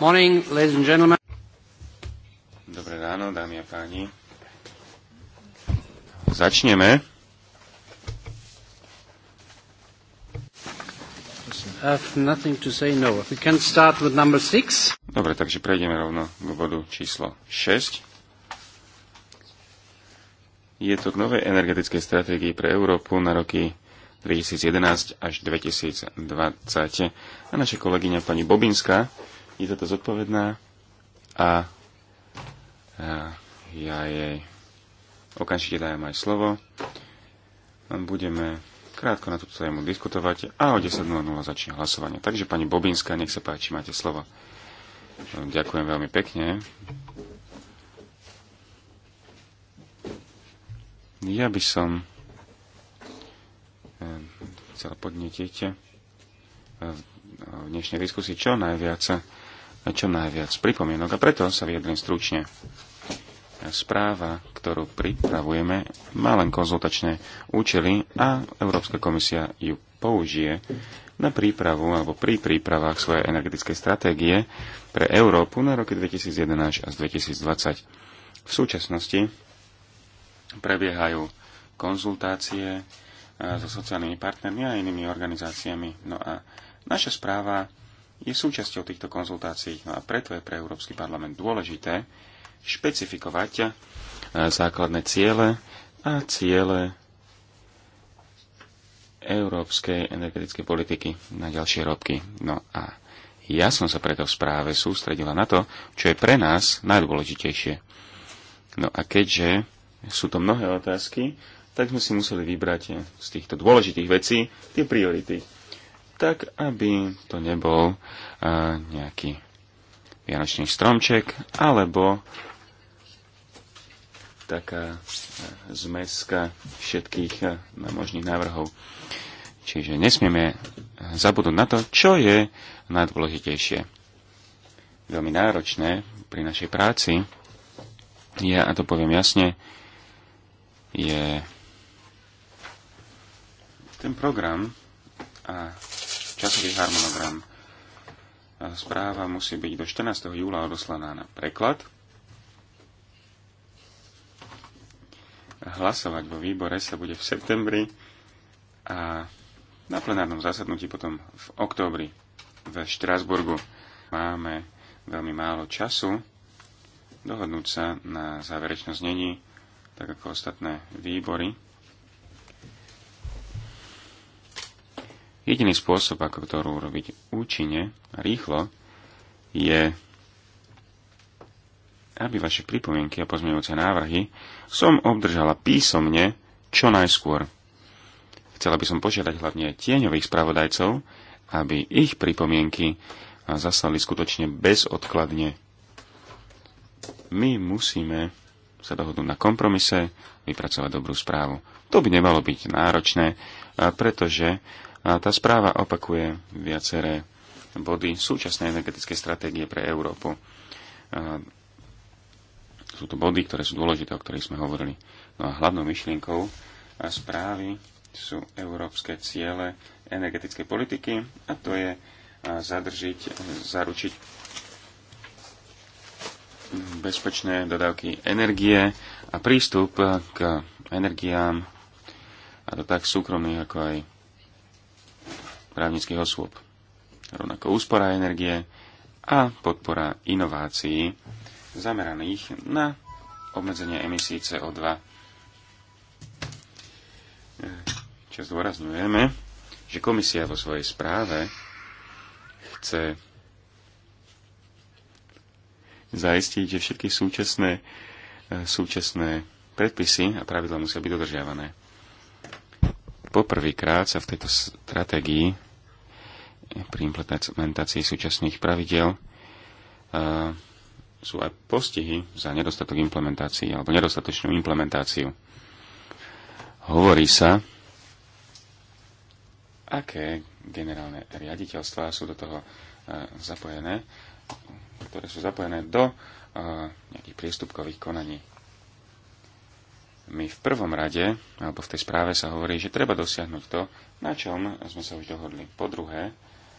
Morning, ladies and gentlemen. Dobré ráno, dámy a páni. Začneme. No. Dobre, takže prejdeme rovno k bodu číslo 6. Je to k novej energetickej stratégii pre Európu na roky 2011 až 2020. A naša kolegyňa pani Bobinská je toto zodpovedná a ja jej okamžite dajem aj slovo. Budeme krátko na túto tému diskutovať a o 10.00 začne hlasovanie. Takže pani Bobinská, nech sa páči, máte slovo. Ďakujem veľmi pekne. Ja by som eh, chcel podnetiť eh, v dnešnej diskusii čo najviac čo najviac pripomienok a preto sa vyjadrím stručne. Správa, ktorú pripravujeme, má len konzultačné účely a Európska komisia ju použije na prípravu alebo pri prípravách svojej energetickej stratégie pre Európu na roky 2011 až 2020. V súčasnosti prebiehajú konzultácie eh, so sociálnymi partnermi a inými organizáciami. No a naša správa je súčasťou týchto konzultácií. No a preto je pre Európsky parlament dôležité špecifikovať e, základné ciele a ciele európskej energetickej politiky na ďalšie roky. No a ja som sa preto v správe sústredila na to, čo je pre nás najdôležitejšie. No a keďže sú to mnohé otázky, tak sme si museli vybrať z týchto dôležitých vecí tie priority tak aby to nebol e, nejaký vianočný stromček alebo taká e, zmeska všetkých e, možných návrhov. Čiže nesmieme zabudnúť na to, čo je najdôležitejšie. Veľmi náročné pri našej práci je, a to poviem jasne, je ten program a časový harmonogram. Správa musí byť do 14. júla odoslaná na preklad. Hlasovať vo výbore sa bude v septembri a na plenárnom zasadnutí potom v októbri v Štrásburgu. Máme veľmi málo času dohodnúť sa na záverečnosť znení, tak ako ostatné výbory. Jediný spôsob, ako to urobiť účinne a rýchlo, je, aby vaše pripomienky a pozmeňujúce návrhy som obdržala písomne čo najskôr. Chcela by som požiadať hlavne tieňových spravodajcov, aby ich pripomienky zaslali skutočne bezodkladne. My musíme sa dohodnúť na kompromise, vypracovať dobrú správu. To by nemalo byť náročné, pretože a tá správa opakuje viaceré body súčasnej energetickej stratégie pre Európu. A sú to body, ktoré sú dôležité, o ktorých sme hovorili. No a hlavnou myšlienkou a správy sú európske ciele energetickej politiky a to je zadržiť, zaručiť bezpečné dodávky energie a prístup k energiám a to tak súkromných ako aj právnických osôb. Rovnako úspora energie a podpora inovácií zameraných na obmedzenie emisí CO2. Eh, Čo zdôrazňujeme, že komisia vo svojej správe chce zaistiť, že všetky súčasné, eh, súčasné predpisy a pravidla musia byť dodržiavané. Poprvýkrát sa v tejto stratégii pri implementácii súčasných pravidel eh, sú aj postihy za nedostatok implementácií alebo nedostatočnú implementáciu. Hovorí sa, aké generálne riaditeľstvá sú do toho eh, zapojené, ktoré sú zapojené do eh, nejakých priestupkových konaní my v prvom rade, alebo v tej správe sa hovorí, že treba dosiahnuť to, na čom sme sa už dohodli. Po druhé,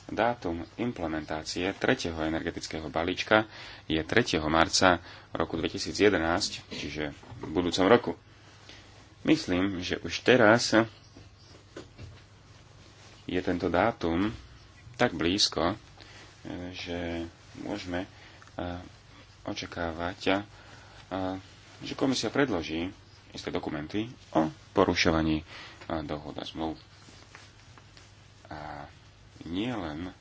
dátum implementácie 3. energetického balíčka je 3. marca roku 2011, čiže v budúcom roku. Myslím, že už teraz je tento dátum tak blízko, že môžeme eh, očakávať, eh, že komisia predloží isté dokumenty o porušovaní dohod a zmluv. A nie len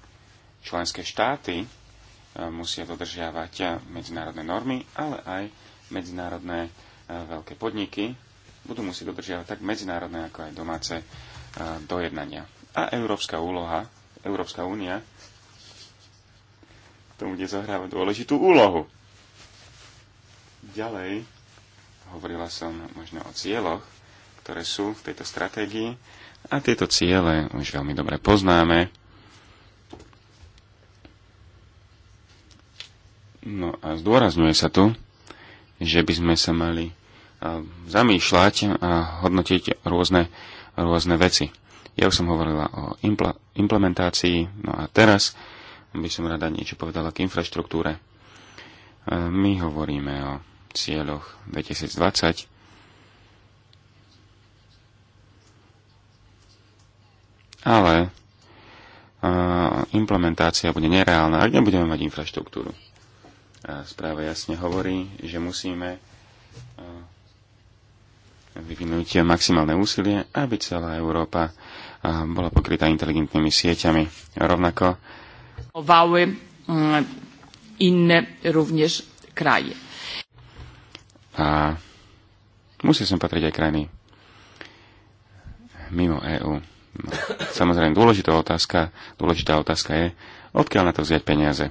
členské štáty musia dodržiavať medzinárodné normy, ale aj medzinárodné veľké podniky budú musieť dodržiavať tak medzinárodné ako aj domáce dojednania. A európska úloha, Európska únia tomu bude zohrávať dôležitú úlohu. Ďalej, Hovorila som možno o cieľoch, ktoré sú v tejto stratégii a tieto ciele už veľmi dobre poznáme. No a zdôrazňuje sa tu, že by sme sa mali e, zamýšľať a hodnotiť rôzne, rôzne veci. Ja už som hovorila o implementácii, no a teraz by som rada niečo povedala k infraštruktúre. E, my hovoríme o cieľoch 2020 ale implementácia bude nereálna, ak nebudeme mať infraštruktúru. A správa jasne hovorí, že musíme vyvinúť maximálne úsilie, aby celá Európa bola pokrytá inteligentnými sieťami. Rovnako in mm, rovnež kraje a musí sem patriť aj krajiny mimo EÚ. No, samozrejme, dôležitá otázka, dôležitá otázka je, odkiaľ na to vziať peniaze.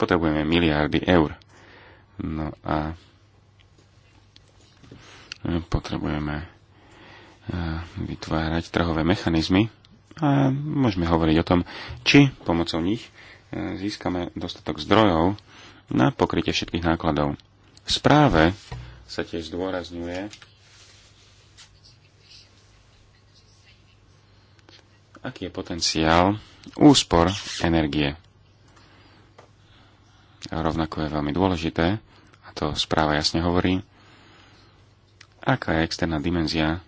Potrebujeme miliardy eur. No a potrebujeme e, vytvárať trhové mechanizmy a môžeme hovoriť o tom, či pomocou nich e, získame dostatok zdrojov na pokrytie všetkých nákladov. V správe sa tiež zdôrazňuje, aký je potenciál úspor energie. rovnako je veľmi dôležité, a to správa jasne hovorí, aká je externá dimenzia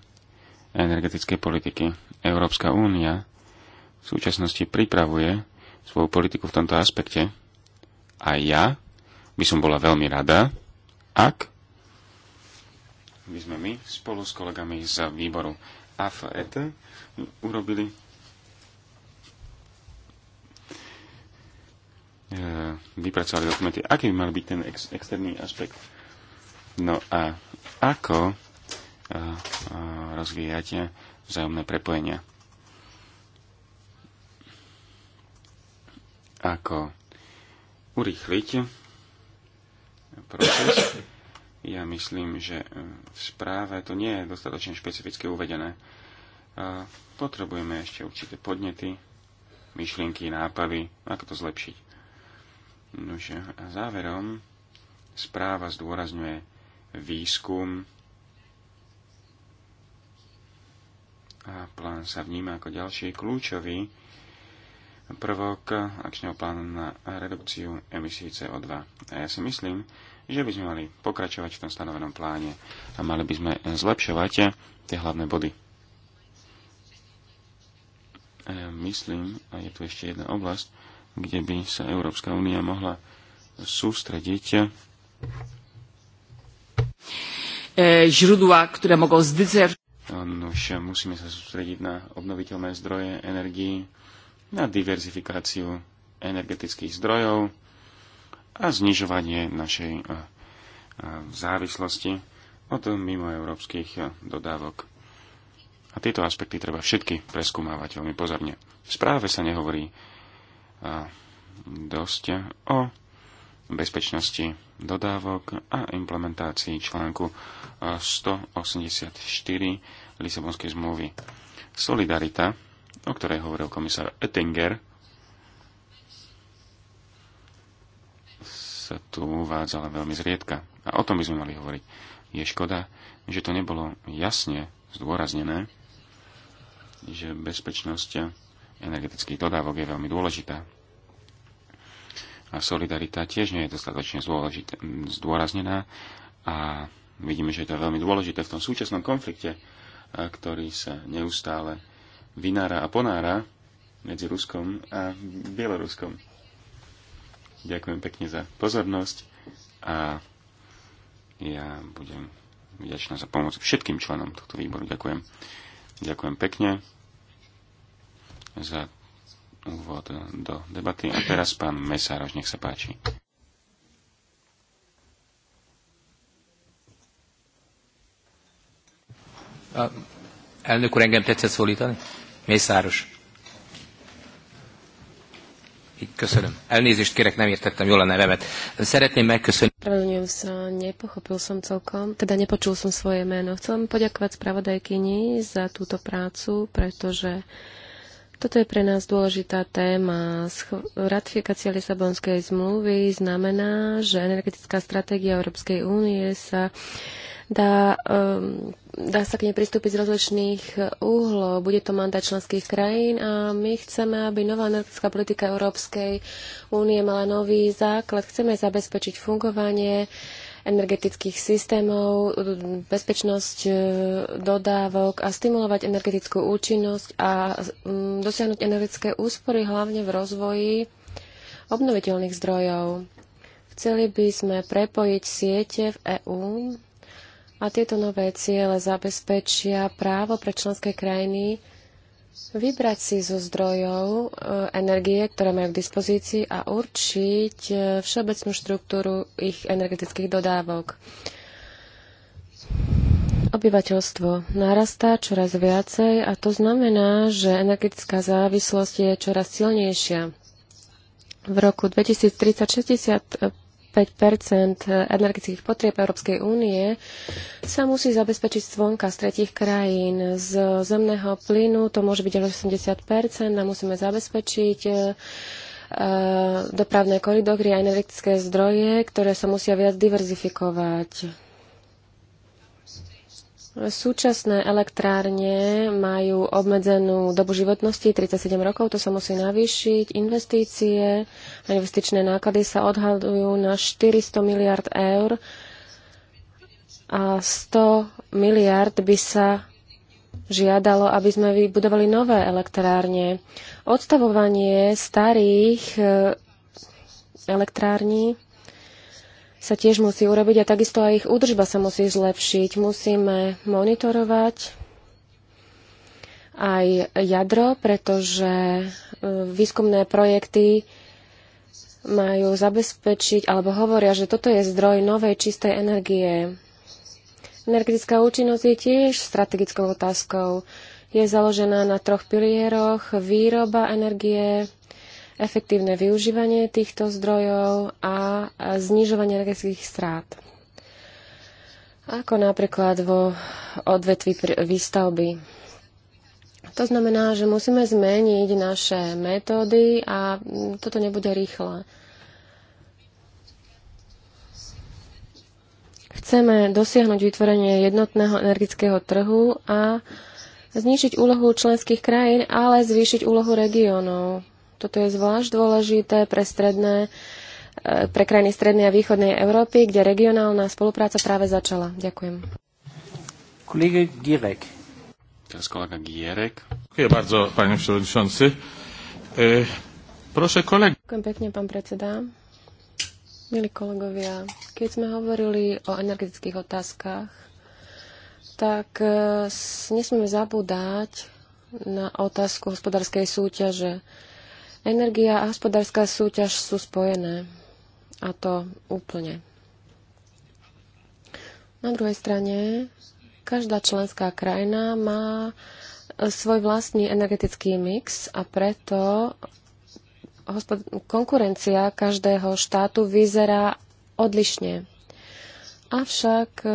energetickej politiky. Európska únia v súčasnosti pripravuje svoju politiku v tomto aspekte a ja by som bola veľmi rada, ak my sme my spolu s kolegami z výboru AFET urobili e, vypracovali dokumenty, aký by mal byť ten ex- externý aspekt. No a ako e, e, rozvíjať vzájomné prepojenia. Ako urýchliť proces ja myslím, že e, v správe to nie je dostatočne špecificky uvedené. E, potrebujeme ešte určité podnety, myšlienky, nápady, ako to zlepšiť. Nože, a záverom správa zdôrazňuje výskum a plán sa vníma ako ďalší kľúčový prvok akčného plánu na redukciu emisí CO2. A ja si myslím, že by sme mali pokračovať v tom stanovenom pláne a mali by sme zlepšovať tie hlavné body. E, myslím, a je tu ešte jedna oblasť, kde by sa Európska únia mohla sústrediť e, źródła, ktoré mohol zdyzer... Nož, musíme sa sústrediť na obnoviteľné zdroje energii, na diverzifikáciu energetických zdrojov, a znižovanie našej závislosti od mimoeurópskych dodávok. A tieto aspekty treba všetky preskúmavať veľmi pozorne. V správe sa nehovorí dosť o bezpečnosti dodávok a implementácii článku 184 Lisabonskej zmluvy. Solidarita, o ktorej hovoril komisár Oettinger, sa tu uvádza, ale veľmi zriedka. A o tom by sme mali hovoriť. Je škoda, že to nebolo jasne zdôraznené, že bezpečnosť energetických dodávok je veľmi dôležitá. A solidarita tiež nie je dostatočne zdôraznená a vidíme, že je to veľmi dôležité v tom súčasnom konflikte, ktorý sa neustále vynára a ponára medzi Ruskom a Bieloruskom Ďakujem pekne za pozornosť a ja budem vďačná za pomoc všetkým členom tohto výboru. Ďakujem. Ďakujem pekne za úvod do debaty. A teraz pán Mesároš, nech sa páči. Elnök úr, engem tetszett szólítani? Mészáros. Köszönöm. Elnézést kérek, nem értettem jól a nevemet. Szeretném megköszönni. Pravdujem sa, nepochopil som celkom, teda nepočul som svoje meno. Chcem poďakovať spravodajkyni za túto prácu, pretože toto je pre nás dôležitá téma. Ratifikácia Lisabonskej zmluvy znamená, že energetická stratégia Európskej únie sa dá, um, dá sa k nej pristúpiť z rozličných úhlov. Bude to mandát členských krajín a my chceme, aby nová energetická politika Európskej únie mala nový základ. Chceme zabezpečiť fungovanie uh, energetických systémov, bezpečnosť e, dodávok a stimulovať energetickú účinnosť a mm, dosiahnuť energetické úspory hlavne v rozvoji obnoviteľných zdrojov. Chceli by sme prepojiť siete v EÚ a tieto nové ciele zabezpečia právo pre členské krajiny vybrať si zo zdrojov e, energie, ktoré majú k dispozícii a určiť e, všeobecnú štruktúru ich energetických dodávok. Obyvateľstvo narastá čoraz viacej a to znamená, že energetická závislosť je čoraz silnejšia. V roku 2030 60 energetických potrieb Európskej únie sa musí zabezpečiť zvonka z tretich krajín. Z zemného plynu to môže byť až 80 a musíme zabezpečiť e, dopravné koridory a energetické zdroje, ktoré sa musia viac diverzifikovať. Súčasné elektrárne majú obmedzenú dobu životnosti 37 rokov, to sa musí navýšiť. Investície a investičné náklady sa odhadujú na 400 miliard eur a 100 miliard by sa žiadalo, aby sme vybudovali nové elektrárne. Odstavovanie starých eh, elektrární sa tiež musí urobiť a takisto aj ich údržba sa musí zlepšiť. Musíme monitorovať aj jadro, pretože e, výskumné projekty majú zabezpečiť, alebo hovoria, že toto je zdroj novej čistej energie. Energetická účinnosť je tiež strategickou otázkou. Je založená na troch pilieroch výroba energie, efektívne využívanie týchto zdrojov a znižovanie energetických strát. Ako napríklad vo odvetví výstavby. To znamená, že musíme zmeniť naše metódy a toto nebude rýchle. Chceme dosiahnuť vytvorenie jednotného energetického trhu a znižiť úlohu členských krajín, ale zvýšiť úlohu regiónov. Toto je zvlášť dôležité pre stredné e, pre krajiny Strednej a Východnej Európy, kde regionálna spolupráca práve začala. Ďakujem. Kolega Gierek. Teraz kolega Gierek. Ďakujem bardzo, pani przewodniczący. E, proszę kolega. Ďakujem pekne, pán predseda. Milí kolegovia, keď sme hovorili o energetických otázkach, tak e, nesmieme zabúdať na otázku hospodárskej súťaže. Energia a hospodárska súťaž sú spojené. A to úplne. Na druhej strane, každá členská krajina má svoj vlastný energetický mix a preto konkurencia každého štátu vyzerá odlišne. Avšak e,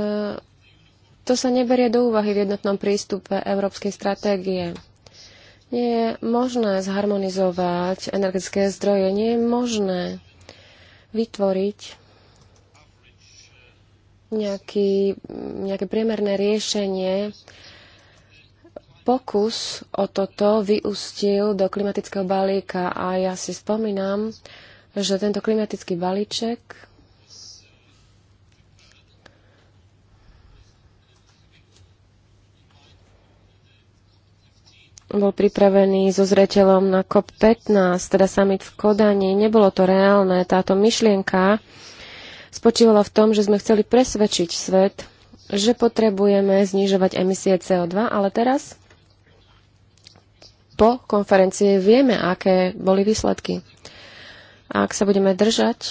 to sa neberie do úvahy v jednotnom prístupe európskej stratégie. Nie je možné zharmonizovať energetické zdroje, nie je možné vytvoriť nejaký, nejaké priemerné riešenie. Pokus o toto vyústil do klimatického balíka a ja si spomínam, že tento klimatický balíček bol pripravený so zreteľom na COP15, teda summit v Kodani. Nebolo to reálne. Táto myšlienka spočívala v tom, že sme chceli presvedčiť svet, že potrebujeme znižovať emisie CO2, ale teraz po konferencii vieme, aké boli výsledky. ak sa budeme držať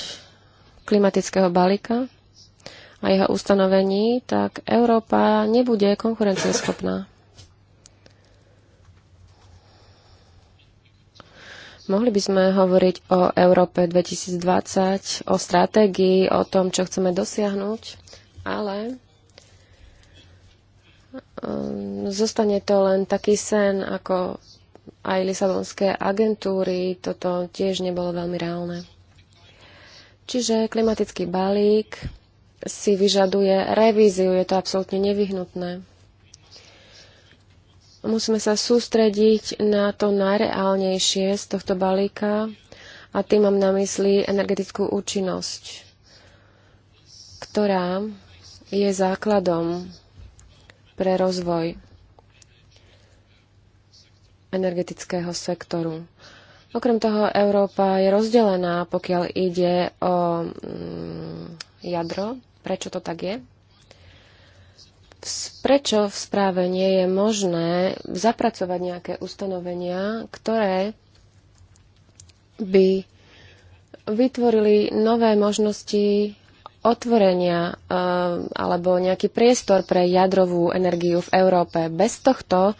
klimatického balíka a jeho ustanovení, tak Európa nebude konkurencieschopná. Mohli by sme hovoriť o Európe 2020, o stratégii, o tom, čo chceme dosiahnuť, ale um, zostane to len taký sen, ako aj Lisabonské agentúry. Toto tiež nebolo veľmi reálne. Čiže klimatický balík si vyžaduje revíziu, je to absolútne nevyhnutné. Musíme sa sústrediť na to najreálnejšie z tohto balíka a tým mám na mysli energetickú účinnosť, ktorá je základom pre rozvoj energetického sektoru. Okrem toho Európa je rozdelená, pokiaľ ide o mm, jadro. Prečo to tak je? prečo v správe nie je možné zapracovať nejaké ustanovenia, ktoré by vytvorili nové možnosti otvorenia e, alebo nejaký priestor pre jadrovú energiu v Európe. Bez tohto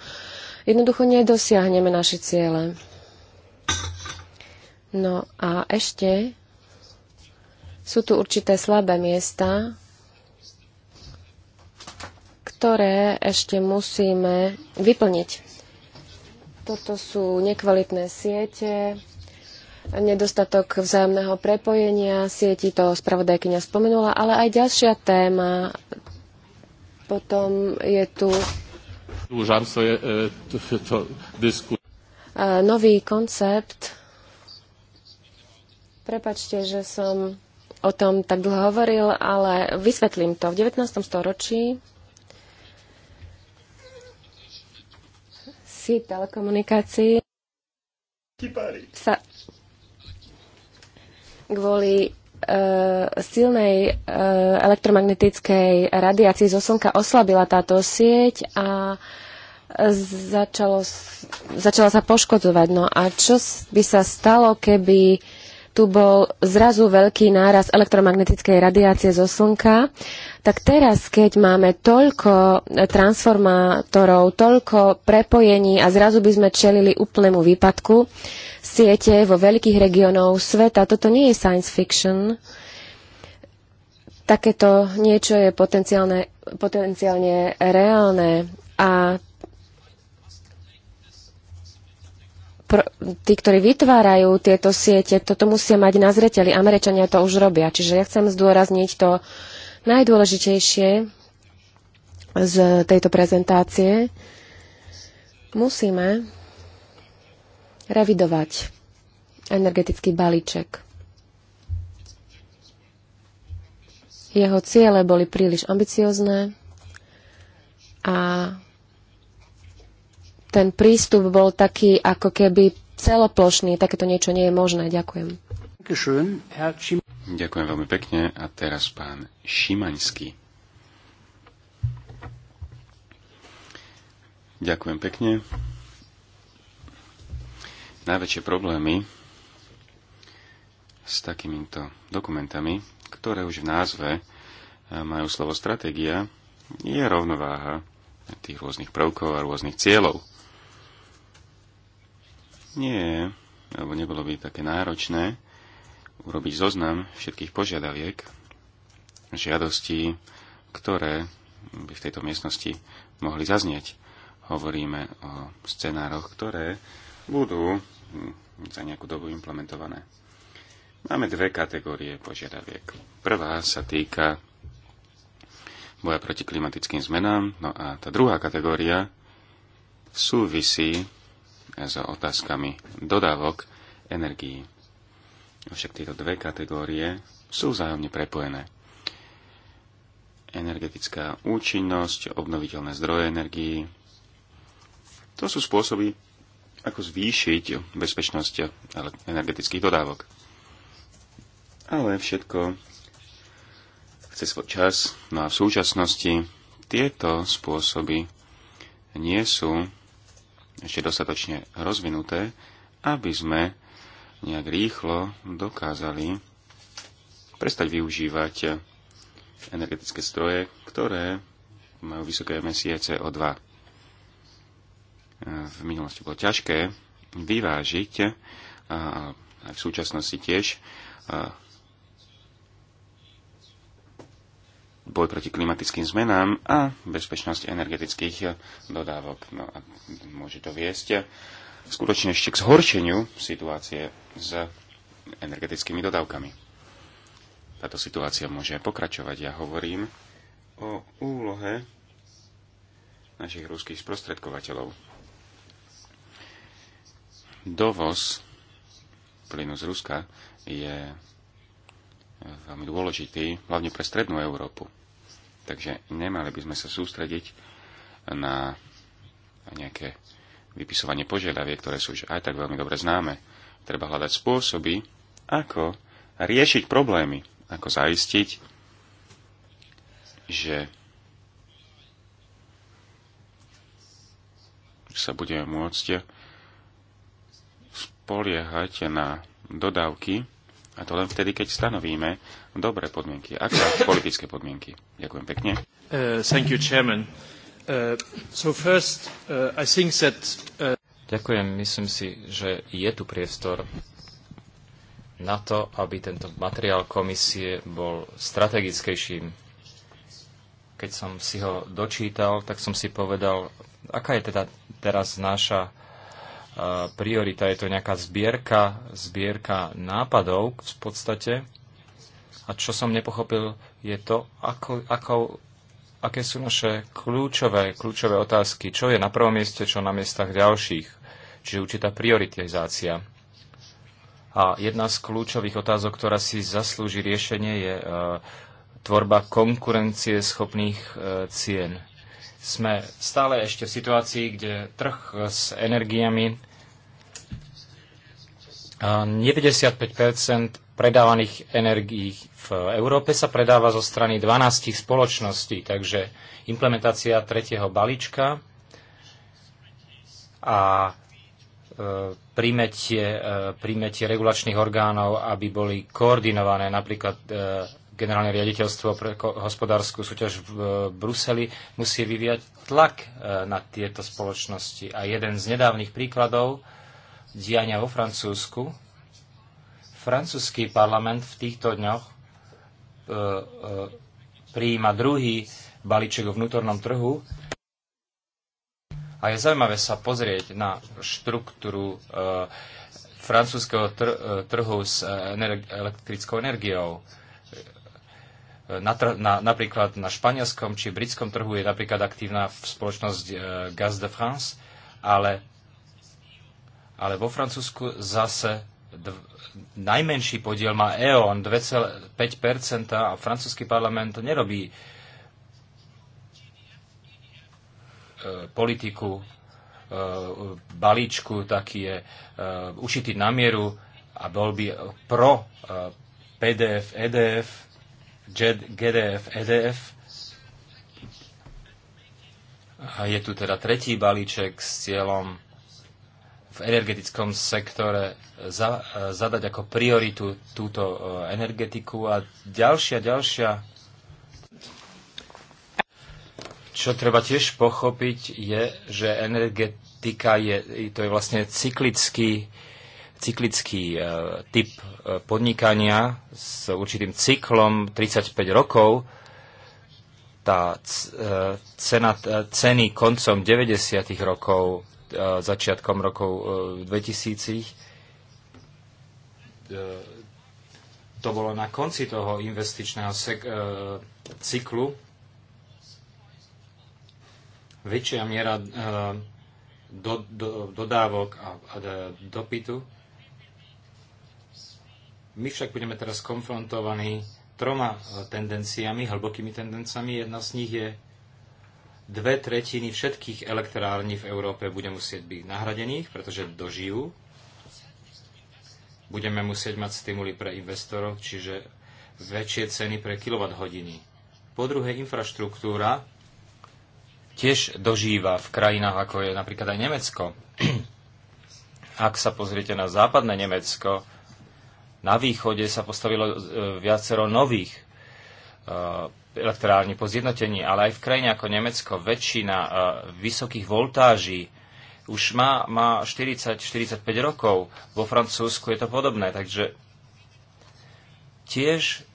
jednoducho nedosiahneme naše ciele. No a ešte sú tu určité slabé miesta, ktoré ešte musíme vyplniť. Toto sú nekvalitné siete, nedostatok vzájomného prepojenia sieti, to spravodajkynia spomenula, ale aj ďalšia téma. Potom je tu e, e, nový koncept. Prepačte, že som o tom tak dlho hovoril, ale vysvetlím to. V 19. storočí oblasti telekomunikácii sa kvôli e, silnej e, elektromagnetickej radiácii zo slnka oslabila táto sieť a začalo, začala sa poškodzovať. No a čo by sa stalo, keby tu bol zrazu veľký náraz elektromagnetickej radiácie zo Slnka, tak teraz, keď máme toľko e, transformátorov, toľko prepojení a zrazu by sme čelili úplnému výpadku siete vo veľkých regiónov sveta, toto nie je science fiction. Takéto niečo je potenciálne, potenciálne reálne a tí, ktorí vytvárajú tieto siete, toto musia mať na zreteli. Američania to už robia. Čiže ja chcem zdôrazniť to najdôležitejšie z tejto prezentácie. Musíme revidovať energetický balíček. Jeho ciele boli príliš ambiciozne a ten prístup bol taký ako keby celoplošný. Takéto niečo nie je možné. Ďakujem. Ďakujem veľmi pekne. A teraz pán Šimaňský. Ďakujem pekne. Najväčšie problémy s takýmito dokumentami, ktoré už v názve eh, majú slovo stratégia, je rovnováha tých rôznych prvkov a rôznych cieľov nie je, alebo nebolo by také náročné urobiť zoznam všetkých požiadaviek, žiadostí, ktoré by v tejto miestnosti mohli zaznieť. Hovoríme o scenároch, ktoré budú za nejakú dobu implementované. Máme dve kategórie požiadaviek. Prvá sa týka boja proti klimatickým zmenám, no a tá druhá kategória súvisí s otázkami dodávok energií. Však tieto dve kategórie sú vzájomne prepojené. Energetická účinnosť, obnoviteľné zdroje energií. To sú spôsoby, ako zvýšiť bezpečnosť energetických dodávok. Ale všetko chce svoj čas, no a v súčasnosti tieto spôsoby nie sú ešte dostatočne rozvinuté, aby sme nejak rýchlo dokázali prestať využívať energetické stroje, ktoré majú vysoké emisie CO2. E, v minulosti bolo ťažké vyvážiť, a v súčasnosti tiež, boj proti klimatickým zmenám a bezpečnosť energetických dodávok. No a môže to viesť skutočne ešte k zhoršeniu situácie s energetickými dodávkami. Táto situácia môže pokračovať. Ja hovorím o úlohe našich ruských sprostredkovateľov. Dovoz plynu z Ruska je veľmi dôležitý, hlavne pre strednú Európu. Takže nemali by sme sa sústrediť na nejaké vypisovanie požiadaviek, ktoré sú už aj tak veľmi dobre známe. Treba hľadať spôsoby, ako riešiť problémy, ako zaistiť, že sa budeme môcť spoliehať na dodávky a to len vtedy, keď stanovíme dobré podmienky, aké politické podmienky. Ďakujem pekne. Uh, thank you, chairman. Uh, so first, uh, I think that, uh... Ďakujem. Myslím si, že je tu priestor na to, aby tento materiál komisie bol strategickejším. Keď som si ho dočítal, tak som si povedal, aká je teda teraz naša priorita, je to nejaká zbierka, zbierka nápadov v podstate. A čo som nepochopil, je to, ako, ako, aké sú naše kľúčové, kľúčové otázky, čo je na prvom mieste, čo na miestach ďalších, čiže určitá prioritizácia. A jedna z kľúčových otázok, ktorá si zaslúži riešenie, je e, tvorba konkurencie schopných e, cien sme stále ešte v situácii, kde trh s energiami 95 predávaných energií v Európe sa predáva zo strany 12 spoločností, takže implementácia tretieho balíčka a e, príjmetie, e, príjmetie regulačných orgánov, aby boli koordinované napríklad e, generálne riaditeľstvo pre hospodárskú súťaž e, v Bruseli musí vyvíjať tlak e, na tieto spoločnosti. A jeden z nedávnych príkladov diania vo Francúzsku. Francúzsky parlament v týchto dňoch e, prijíma druhý balíček o vnútornom trhu. A je zaujímavé sa pozrieť na štruktúru francúzského trhu s elektrickou energiou na, napríklad na španielskom či britskom trhu je napríklad aktívna v spoločnosť e, Gaz de France, ale, ale vo Francúzsku zase dv, najmenší podiel má E.ON 2,5% a francúzsky parlament nerobí e, politiku e, balíčku, taký je e, ušitý na mieru a bol by pro e, PDF, EDF, GDF, EDF. A je tu teda tretí balíček s cieľom v energetickom sektore za, e, zadať ako prioritu túto e, energetiku a ďalšia, ďalšia čo treba tiež pochopiť je, že energetika je, to je vlastne cyklický uh, cyklický e, typ e, podnikania s určitým cyklom 35 rokov. Tá e, cena, ceny koncom 90. rokov, začiatkom rokov 2000 to bolo na konci toho investičného cyklu väčšia miera do, do, dodávok a, a dopytu my však budeme teraz konfrontovaní troma e, tendenciami, hlbokými tendenciami. Jedna z nich je, dve tretiny všetkých elektrární v Európe bude musieť byť nahradených, pretože dožijú. Budeme musieť mať stimuly pre investorov, čiže väčšie ceny pre kilovat hodiny. Po druhé, infraštruktúra tiež dožíva v krajinách, ako je napríklad aj Nemecko. Ak sa pozriete na západné Nemecko, na východe sa postavilo e, viacero nových e, elektrární po zjednotení, ale aj v krajine ako Nemecko väčšina e, vysokých voltáží už má, má 40-45 rokov. Vo Francúzsku je to podobné, takže tiež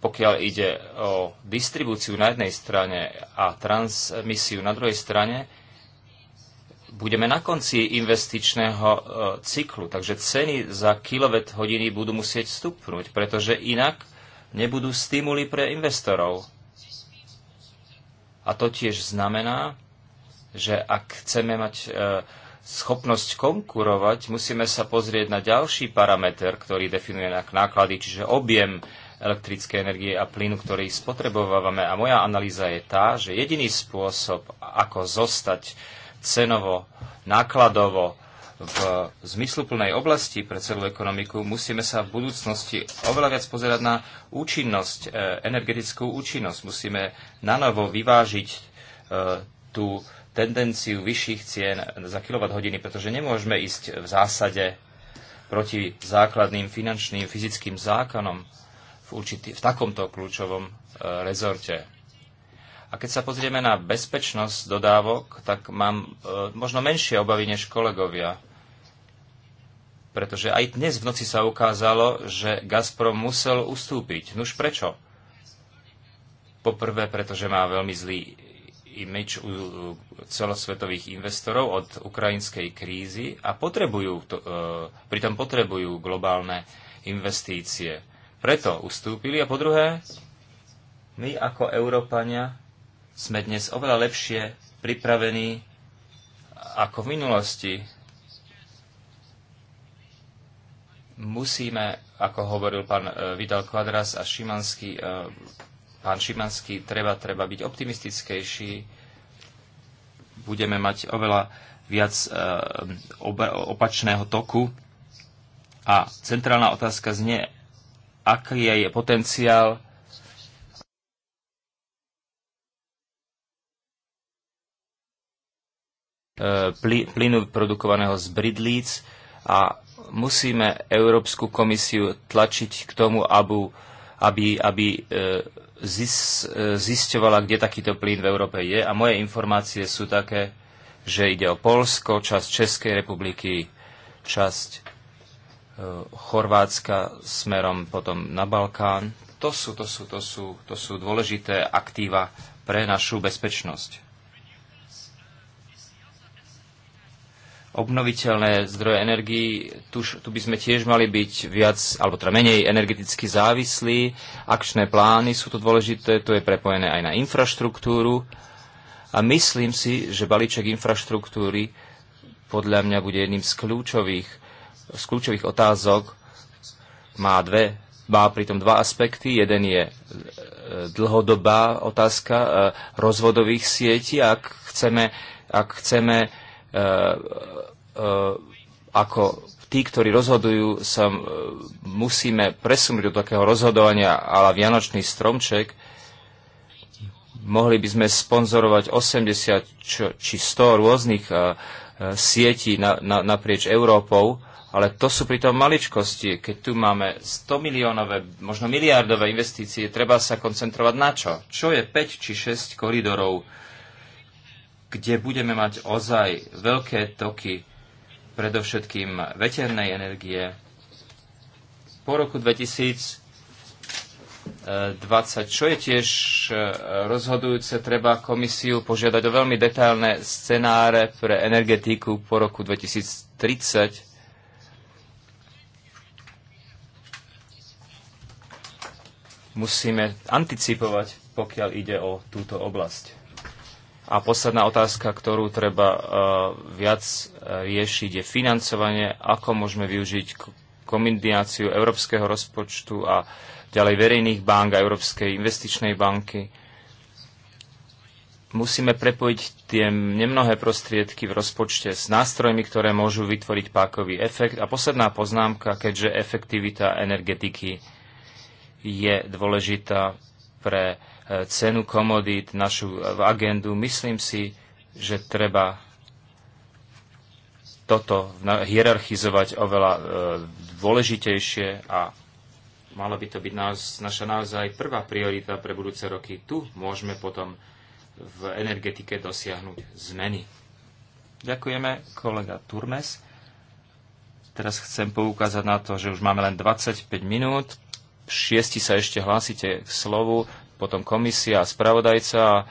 pokiaľ ide o distribúciu na jednej strane a transmisiu na druhej strane, budeme na konci investičného e, cyklu, takže ceny za kilowatt hodiny budú musieť stupnúť, pretože inak nebudú stimuly pre investorov. A to tiež znamená, že ak chceme mať e, schopnosť konkurovať, musíme sa pozrieť na ďalší parameter, ktorý definuje náklady, čiže objem elektrické energie a plynu, ktorý spotrebovávame. A moja analýza je tá, že jediný spôsob, ako zostať cenovo, nákladovo, v zmysluplnej oblasti pre celú ekonomiku, musíme sa v budúcnosti oveľa viac pozerať na účinnosť, e, energetickú účinnosť. Musíme nanovo vyvážiť e, tú tendenciu vyšších cien za kWh, pretože nemôžeme ísť v zásade proti základným finančným, fyzickým zákonom v, určitý, v takomto kľúčovom e, rezorte a keď sa pozrieme na bezpečnosť dodávok, tak mám e, možno menšie obavy než kolegovia. Pretože aj dnes v noci sa ukázalo, že Gazprom musel ustúpiť. Nuž prečo? Poprvé, pretože má veľmi zlý imič u celosvetových investorov od ukrajinskej krízy a potrebujú, to, e, pritom potrebujú globálne investície. Preto ustúpili a po druhé, my ako Európania sme dnes oveľa lepšie pripravení ako v minulosti. Musíme, ako hovoril pán e, Vidal Quadras a Šimanský, e, pán Šimanský, treba, treba byť optimistickejší. Budeme mať oveľa viac e, opačného toku. A centrálna otázka znie, aký je potenciál E, plynu produkovaného z bridlíc a musíme Európsku komisiu tlačiť k tomu, aby, aby, aby e, e, zisťovala, kde takýto plyn v Európe je. A moje informácie sú také, že ide o Polsko, časť Českej republiky, časť Chorvátska smerom potom na Balkán. To sú, to sú, to sú, to sú dôležité aktíva pre našu bezpečnosť. obnoviteľné zdroje energii, tu, tu by sme tiež mali byť viac, alebo teda menej energeticky závislí. Akčné plány sú to dôležité, to je prepojené aj na infraštruktúru. A myslím si, že balíček infraštruktúry podľa mňa bude jedným z kľúčových, z kľúčových otázok. Má dve, má pritom dva aspekty. Jeden je e, dlhodobá otázka e, rozvodových sietí. Ak chceme, ak chceme E, e, ako tí, ktorí rozhodujú, sa e, musíme presunúť do takého rozhodovania ale Vianočný stromček. Mohli by sme sponzorovať 80 či 100 rôznych sietí naprieč Európou, ale to sú pritom maličkosti. Keď tu máme 100 miliónové, možno miliardové investície, treba sa koncentrovať na čo? Čo je 5 či 6 koridorov kde budeme mať ozaj veľké toky, predovšetkým veternej energie. Po roku 2020, čo je tiež e, rozhodujúce, treba komisiu požiadať o veľmi detailné scenáre pre energetiku po roku 2030 musíme anticipovať, pokiaľ ide o túto oblasť. A posledná otázka, ktorú treba e, viac e, riešiť, je financovanie. Ako môžeme využiť kombináciu európskeho rozpočtu a ďalej verejných bank a Európskej investičnej banky. Musíme prepojiť tie nemnohé prostriedky v rozpočte s nástrojmi, ktoré môžu vytvoriť pákový efekt. A posledná poznámka, keďže efektivita energetiky je dôležitá pre cenu komodít, našu agendu. Myslím si, že treba toto hierarchizovať oveľa e, dôležitejšie a mala by to byť nás, naša naozaj prvá priorita pre budúce roky. Tu môžeme potom v energetike dosiahnuť zmeny. Ďakujeme, kolega Turmes. Teraz chcem poukázať na to, že už máme len 25 minút. Šiesti sa ešte hlásite k slovu, potom komisia a spravodajca a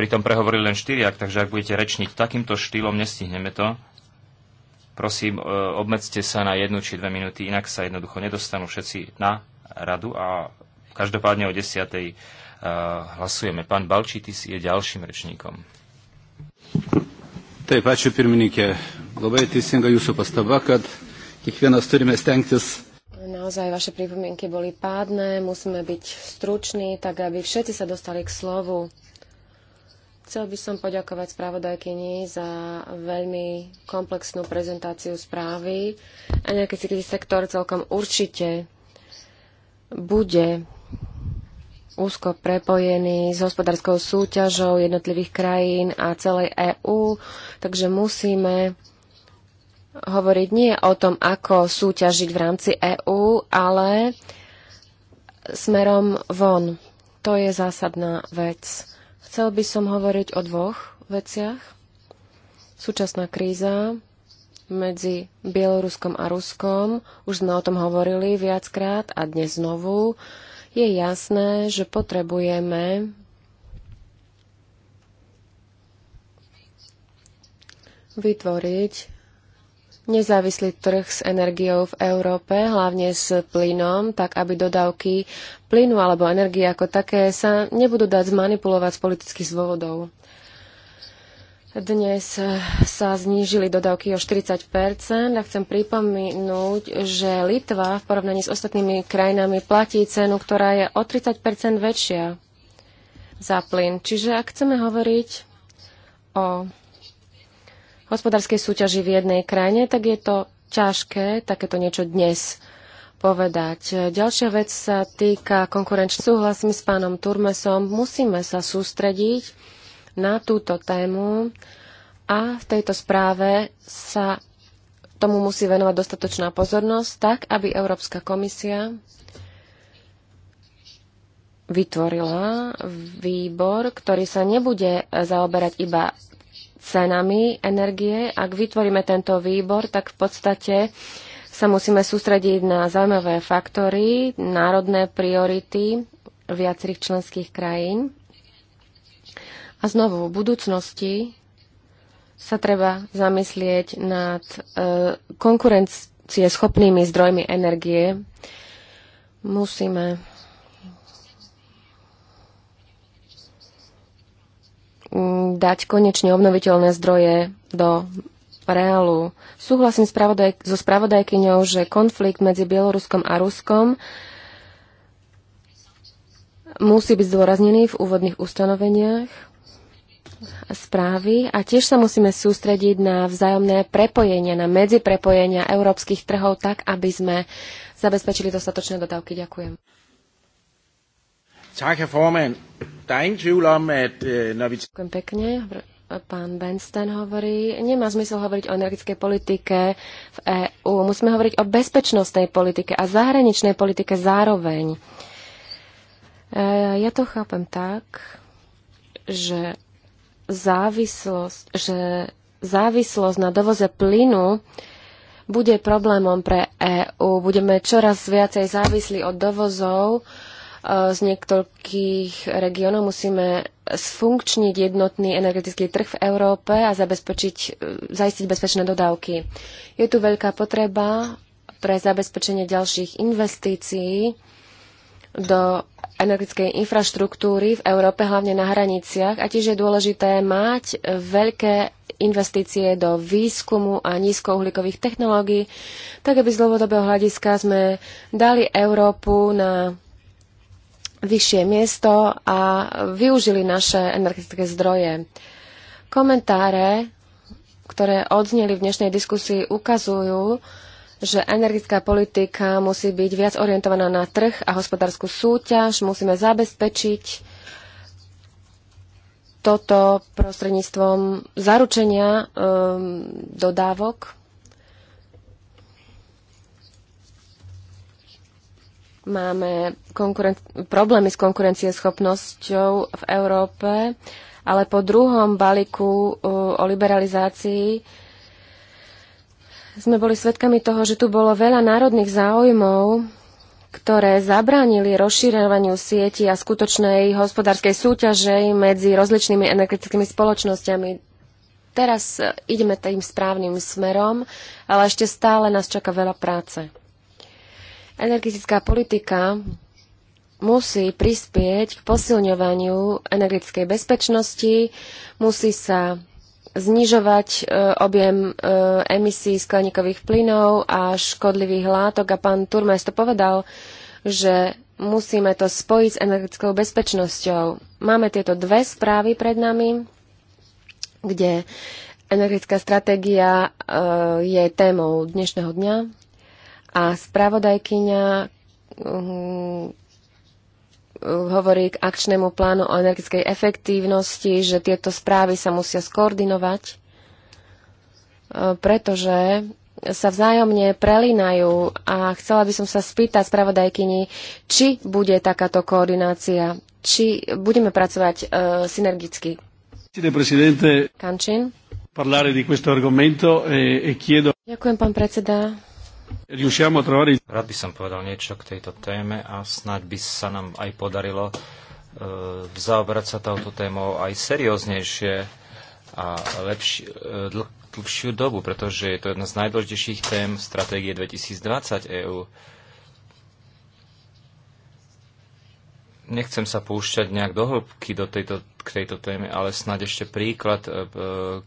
pritom prehovorili len štyriak, takže ak budete rečniť takýmto štýlom, nestihneme to. Prosím, e, obmedzte sa na jednu či dve minúty, inak sa jednoducho nedostanú všetci na radu a každopádne o desiatej e, hlasujeme. Pán Balčitis je ďalším rečníkom. Taip, pačiu pirmininkė. Labai teisinga jūsų pastaba, kad kiekvienas turime stengtis Naozaj vaše pripomienky boli pádne, musíme byť struční, tak aby všetci sa dostali k slovu. Chcel by som poďakovať spravodajkyni za veľmi komplexnú prezentáciu správy. Energetický sektor celkom určite bude úzko prepojený s hospodárskou súťažou jednotlivých krajín a celej EÚ, takže musíme hovoriť nie o tom, ako súťažiť v rámci EÚ, ale smerom von. To je zásadná vec. Chcel by som hovoriť o dvoch veciach. Súčasná kríza medzi Bieloruskom a Ruskom, už sme o tom hovorili viackrát a dnes znovu, je jasné, že potrebujeme vytvoriť nezávislý trh s energiou v Európe, hlavne s plynom, tak aby dodávky plynu alebo energie ako také sa nebudú dať zmanipulovať z politických dôvodov. Dnes sa znížili dodávky o 40 a chcem pripomínuť, že Litva v porovnaní s ostatnými krajinami platí cenu, ktorá je o 30 väčšia za plyn. Čiže ak chceme hovoriť o hospodárskej súťaži v jednej krajine, tak je to ťažké takéto niečo dnes povedať. Ďalšia vec sa týka konkurenčných. Súhlasím s pánom Turmesom, musíme sa sústrediť na túto tému a v tejto správe sa tomu musí venovať dostatočná pozornosť, tak aby Európska komisia vytvorila výbor, ktorý sa nebude zaoberať iba cenami energie. Ak vytvoríme tento výbor, tak v podstate sa musíme sústrediť na zaujímavé faktory, národné priority viacerých členských krajín. A znovu, v budúcnosti sa treba zamyslieť nad e, konkurencieschopnými zdrojmi energie. Musíme dať konečne obnoviteľné zdroje do reálu. Súhlasím spravodaj- so spravodajkyňou, že konflikt medzi Bieloruskom a Ruskom musí byť zdôraznený v úvodných ustanoveniach správy a tiež sa musíme sústrediť na vzájomné prepojenia, na medziprepojenia európskych trhov tak, aby sme zabezpečili dostatočné dodávky. Ďakujem. Tak, Der at eh, Ďakujem pekne. Pán Benstein hovorí, nemá zmysel hovoriť o energetickej politike v EÚ. Musíme hovoriť o bezpečnostnej politike a zahraničnej politike zároveň. Eh, ja to chápem tak, že závislosť, že závislosť na dovoze plynu bude problémom pre EÚ. Budeme čoraz viacej závislí od dovozov z niekoľkých regiónov. Musíme sfunkčniť jednotný energetický trh v Európe a zabezpečiť, e, zaistiť bezpečné dodávky. Je tu veľká potreba pre zabezpečenie ďalších investícií do energetickej infraštruktúry v Európe, hlavne na hraniciach. A tiež je dôležité mať veľké investície do výskumu a nízkouhlíkových technológií, tak aby z dlhodobého hľadiska sme dali Európu na vyššie miesto a využili naše energetické zdroje. Komentáre, ktoré odzneli v dnešnej diskusii, ukazujú, že energetická politika musí byť viac orientovaná na trh a hospodárskú súťaž. Musíme zabezpečiť toto prostredníctvom zaručenia um, dodávok Máme problémy s konkurencieschopnosťou v Európe, ale po druhom balíku uh, o liberalizácii sme boli svedkami toho, že tu bolo veľa národných záujmov, ktoré zabránili rozširovaniu sieti a skutočnej hospodárskej súťaže medzi rozličnými energetickými spoločnosťami. Teraz ideme tým správnym smerom, ale ešte stále nás čaká veľa práce. Energetická politika musí prispieť k posilňovaniu energetickej bezpečnosti, musí sa znižovať e, objem e, emisí skleníkových plynov a škodlivých látok. A pán Turmes to povedal, že musíme to spojiť s energetickou bezpečnosťou. Máme tieto dve správy pred nami, kde energetická stratégia e, je témou dnešného dňa. A spravodajkyňa uh, uh, hovorí k akčnému plánu o energetickej efektívnosti, že tieto správy sa musia skoordinovať, uh, pretože sa vzájomne prelínajú a chcela by som sa spýtať spravodajkyni, či bude takáto koordinácia, či budeme pracovať uh, synergicky. Kančin. Eh, e Ďakujem, pán predseda. Rád by som povedal niečo k tejto téme a snáď by sa nám aj podarilo uh, e, zaobrať sa touto témou aj serióznejšie a lepši, uh, dl, dlhšiu dobu, pretože je to jedna z najdôležitejších tém stratégie 2020 EÚ. Nechcem sa púšťať nejak do hĺbky do tejto, k tejto téme, ale snáď ešte príklad uh,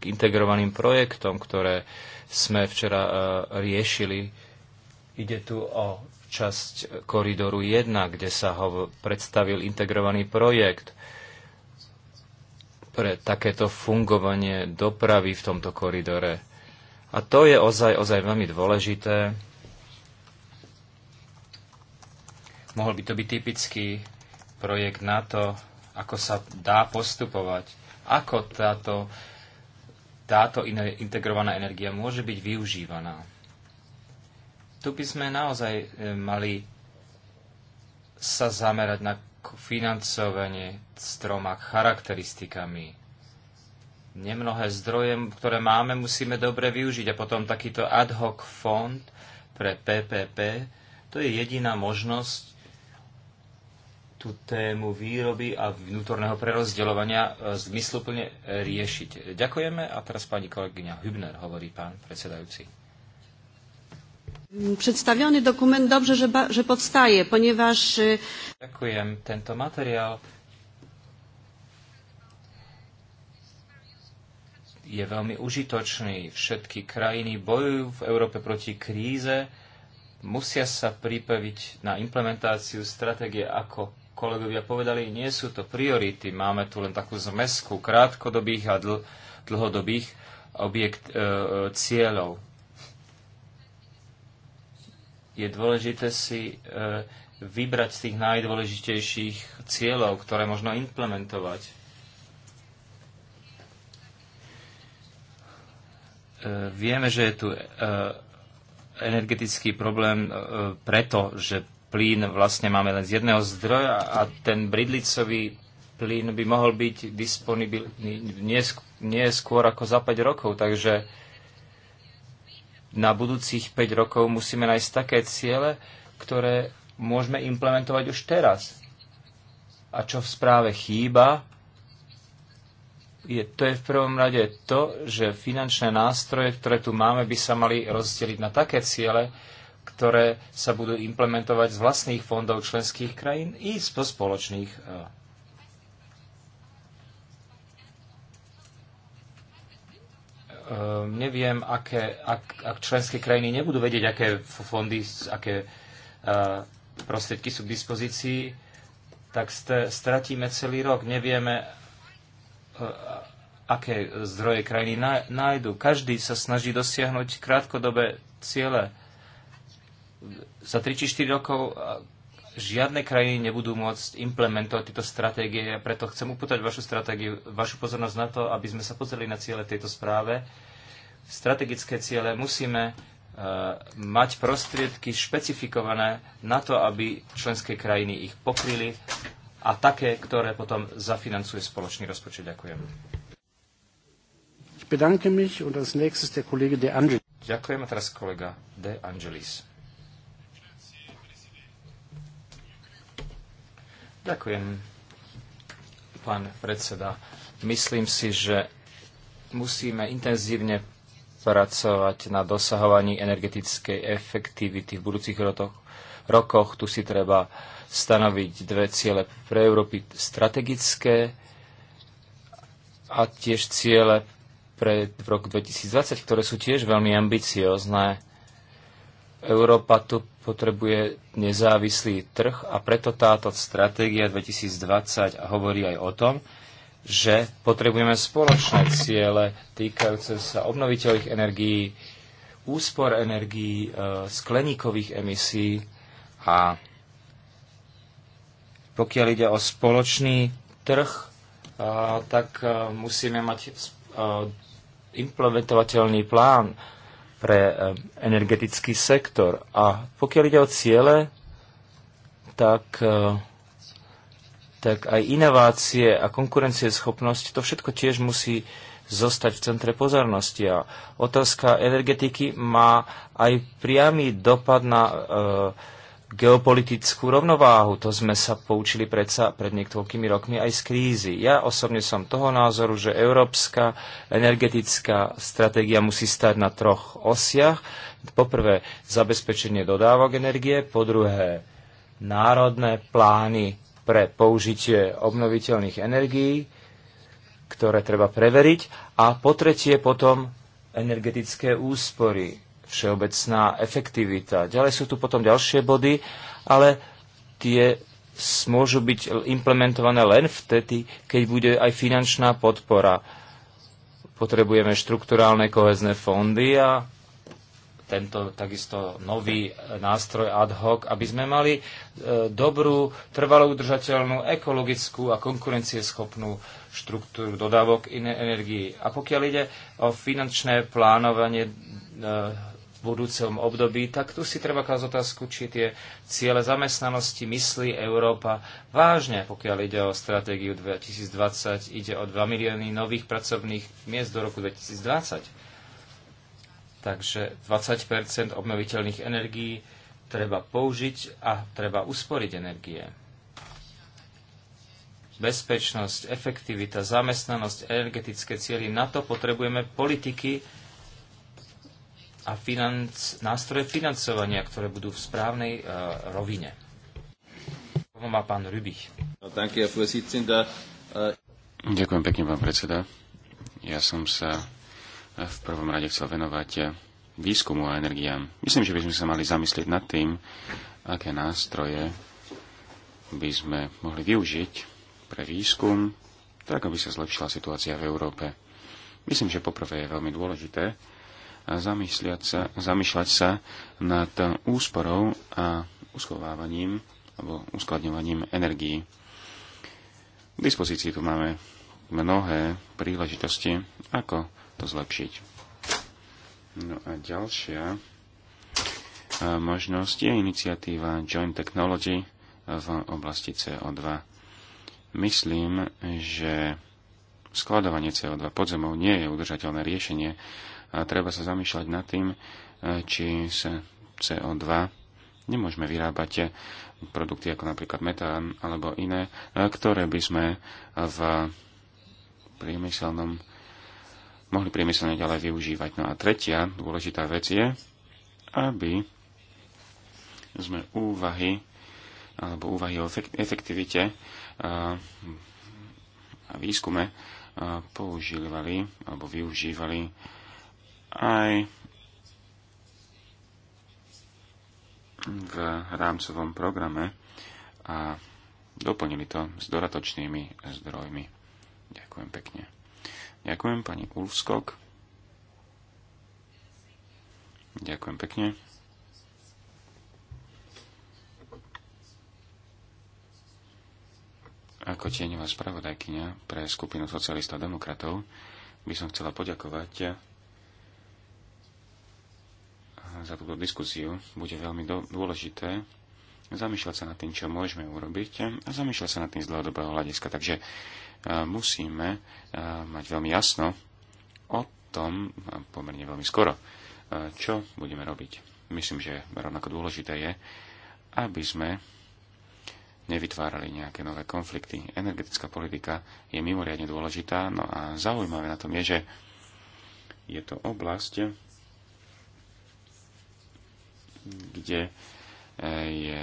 k integrovaným projektom, ktoré sme včera riešili Ide tu o časť koridoru 1, kde sa ho predstavil integrovaný projekt pre takéto fungovanie dopravy v tomto koridore. A to je ozaj, ozaj veľmi dôležité. Mohol by to byť typický projekt na to, ako sa dá postupovať, ako táto, táto integrovaná energia môže byť využívaná. Tu by sme naozaj e, mali sa zamerať na financovanie s troma charakteristikami. Nemnohé zdroje, ktoré máme, musíme dobre využiť. A potom takýto ad hoc fond pre PPP, to je jediná možnosť tú tému výroby a vnútorného prerozdeľovania e, zmysluplne riešiť. Ďakujeme a teraz pani kolegyňa Hübner hovorí pán predsedajúci. Mm, Predstavený dokument dobrze, že, ba, podstaje, ponieważ... Ďakujem. Tento materiál je veľmi užitočný. Všetky krajiny bojujú v Európe proti kríze, musia sa pripraviť na implementáciu stratégie, ako kolegovia povedali, nie sú to priority. Máme tu len takú zmesku krátkodobých a dl- dlhodobých objekt, e, e, cieľov je dôležité si e, vybrať z tých najdôležitejších cieľov, ktoré možno implementovať. E, vieme, že je tu e, energetický problém preto, že plyn vlastne máme len z jedného zdroja a ten bridlicový plyn by mohol byť disponibilný nie, skôr ako za 5 rokov. Takže na budúcich 5 rokov musíme nájsť také ciele, ktoré môžeme implementovať už teraz. A čo v správe chýba, je, to je v prvom rade to, že finančné nástroje, ktoré tu máme, by sa mali rozdeliť na také ciele, ktoré sa budú implementovať z vlastných fondov členských krajín i zo spoločných e, Ehm, neviem, aké, ak, ak členské krajiny nebudú vedieť, aké fondy, aké uh, prostriedky sú k dispozícii, tak ste stratíme celý rok. Nevieme, eh, aké zdroje krajiny nájdu. Každý sa snaží dosiahnuť krátkodobé ciele. Za 3 či 4 rokov eh, žiadne krajiny nebudú môcť implementovať tieto stratégie a preto chcem upútať vašu stratégiu, vašu pozornosť na to, aby sme sa pozreli na ciele tejto správe. Strategické ciele musíme e, mať prostriedky špecifikované na to, aby členské krajiny ich pokryli a také, ktoré potom zafinancuje spoločný rozpočet. Ďakujem. Ďakujem a teraz kolega De Angelis. Ďakujem, pán predseda. Myslím si, že musíme intenzívne pracovať na dosahovaní energetickej efektivity v budúcich rokoch. Tu si treba stanoviť dve ciele pre Európy strategické a tiež ciele pre rok 2020, ktoré sú tiež veľmi ambiciozne. Európa tu potrebuje nezávislý trh a preto táto stratégia 2020 hovorí aj o tom, že potrebujeme spoločné ciele týkajúce sa obnoviteľných energií, úspor energií, e, skleníkových emisí a pokiaľ ide o spoločný trh, e, tak e, musíme mať implementovateľný plán pre e, energetický sektor. A pokiaľ ide o ciele, tak, e, tak aj inovácie a konkurencieschopnosť, to všetko tiež musí zostať v centre pozornosti. A otázka energetiky má aj priamy dopad na uh, geopolitickú rovnováhu. To sme sa poučili predsa pred niekoľkými rokmi aj z krízy. Ja osobne som toho názoru, že európska energetická stratégia musí stať na troch osiach. Poprvé, zabezpečenie dodávok energie, po druhé, národné plány pre použitie obnoviteľných energií, ktoré treba preveriť, a po tretie potom energetické úspory všeobecná efektivita. Ďalej sú tu potom ďalšie body, ale tie môžu byť implementované len vtedy, keď bude aj finančná podpora. Potrebujeme štrukturálne kohezné fondy a tento takisto nový nástroj ad hoc, aby sme mali e, dobrú, trvalo udržateľnú, ekologickú a konkurencieschopnú štruktúru dodávok energii. A pokiaľ ide o finančné plánovanie e, v budúcom období, tak tu si treba klásť otázku, či tie ciele zamestnanosti myslí Európa vážne, pokiaľ ide o stratégiu 2020, ide o 2 milióny nových pracovných miest do roku 2020. Takže 20 obnoviteľných energií treba použiť a treba usporiť energie. Bezpečnosť, efektivita, zamestnanosť, energetické cieľy, na to potrebujeme politiky, a financ, nástroje financovania, ktoré budú v správnej uh, rovine. Slovo má pán Rybich. No, e- Ďakujem pekne, pán predseda. Ja som sa e, v prvom rade chcel venovať výskumu a energiám. Myslím, že by sme sa mali zamyslieť nad tým, aké nástroje by sme mohli využiť pre výskum, tak aby sa zlepšila situácia v Európe. Myslím, že poprvé je veľmi dôležité, zamýšľať sa, zamýšľať sa nad úsporou a uschovávaním alebo uskladňovaním energií. K dispozícii tu máme mnohé príležitosti, ako to zlepšiť. No a ďalšia možnosť je iniciatíva Joint Technology v oblasti CO2. Myslím, že skladovanie CO2 podzemov nie je udržateľné riešenie, a treba sa zamýšľať nad tým, e, či sa CO2 nemôžeme vyrábať e, produkty ako napríklad metán alebo iné, e, ktoré by sme v priemyselnom mohli priemyselne ďalej využívať. No a tretia dôležitá vec je, aby sme úvahy alebo úvahy o efektivite a výskume používali alebo využívali aj v rámcovom programe a doplnili to s doratočnými zdrojmi. Ďakujem pekne. Ďakujem pani Ulfskok. Ďakujem pekne. Ako tieňová spravodajkynia pre skupinu socialistov a demokratov by som chcela poďakovať za túto diskusiu. Bude veľmi dôležité zamýšľať sa nad tým, čo môžeme urobiť a zamýšľať sa nad tým z dlhodobého hľadiska. Takže e, musíme e, mať veľmi jasno o tom, pomerne veľmi skoro, e, čo budeme robiť. Myslím, že rovnako dôležité je, aby sme nevytvárali nejaké nové konflikty. Energetická politika je mimoriadne dôležitá, no a zaujímavé na tom je, že je to oblasť, kde e, je,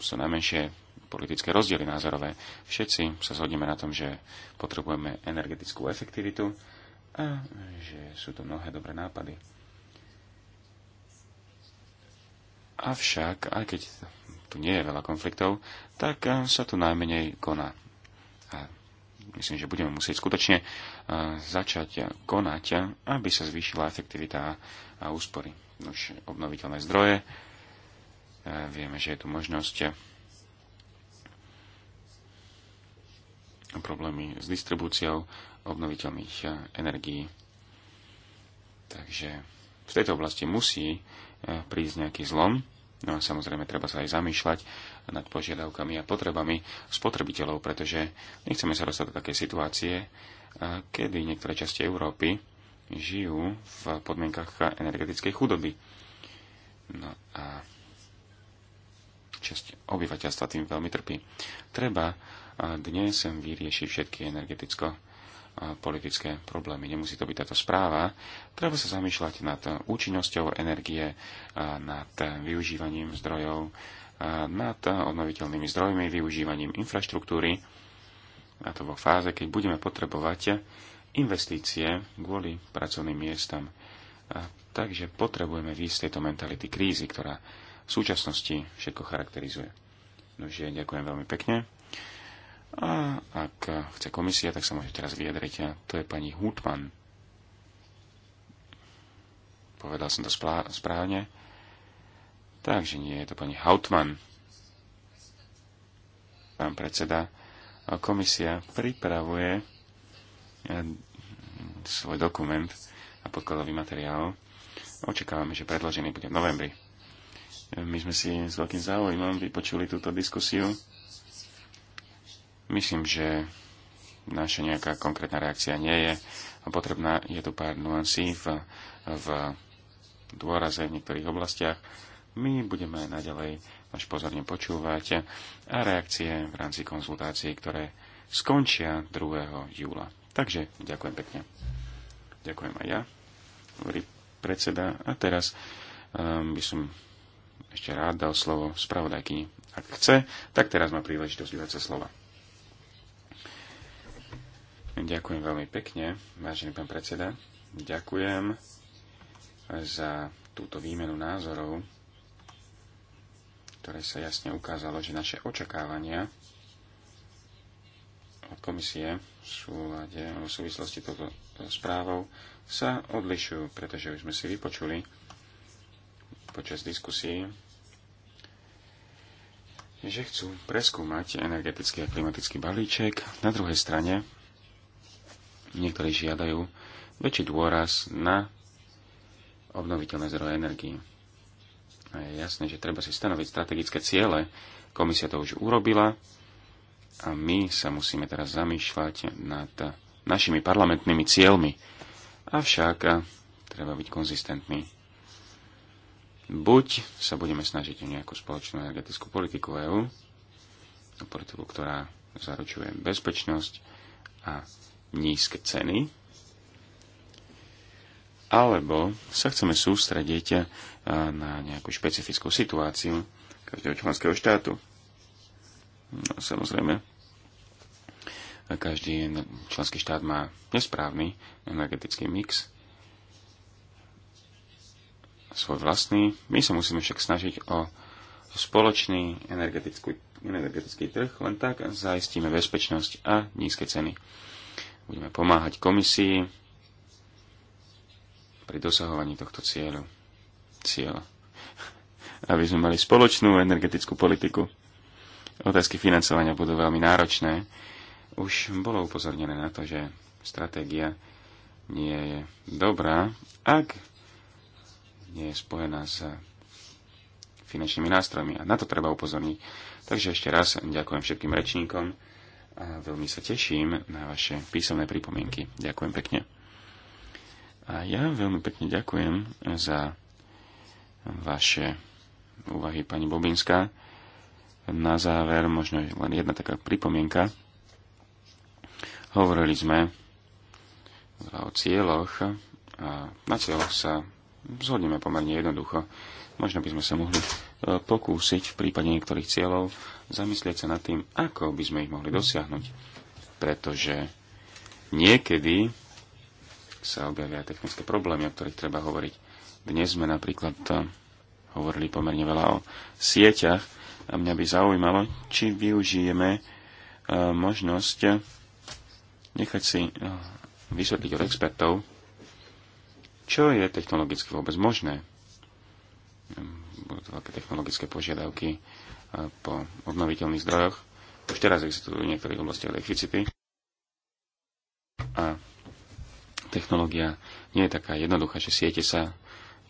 sú najmenšie politické rozdiely názorové. Všetci sa zhodneme na tom, že potrebujeme energetickú efektivitu a že sú to mnohé dobré nápady. Avšak, aj keď tu nie je veľa konfliktov, tak e, sa tu najmenej koná. A myslím, že budeme musieť skutočne e, začať konať, aby sa zvýšila efektivita a úspory už obnoviteľné zdroje. E, vieme, že je tu možnosť problémy s distribúciou obnoviteľných e, energií. Takže v tejto oblasti musí e, prísť nejaký zlom. No a samozrejme treba sa aj zamýšľať nad požiadavkami a potrebami spotrebiteľov, pretože nechceme sa dostať do také situácie, kedy niektoré časti Európy žijú v podmienkach energetickej chudoby. No a časť obyvateľstva tým veľmi trpí. Treba dnes vyriešiť všetky energeticko-politické problémy. Nemusí to byť táto správa. Treba sa zamýšľať nad účinnosťou energie, nad využívaním zdrojov, nad obnoviteľnými zdrojmi, využívaním infraštruktúry, a to vo fáze, keď budeme potrebovať investície kvôli pracovným miestam. A takže potrebujeme výjsť z tejto mentality krízy, ktorá v súčasnosti všetko charakterizuje. Nože, ďakujem veľmi pekne. A ak chce komisia, tak sa môže teraz vyjadriť. A to je pani Hutman. Povedal som to správne. Takže nie, je to pani Hautman. Pán predseda, komisia pripravuje E, svoj dokument a podkladový materiál. Očakávame, že predložený bude v novembri. E, my sme si s veľkým záujmom vypočuli túto diskusiu. Myslím, že naša nejaká konkrétna reakcia nie je potrebná. Je tu pár nuancí v, v dôraze v niektorých oblastiach. My budeme naďalej až pozorne počúvať a reakcie v rámci konzultácií, ktoré skončia 2. júla. Takže ďakujem pekne. Ďakujem aj ja, hovorí predseda. A teraz um, by som ešte rád dal slovo spravodajkyni. Ak chce, tak teraz má príležitosť vydať sa slova. Ďakujem veľmi pekne, vážený pán predseda. Ďakujem za túto výmenu názorov, ktoré sa jasne ukázalo, že naše očakávania od komisie v súlade v súvislosti touto e, správou sa odlišujú, pretože už sme si vypočuli počas diskusí, že chcú preskúmať energetický a klimatický balíček. Na druhej strane niektorí žiadajú väčší dôraz na obnoviteľné zdroje energii. A je jasné, že treba si stanoviť strategické ciele. Komisia to už urobila, a my sa musíme teraz zamýšľať nad našimi parlamentnými cieľmi. Avšak eh, treba byť konzistentný. Buď sa budeme snažiť o nejakú spoločnú energetickú politiku EÚ, politiku, ktorá zaručuje bezpečnosť a nízke ceny, alebo sa chceme sústrediť eh, na nejakú špecifickú situáciu každého členského štátu. Samozrejme, každý členský štát má nesprávny energetický mix, svoj vlastný. My sa musíme však snažiť o spoločný energetický, energetický trh, len tak zaistíme bezpečnosť a nízke ceny. Budeme pomáhať komisii pri dosahovaní tohto cieľu. Cieľa. Aby sme mali spoločnú energetickú politiku otázky financovania budú veľmi náročné. Už bolo upozornené na to, že stratégia nie je dobrá, ak nie je spojená s finančnými nástrojmi. A na to treba upozorniť. Takže ešte raz ďakujem všetkým rečníkom a veľmi sa teším na vaše písomné pripomienky. Ďakujem pekne. A ja veľmi pekne ďakujem za vaše úvahy, pani Bobinská na záver možno len jedna taká pripomienka. Hovorili sme o cieľoch a na cieľoch sa zhodneme pomerne jednoducho. Možno by sme sa mohli e, pokúsiť v prípade niektorých cieľov zamyslieť sa nad tým, ako by sme ich mohli dosiahnuť. Pretože niekedy sa objavia technické problémy, o ktorých treba hovoriť. Dnes sme napríklad e, hovorili pomerne veľa o sieťach, a mňa by zaujímalo, či využijeme e, možnosť e, nechať si e, vysvetliť od expertov, čo je technologicky vôbec možné. Ehm, budú to veľké technologické požiadavky po obnoviteľných zdrojoch. Už teraz existujú v niektorých oblastiach elektricity. A technológia nie je taká jednoduchá, že siete sa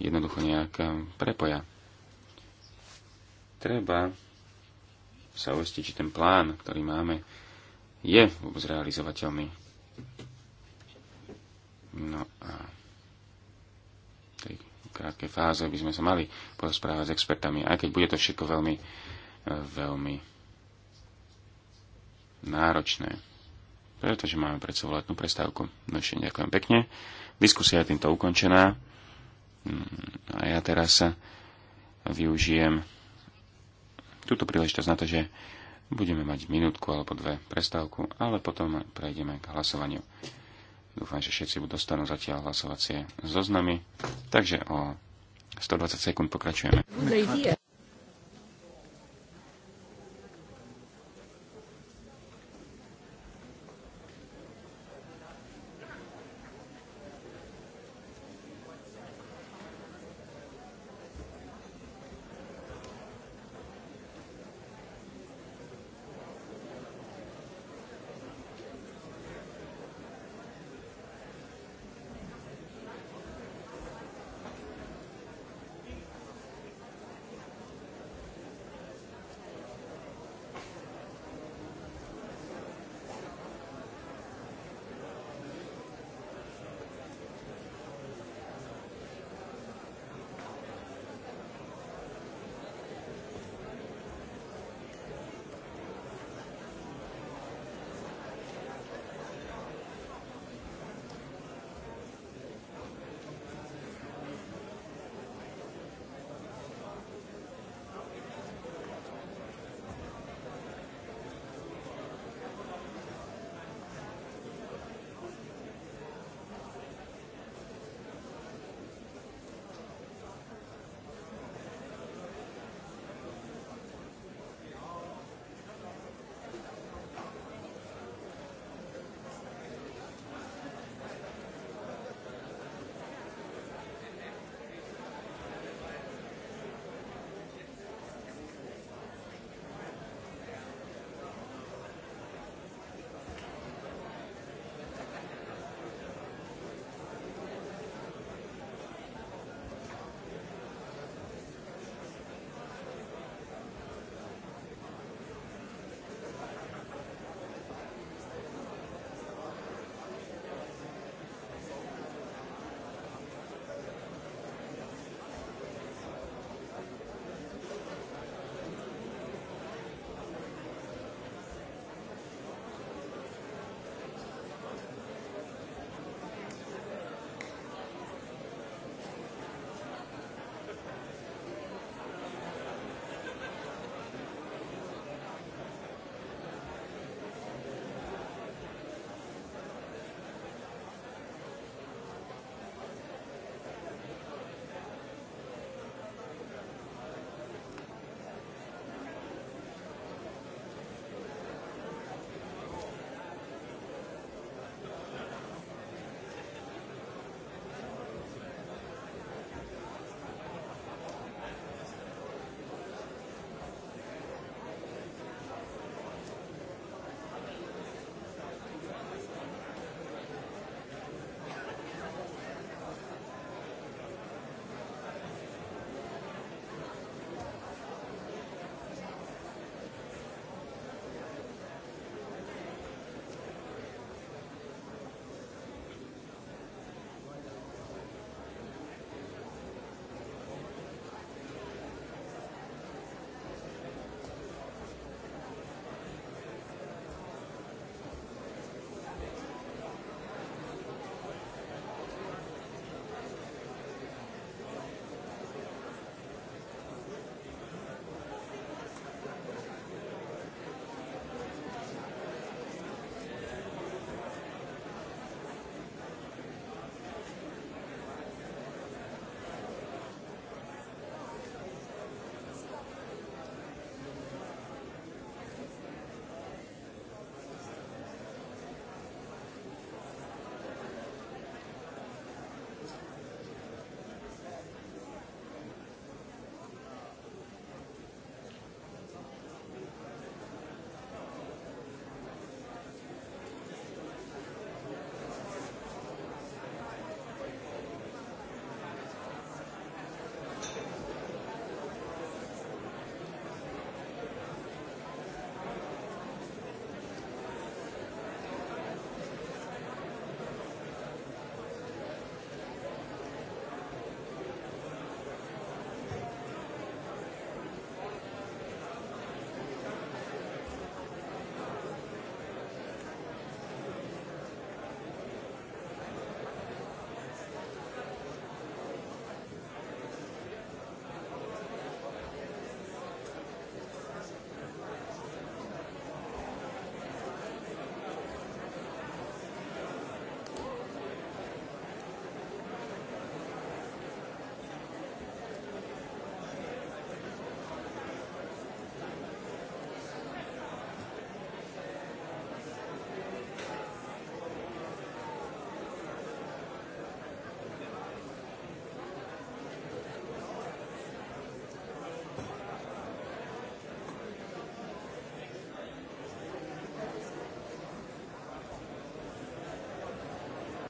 jednoducho nejak prepoja. Treba sa uistiť, či ten plán, ktorý máme, je vôbec realizovateľný. No a v tej krátkej fáze by sme sa mali porozprávať s expertami, aj keď bude to všetko veľmi, e, veľmi náročné, pretože máme sebou letnú prestávku. No ešte ďakujem pekne. Diskusia je týmto ukončená. Mm, a ja teraz sa využijem túto príležitosť na to, že budeme mať minútku alebo dve prestávku, ale potom prejdeme k hlasovaniu. Dúfam, že všetci dostanú zatiaľ hlasovacie zoznamy, takže o 120 sekúnd pokračujeme.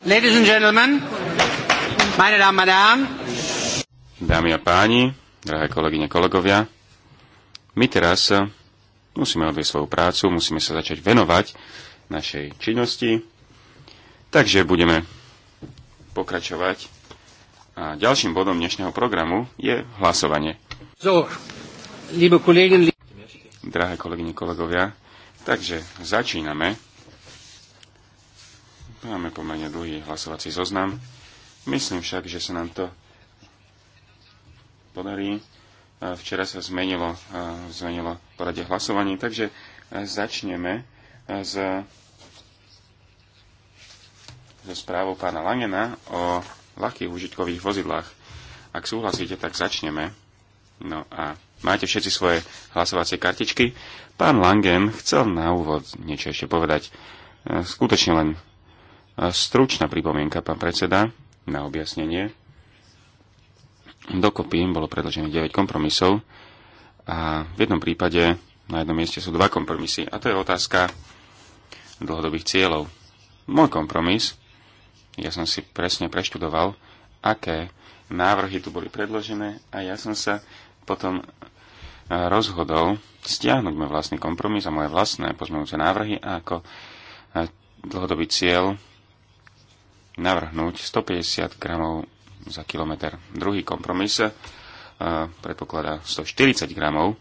Ladies and gentlemen, meine Damen und Herren. Dámy a páni, drahé kolegyne, kolegovia, my teraz eh, musíme odvieť svoju prácu, musíme sa začať venovať našej činnosti, takže budeme pokračovať. A ďalším bodom dnešného programu je hlasovanie. So, liebe li- Drahé kolegyne, kolegovia, takže začíname hlasovací zoznam. Myslím však, že sa nám to podarí. Včera sa zmenilo, zmenilo poradie hlasovaní, takže začneme s, so správou pána Langena o ľahkých užitkových vozidlách. Ak súhlasíte, tak začneme. No a máte všetci svoje hlasovacie kartičky. Pán Langen chcel na úvod niečo ešte povedať. E, skutočne len Stručná pripomienka, pán predseda, na objasnenie. Dokopy bolo predložených 9 kompromisov a v jednom prípade na jednom mieste sú dva kompromisy a to je otázka dlhodobých cieľov. Môj kompromis, ja som si presne preštudoval, aké návrhy tu boli predložené a ja som sa potom e, rozhodol stiahnuť môj vlastný kompromis a moje vlastné pozmenúce návrhy ako e, dlhodobý cieľ navrhnúť 150 gramov za kilometr. Druhý kompromis eh, predpokladá 140 gramov.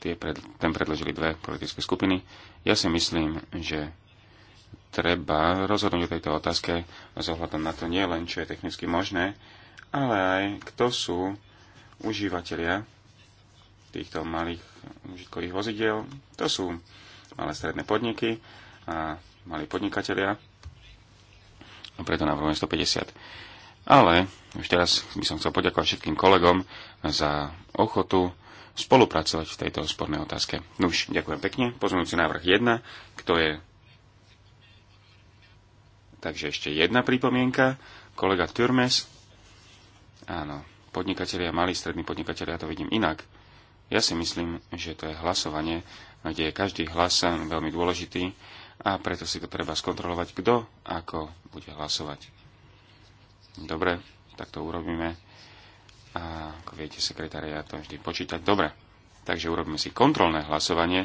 Tie pred, ten predložili dve politické skupiny. Ja si myslím, že treba rozhodnúť o tejto otázke zohľadom na to nie len, čo je technicky možné, ale aj kto sú užívateľia týchto malých užitkových vozidiel. To sú malé stredné podniky a malí podnikatelia a preto navrhujem 150. Ale už teraz by som chcel poďakovať všetkým kolegom za ochotu spolupracovať v tejto spornej otázke. už ďakujem pekne. Pozmeňujúci návrh 1, kto je... Takže ešte jedna pripomienka. Kolega Turmes. Áno, podnikatelia, malí strední podnikatelia, to vidím inak. Ja si myslím, že to je hlasovanie, kde je každý hlas veľmi dôležitý a preto si to treba skontrolovať, kto ako bude hlasovať. Dobre, tak to urobíme. A ako viete, ja to vždy počítať. Dobre, takže urobíme si kontrolné hlasovanie,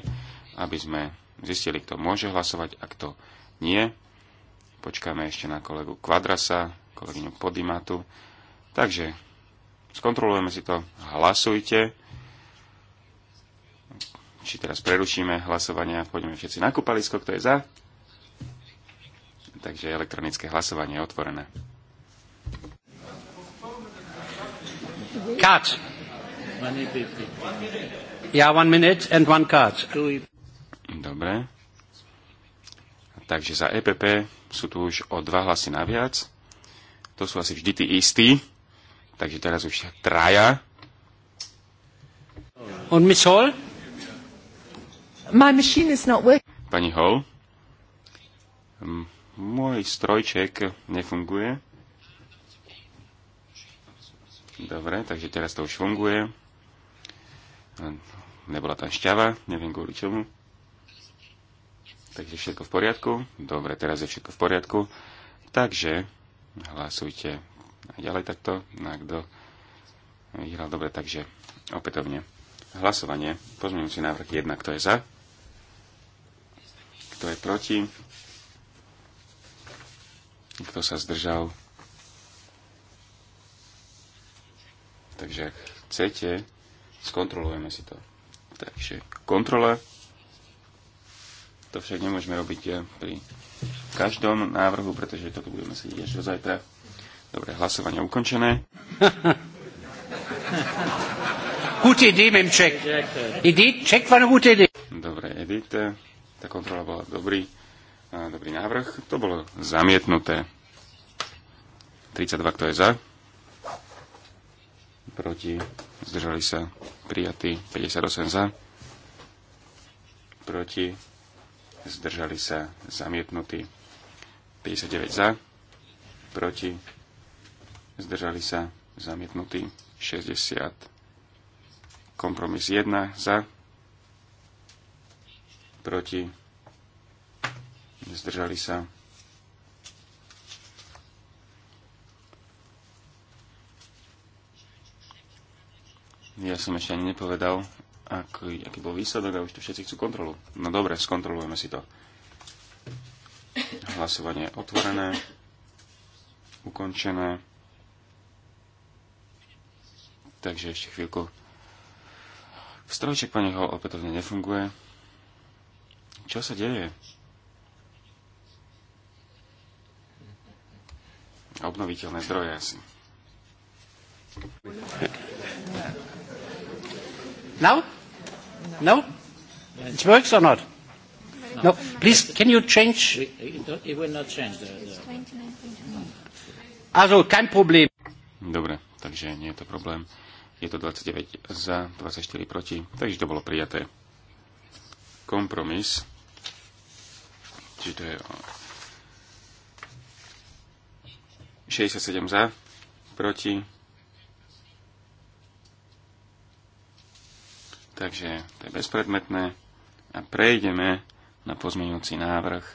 aby sme zistili, kto môže hlasovať a kto nie. Počkáme ešte na kolegu Kvadrasa, kolegyňu Podimatu. Takže skontrolujeme si to, hlasujte či teraz prerušíme hlasovanie a pôjdeme všetci na kúpalisko, kto je za. Takže elektronické hlasovanie je otvorené. Cut. Yeah, one minute and one card. Dobre. Takže za EPP sú tu už o dva hlasy naviac. To sú asi vždy tí istí. Takže teraz už traja. On Miss Hall? My machine is not working. Pani Hall, môj strojček nefunguje. Dobre, takže teraz to už funguje. Nebola tam šťava, neviem kvôli čomu. Takže všetko v poriadku. Dobre, teraz je všetko v poriadku. Takže hlasujte a ďalej takto. Na kto vyhral dobre, takže opätovne. Hlasovanie. Pozmeňujúci návrh 1, kto je za? Kto je proti? Kto sa zdržal? Takže ak chcete, skontrolujeme si to. Takže kontrola. To však nemôžeme robiť pri každom návrhu, pretože toto budeme sedieť až do zajtra. Dobre, hlasovanie ukončené. Gute Idee mit Idee, Check war gute Idee. Dobre, Edith tá kontrola bola dobrý, dobrý návrh. To bolo zamietnuté. 32, kto je za? Proti. Zdržali sa. Prijatí. 58 za. Proti. Zdržali sa. Zamietnutí. 59 za. Proti. Zdržali sa. Zamietnutí. 60. Kompromis 1 za proti, zdržali sa. Ja som ešte ani nepovedal, aký, aký bol výsledok a už tu všetci chcú kontrolu. No dobre, skontrolujeme si to. Hlasovanie je otvorené, ukončené. Takže ešte chvíľku. Strojček po neho opätovne nefunguje. Čo sa deje? Obnoviteľné zdroje asi. No? No? It works or not? No. Please, can you change? It will not change. Also, kein Problem. Dobre, takže nie je to problém. Je to 29 za, 24 proti, takže to bolo prijaté. Kompromis Čiže to je 67 za, proti. Takže to je bezpredmetné a prejdeme na pozmeňujúci návrh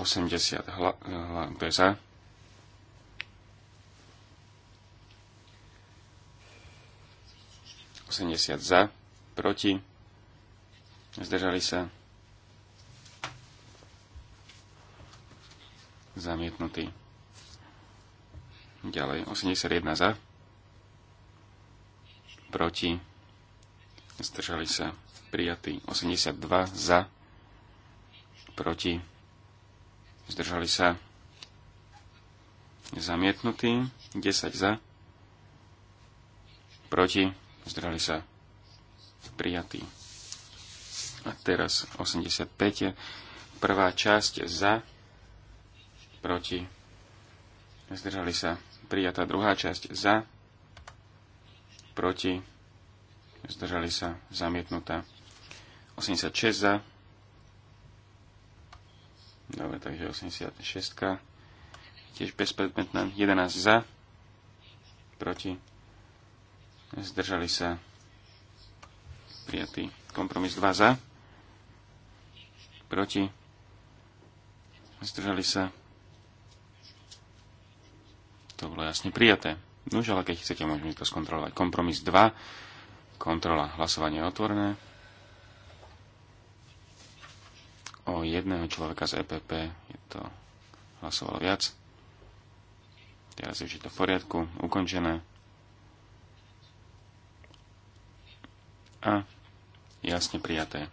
80 hla, hla, za. Osemdesiat za, proti. Zdržali sa. Zamietnutý. Ďalej. 81 za. Proti. Zdržali sa. Prijatý. 82 za. Proti. Zdržali sa. Zamietnutý. 10 za. Proti. Zdržali sa. Prijatý a teraz 85. Prvá časť za, proti, zdržali sa. Prijatá druhá časť za, proti, zdržali sa. Zamietnutá. 86 za. Dobre, takže 86. Tiež bezpredmetná. 11 za, proti, zdržali sa. Prijatý kompromis 2 za proti, zdržali sa. To bolo jasne prijaté. Nuž, ale keď chcete, môžeme to skontrolovať. Kompromis 2, kontrola, hlasovanie je otvorené. O jedného človeka z EPP je to hlasovalo viac. Teraz je to v poriadku, ukončené. A jasne prijaté.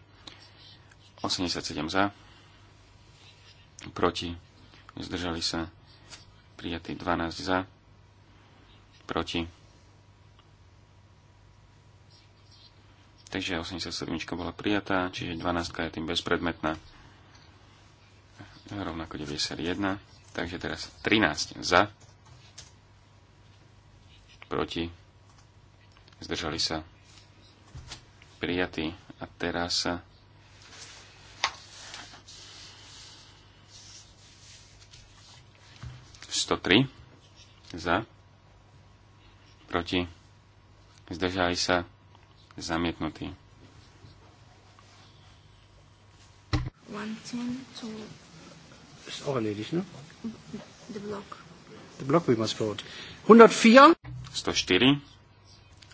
87 za, proti, zdržali sa, prijatí 12 za, proti. Takže 87 bola prijatá, čiže 12 je tým bezpredmetná. Rovnako 91. Takže teraz 13 za, proti, zdržali sa, prijatí. A teraz 103 za, proti, zdržali sa, zamietnutý. 104.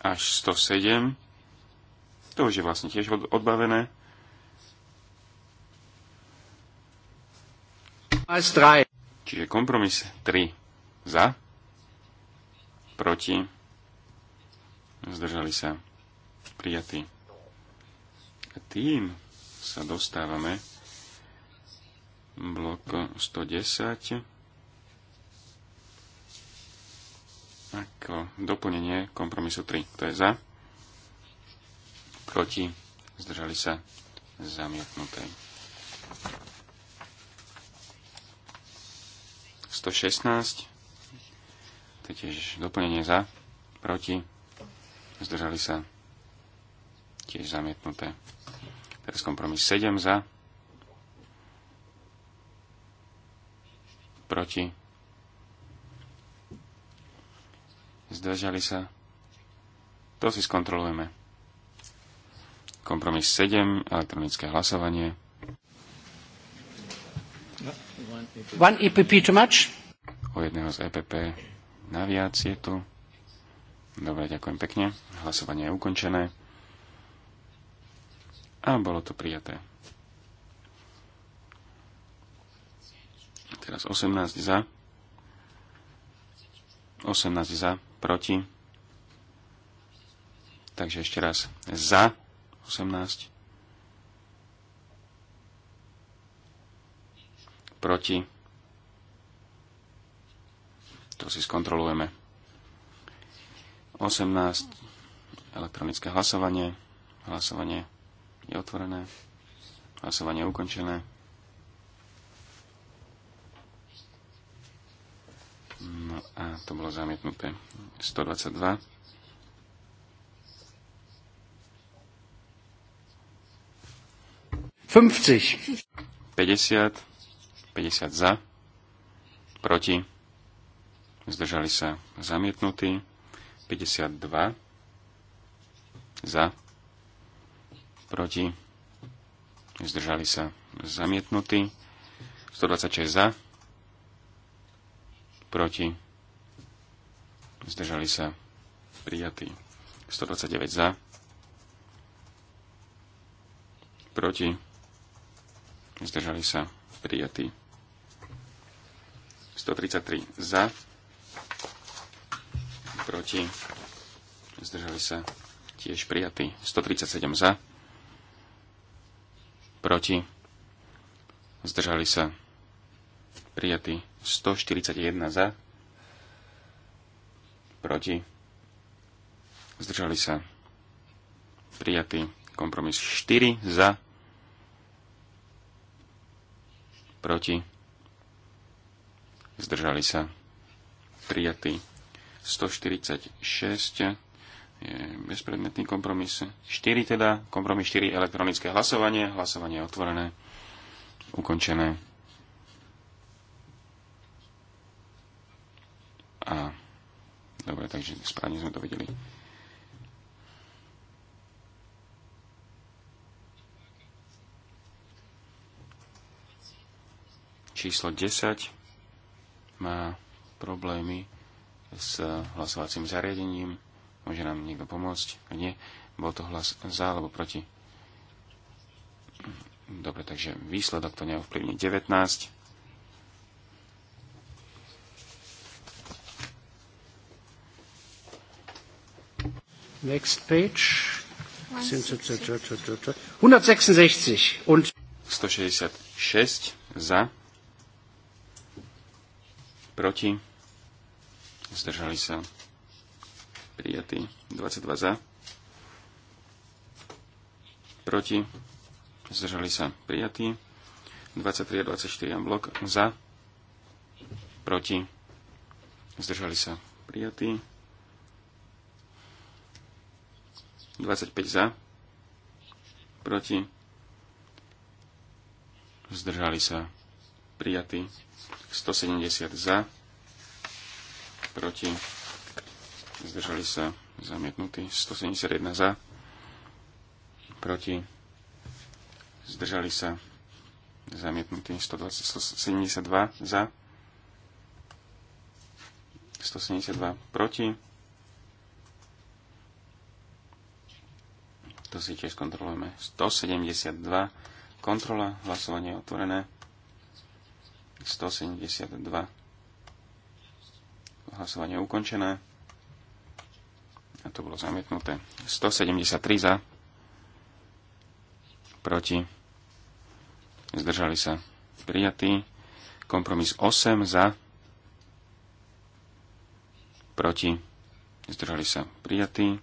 až 107. To už je vlastne tiež odbavené. Als 3. Čiže kompromis 3 za, proti, zdržali sa prijatí. A tým sa dostávame blok 110 ako doplnenie kompromisu 3. To je za, proti, zdržali sa zamietnuté. 116. To je tiež doplnenie za, proti, zdržali sa, tiež zamietnuté. Teraz kompromis 7 za, proti, zdržali sa. To si skontrolujeme. Kompromis 7, elektronické hlasovanie. One EPP too much? O jedného z EPP naviac je tu. Dobre, ďakujem pekne. Hlasovanie je ukončené. A bolo to prijaté. Teraz 18 za. 18 za, proti. Takže ešte raz za 18, proti. To si skontrolujeme. 18. Elektronické hlasovanie. Hlasovanie je otvorené. Hlasovanie je ukončené. No a to bolo zamietnuté. 122. Fünfzig. 50. 50 za, proti, zdržali sa zamietnutí, 52 za, proti, zdržali sa zamietnutí, 126 za, proti, zdržali sa prijatí, 129 za, proti, zdržali sa prijatí. 133 za, proti, zdržali sa tiež prijatí 137 za, proti, zdržali sa prijatí 141 za, proti, zdržali sa prijatí kompromis 4 za, proti, zdržali sa prijatí 146 je bezpredmetný kompromis 4 teda, kompromis 4 elektronické hlasovanie, hlasovanie je otvorené ukončené a dobre, takže správne sme to videli číslo 10 má problémy s hlasovacím zariadením. Môže nám niekto pomôcť? Nie. Bol to hlas za alebo proti? Dobre, takže výsledok to neovplyvní 19. Next page. 166 166 za proti, zdržali sa prijatí 22 za, proti, zdržali sa prijatí 23 a 24 blok za, proti, zdržali sa prijatí 25 za, proti, zdržali sa prijatý 170 za, proti, zdržali sa zamietnutí 171 za, proti, zdržali sa zamietnutí 120, 172 za, 172 proti. To si tiež kontrolujeme. 172 kontrola, hlasovanie je otvorené. 172. Hlasovanie je ukončené. A to bolo zamietnuté. 173 za. Proti. Zdržali sa. Prijatý. Kompromis 8 za. Proti. Zdržali sa. Prijatý.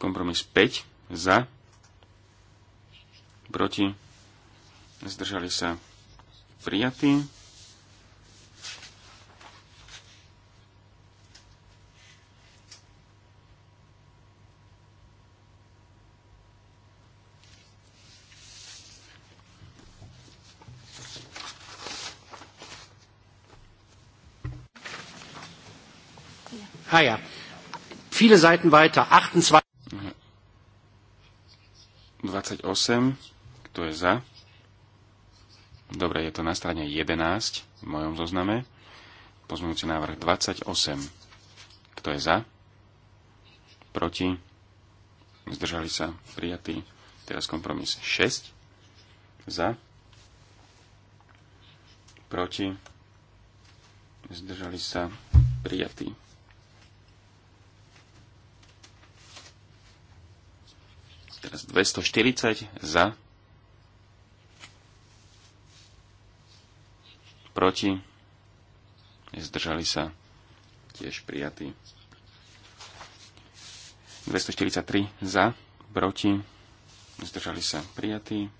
Kompromis 5 za. Proti zdržali sa prijatí. Ah Viele Seiten weiter. 28. 28. Kto je za? Dobre, je to na strane 11 v mojom zozname. Pozmeňujúci návrh 28. Kto je za? Proti? Zdržali sa? Prijatý. Teraz kompromis 6. Za? Proti? Zdržali sa? Prijatý. Teraz 240 za, proti, zdržali sa, tiež prijatí. 243 za, proti, zdržali sa, prijatí.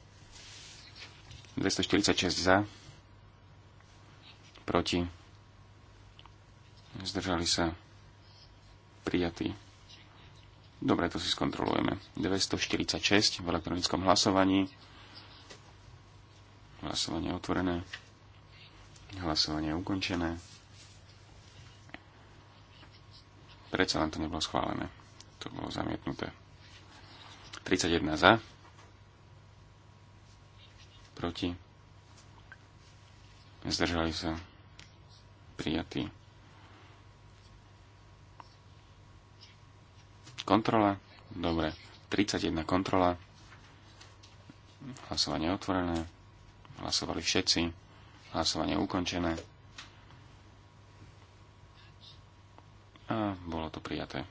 246 za, proti, zdržali sa, prijatí. Dobre, to si skontrolujeme. 246 v elektronickom hlasovaní. Hlasovanie otvorené. Hlasovanie je ukončené. Predsa len to nebolo schválené. To bolo zamietnuté. 31 za. Proti. Zdržali sa. Prijatí. Kontrola. Dobre. 31 kontrola. Hlasovanie otvorené. Hlasovali všetci. Hlasovanie ukončené. A bolo to prijaté.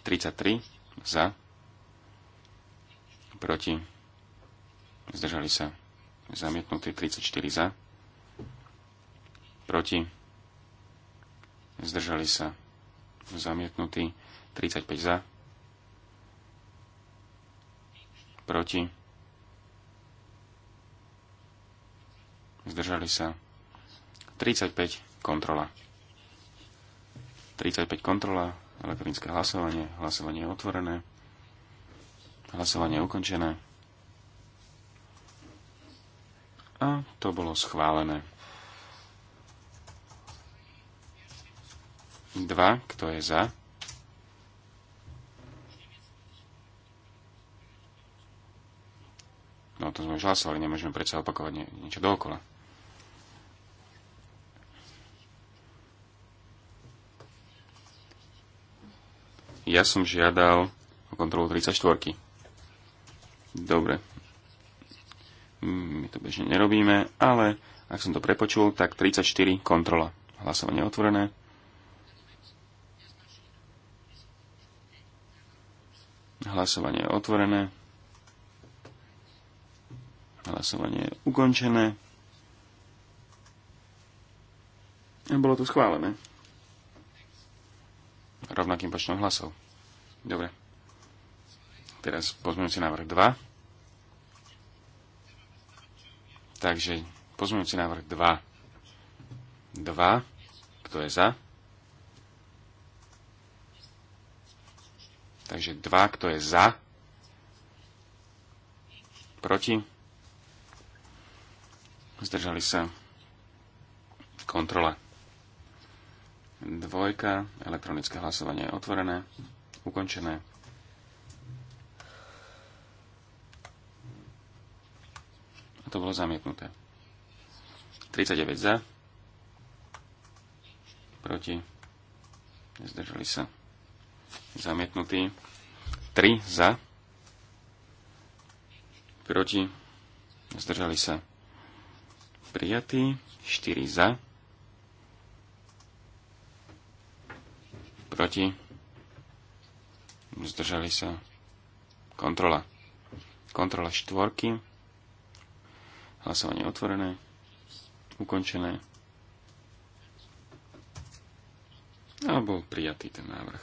33 za. Proti. Zdržali sa. Zamietnutí 34 za. Proti. Zdržali sa. Zamietnutí 35 za. Proti zdržali sa 35 kontrola. 35 kontrola, elektronické hlasovanie, hlasovanie je otvorené, hlasovanie je ukončené. A to bolo schválené. 2, kto je za? No to sme už hlasovali, nemôžeme predsa opakovať niečo dookola. Ja som žiadal o kontrolu 34. Dobre. My to bežne nerobíme, ale ak som to prepočul, tak 34 kontrola. Hlasovanie otvorené. Hlasovanie je otvorené. Hlasovanie je ukončené. A bolo to schválené. Rovnakým počtom hlasov. Dobre. Teraz pozmeňujúci návrh 2. Takže pozmeňujúci návrh 2. 2. Kto je za? Takže 2, kto je za? Proti? Zdržali sa. Kontrola. Dvojka, elektronické hlasovanie je otvorené ukončené. A to bolo zamietnuté. 39 za, proti, zdržali sa, zamietnutý, 3 za, proti, zdržali sa, prijatý, 4 za, proti, zdržali sa, kontrola. Kontrola štvorky, hlasovanie otvorené, ukončené. A bol prijatý ten návrh.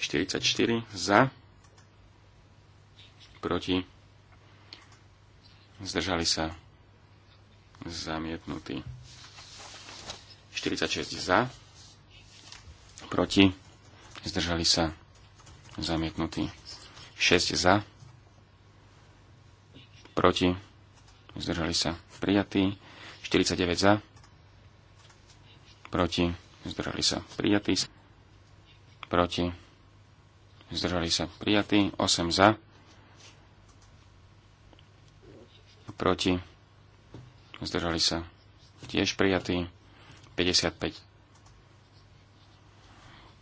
44 za, proti, zdržali sa, zamietnutý. 46 za, proti, zdržali sa zamietnutí. 6 za, proti, zdržali sa prijatí. 49 za, proti, zdržali sa prijatí. Proti, zdržali sa prijatí. 8 za, proti, zdržali sa tiež prijatí. 55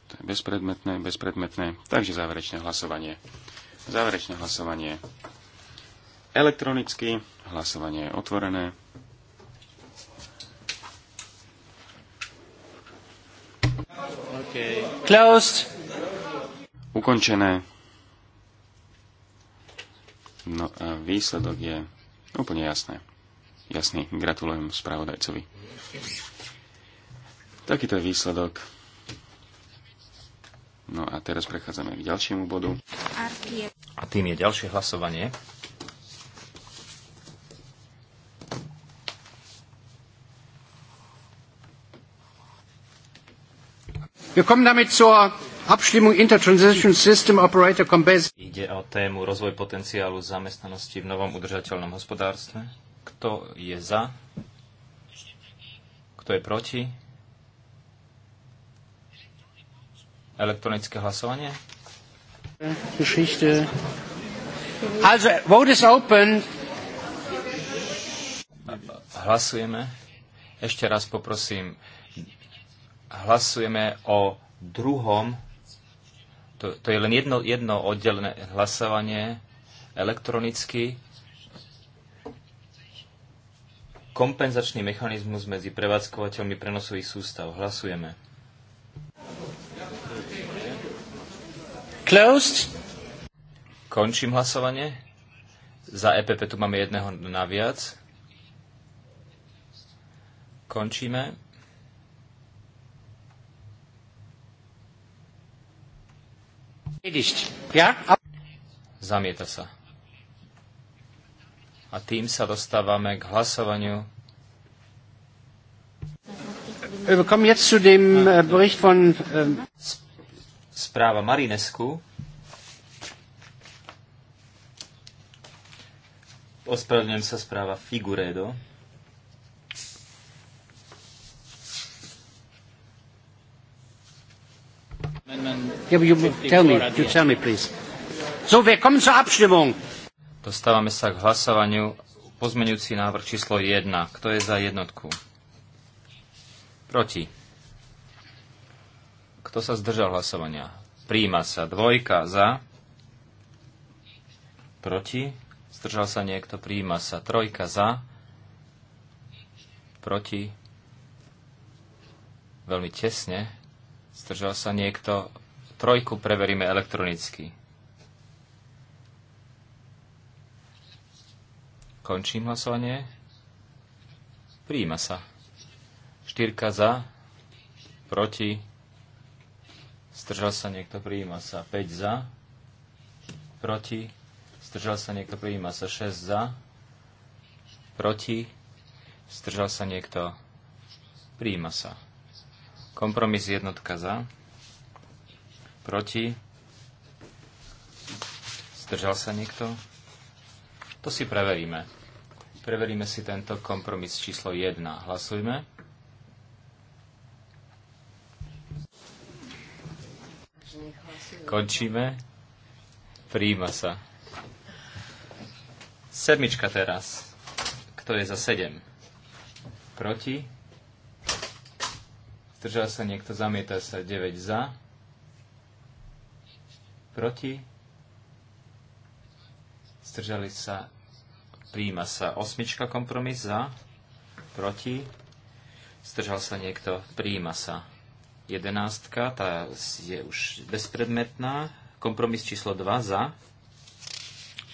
to je bezpredmetné, bezpredmetné. Takže záverečné hlasovanie. Záverečné hlasovanie elektronicky. Hlasovanie je otvorené. Okay. Closed. Ukončené. No a výsledok je úplne jasné. Jasný, gratulujem spravodajcovi. Takýto je výsledok. No a teraz prechádzame k ďalšiemu bodu. A tým je ďalšie hlasovanie. Wir kommen damit zur Abstimmung Intertransition System Operator Combes. Ide o tému rozvoj potenciálu zamestnanosti v novom udržateľnom hospodárstve. Kto je za? Kto je proti? Elektronické hlasovanie. Also, vote is open. Hlasujeme. Ešte raz poprosím. Hlasujeme o druhom. To, to je len jedno, jedno oddelené hlasovanie elektronicky. Kompenzačný mechanizmus medzi prevádzkovateľmi prenosových sústav. Hlasujeme. Closed. Končím hlasovanie. Za EPP tu máme jedného naviac. Končíme. Zamieta sa. A tým sa dostávame k hlasovaniu. Äh, ähm, Správa správa Marinesku. Ospravedlňujem sa správa Figuredo. Dostávame sa k hlasovaniu pozmenujúci návrh číslo 1. Kto je za jednotku? Proti. Kto sa zdržal hlasovania? Príjima sa. Dvojka za. Proti. Zdržal sa niekto. Príjima sa. Trojka za. Proti. Veľmi tesne. Zdržal sa niekto. Trojku preveríme elektronicky. Končím hlasovanie. Príjima sa. Štyrka za. Proti Zdržal sa niekto, prijíma sa 5 za. Proti. Zdržal sa niekto, prijíma sa 6 za. Proti. Zdržal sa niekto, prijíma sa. Kompromis jednotka za. Proti. Zdržal sa niekto? To si preveríme. Preveríme si tento kompromis číslo 1. Hlasujme. Končíme. Príjima sa. Sedmička teraz. Kto je za sedem? Proti? Zdržal sa niekto, zamieta sa 9 za. Proti? Zdržali sa, príjima sa osmička kompromis za. Proti? Zdržal sa niekto, príjima sa jedenástka, tá je už bezpredmetná. Kompromis číslo 2 za,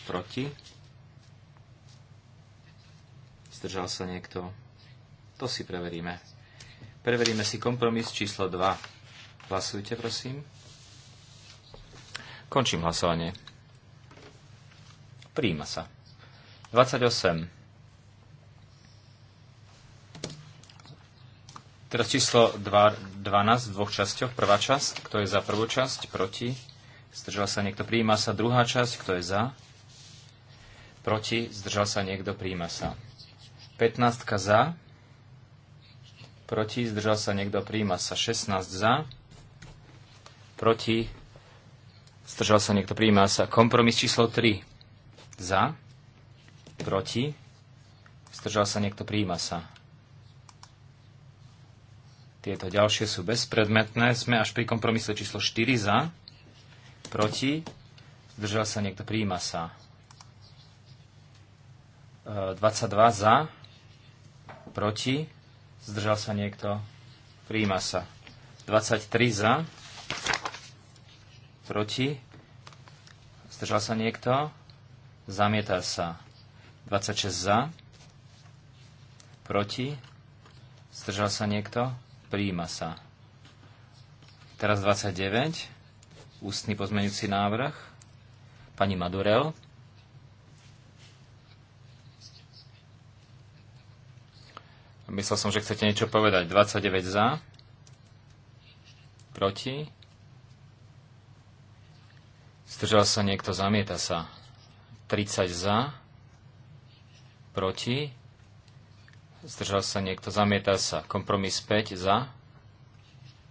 proti. Zdržal sa niekto? To si preveríme. Preveríme si kompromis číslo 2. Hlasujte, prosím. Končím hlasovanie. Príjima sa. 28 Teraz číslo 2, 12 v dvoch časťoch. Prvá časť, kto je za prvú časť, proti. Zdržal sa niekto, prijíma sa. Druhá časť, kto je za, proti. Zdržal sa niekto, prijíma sa. 15 za, proti. Zdržal sa niekto, prijíma sa. 16 za, proti. Zdržal sa niekto, prijíma sa. Kompromis číslo 3 za, proti. Zdržal sa niekto, prijíma sa. Tieto ďalšie sú bezpredmetné. Sme až pri kompromise číslo 4 za, proti, zdržal sa niekto, prijíma sa. 22 e, za, proti, zdržal sa niekto, prijíma sa. 23 za, proti, zdržal sa niekto, zamieta sa. 26 za, proti, zdržal sa niekto, Príjima sa. Teraz 29. Ústny pozmeňujúci návrh. Pani Madurel. Myslel som, že chcete niečo povedať. 29 za. Proti. Zdržal sa niekto, zamieta sa. 30 za. Proti. Zdržal sa niekto? Zamieta sa. Kompromis 5 za.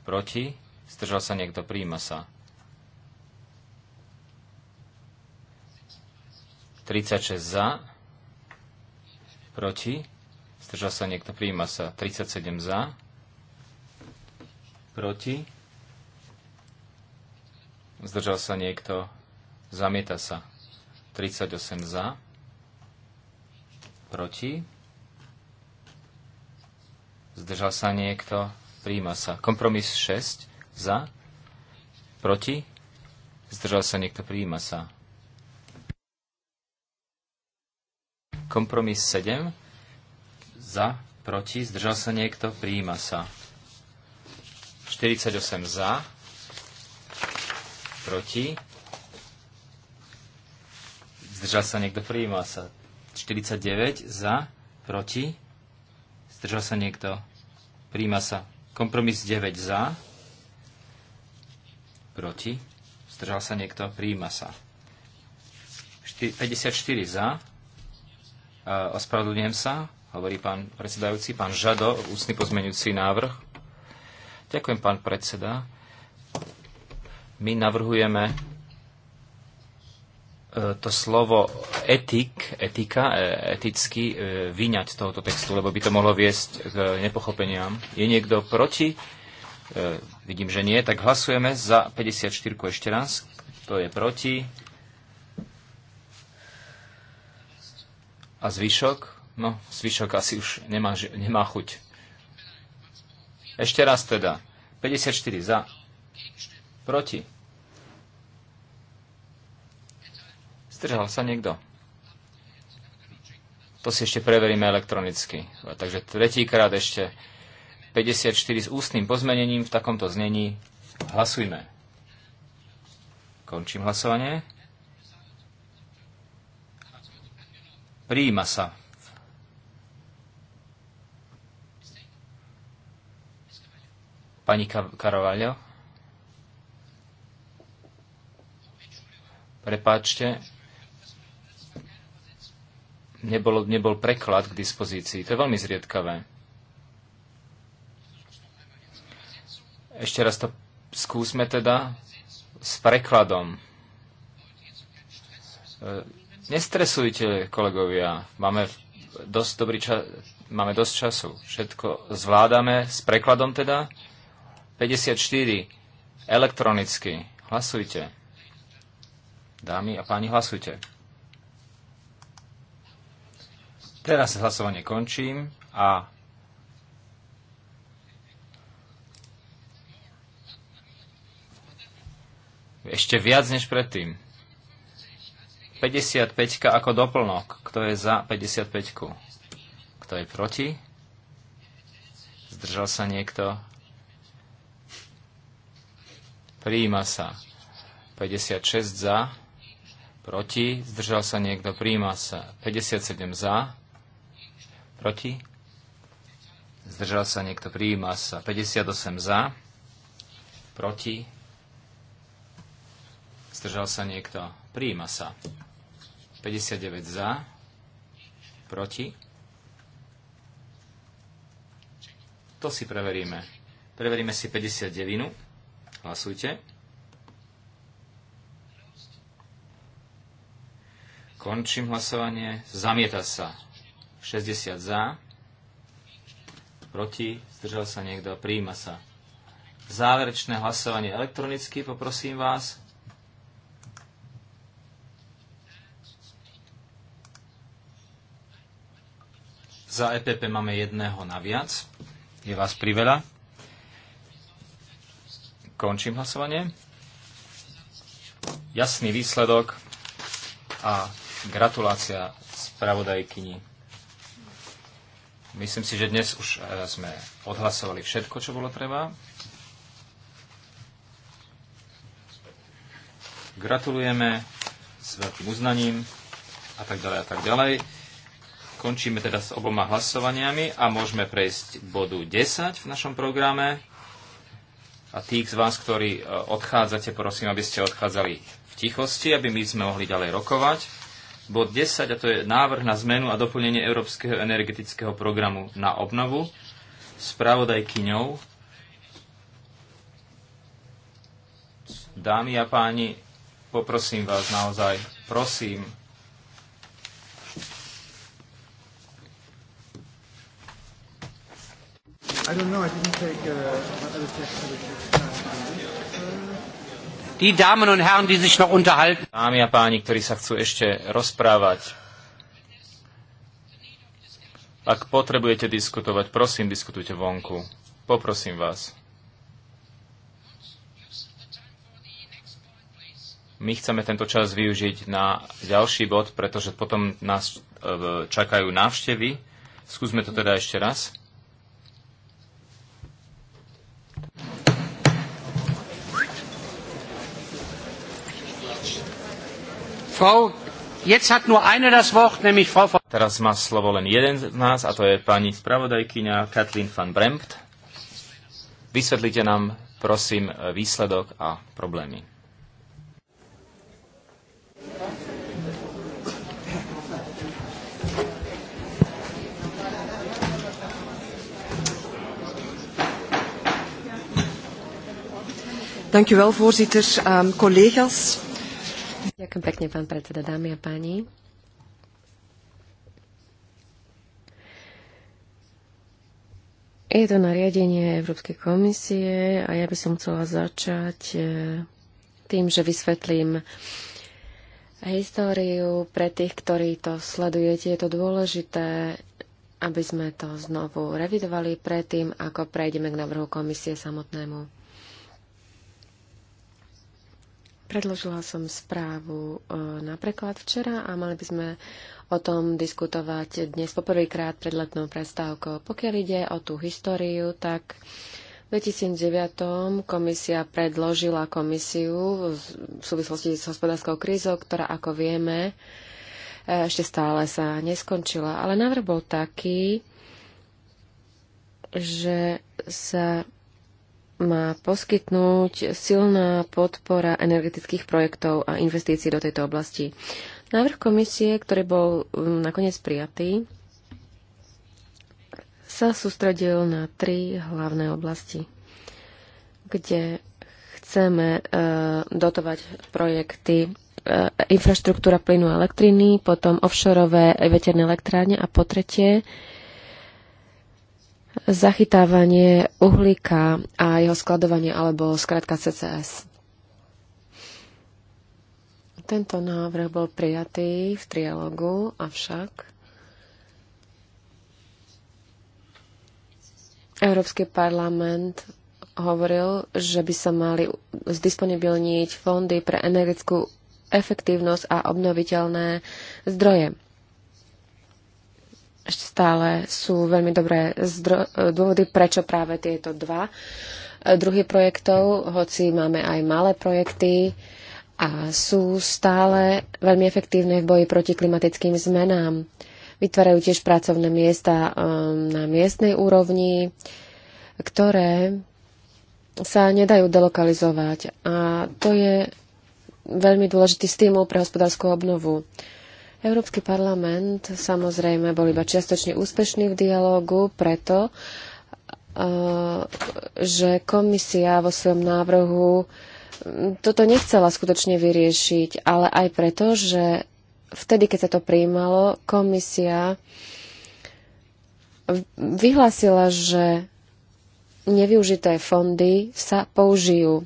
Proti. Zdržal sa niekto? Príjima sa. 36 za. Proti. Zdržal sa niekto? Príjima sa. 37 za. Proti. Zdržal sa niekto? Zamieta sa. 38 za. Proti. Zdržal sa niekto? Príjma sa. Kompromis 6. Za? Proti? Zdržal sa niekto? Príjma sa. Kompromis 7. Za? Proti? Zdržal sa niekto? Príjma sa. 48 za. Proti? Zdržal sa niekto? Príjma sa. 49 za. Proti? Zdržal sa niekto? Príjma sa. Kompromis 9 za. Proti. Zdržal sa niekto? Príjma sa. 54 za. Ospravedlňujem sa, hovorí pán predsedajúci, pán Žado, ústny pozmeňujúci návrh. Ďakujem, pán predseda. My navrhujeme E, to slovo etik, etika, e, eticky e, vyňať z tohoto textu, lebo by to mohlo viesť k nepochopeniam. Je niekto proti? Vidím, že nie. Tak hlasujeme za 54 ešte raz. To je proti. A zvyšok? No, zvyšok asi už nemá, nemá chuť. Ešte raz teda. 54 za. Proti. Zdržal sa niekto? To si ešte preveríme elektronicky. Takže tretíkrát ešte 54 s ústnym pozmenením v takomto znení. Hlasujme. Končím hlasovanie. Príjima sa. Pani Karovaľo. Prepáčte, nebol, nebol preklad k dispozícii. To je veľmi zriedkavé. Ešte raz to skúsme teda s prekladom. E, nestresujte, kolegovia. Máme dosť, dobrý čas, máme dosť času. Všetko zvládame s prekladom teda. 54. Elektronicky. Hlasujte. Dámy a páni, hlasujte. Teraz hlasovanie končím a ešte viac než predtým. 55 ako doplnok. Kto je za 55? -ku? Kto je proti? Zdržal sa niekto? Príjima sa. 56 za. Proti. Zdržal sa niekto. Príjima sa. 57 za. Proti? Zdržal sa niekto? Prijíma sa. 58 za. Proti? Zdržal sa niekto? Prijíma sa. 59 za. Proti? To si preveríme. Preveríme si 59. Hlasujte. Končím hlasovanie. Zamieta sa. 60 za, proti, zdržal sa niekto, príjma sa. Záverečné hlasovanie elektronicky, poprosím vás. Za EPP máme jedného naviac. Je vás priveľa. Končím hlasovanie. Jasný výsledok a gratulácia spravodajkyni. Myslím si, že dnes už e, sme odhlasovali všetko, čo bolo treba. Gratulujeme s veľkým uznaním a tak ďalej a tak ďalej. Končíme teda s oboma hlasovaniami a môžeme prejsť k bodu 10 v našom programe. A tých z vás, ktorí e, odchádzate, prosím, aby ste odchádzali v tichosti, aby my sme mohli ďalej rokovať bod 10, a to je návrh na zmenu a doplnenie Európskeho energetického programu na obnovu. Spravodajkyňou. Dámy a páni, poprosím vás naozaj, prosím, I don't know, I didn't take uh, other text. Other text und Herren, die sich noch unterhalten. Dámy a páni, ktorí sa chcú ešte rozprávať, ak potrebujete diskutovať, prosím, diskutujte vonku. Poprosím vás. My chceme tento čas využiť na ďalší bod, pretože potom nás e, čakajú návštevy. Skúsme to teda ešte raz. Frau, jetzt hat nur eine das Wort, nämlich Frau... Teraz má slovo len jeden z nás, a to je pani spravodajkyňa Katlin van Brempt. Vysvetlite nám, prosím, výsledok a problémy. Dank u wel, voorzitter. Um, collega's, Ďakujem pekne, pán predseda, dámy a páni. Je to nariadenie Európskej komisie a ja by som chcela začať e, tým, že vysvetlím históriu pre tých, ktorí to sledujete. Je to dôležité, aby sme to znovu revidovali predtým, ako prejdeme k návrhu komisie samotnému. Predložila som správu e, na preklad včera a mali by sme o tom diskutovať dnes poprvýkrát pred letnou prestávkou. Pokiaľ ide o tú históriu, tak v 2009 komisia predložila komisiu v súvislosti s hospodárskou krízou, ktorá, ako vieme, e, ešte stále sa neskončila. Ale návrh bol taký, že sa má poskytnúť silná podpora energetických projektov a investícií do tejto oblasti. Návrh komisie, ktorý bol um, nakoniec prijatý, sa sústredil na tri hlavné oblasti, kde chceme uh, dotovať projekty uh, infraštruktúra plynu a elektriny, potom offshore veterné elektrárne a po tretie zachytávanie uhlíka a jeho skladovanie alebo skratka CCS. Tento návrh bol prijatý v trialogu, avšak Európsky parlament hovoril, že by sa mali zdisponibilniť fondy pre energetickú efektívnosť a obnoviteľné zdroje ešte stále sú veľmi dobré dôvody, prečo práve tieto dva e, druhy projektov, hoci máme aj malé projekty a sú stále veľmi efektívne v boji proti klimatickým zmenám. Vytvárajú tiež pracovné miesta e, na miestnej úrovni, ktoré sa nedajú delokalizovať. A to je veľmi dôležitý stimul pre hospodárskú obnovu. Európsky parlament samozrejme bol iba čiastočne úspešný v dialógu, preto, eh, že komisia vo svojom návrhu mm, toto nechcela skutočne vyriešiť, ale aj preto, že vtedy, keď sa to prijímalo, komisia vyhlásila, že nevyužité fondy sa použijú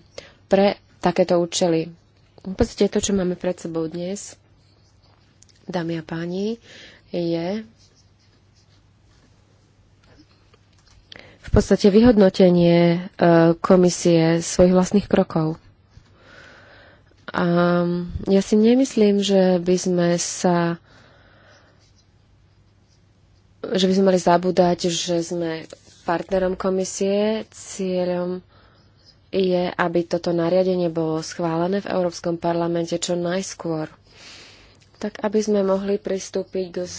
pre takéto účely. V podstate to, čo máme pred sebou dnes, dámy a páni, je v podstate vyhodnotenie e, komisie svojich vlastných krokov. A ja si nemyslím, že by sme sa že by sme mali zabúdať, že sme partnerom komisie. Cieľom je, aby toto nariadenie bolo schválené v Európskom parlamente čo najskôr tak aby sme mohli pristúpiť k, z,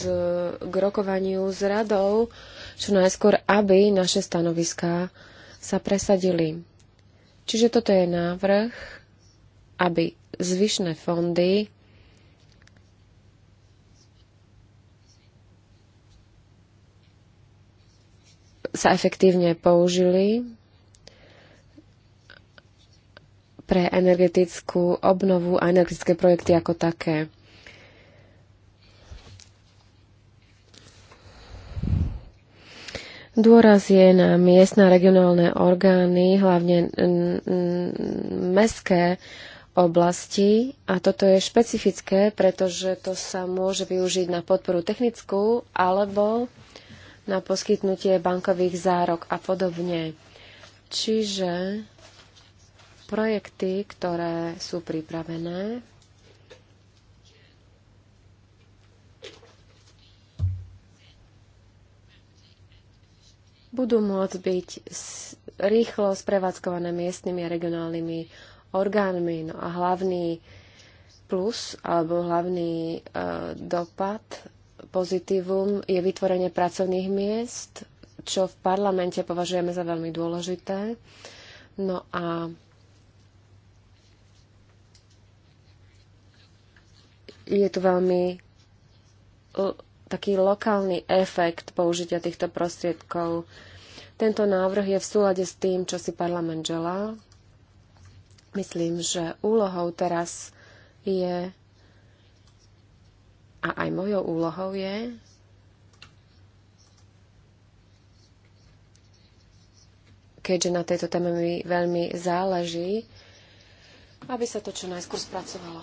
k rokovaniu s radou, čo najskôr, aby naše stanoviská sa presadili. Čiže toto je návrh, aby zvyšné fondy sa efektívne použili pre energetickú obnovu a energetické projekty ako také. Dôraz je na miestne a regionálne orgány, hlavne mestské oblasti a toto je špecifické, pretože to sa môže využiť na podporu technickú alebo na poskytnutie bankových zárok a podobne. Čiže projekty, ktoré sú pripravené, budú môcť byť rýchlo sprevádzkované miestnymi a regionálnymi orgánmi. No a hlavný plus alebo hlavný e, dopad, pozitívum je vytvorenie pracovných miest, čo v parlamente považujeme za veľmi dôležité. No a je tu veľmi taký lokálny efekt použitia týchto prostriedkov. Tento návrh je v súlade s tým, čo si parlament želá. Myslím, že úlohou teraz je a aj mojou úlohou je keďže na tejto téme mi veľmi záleží, aby sa to čo najskôr spracovalo.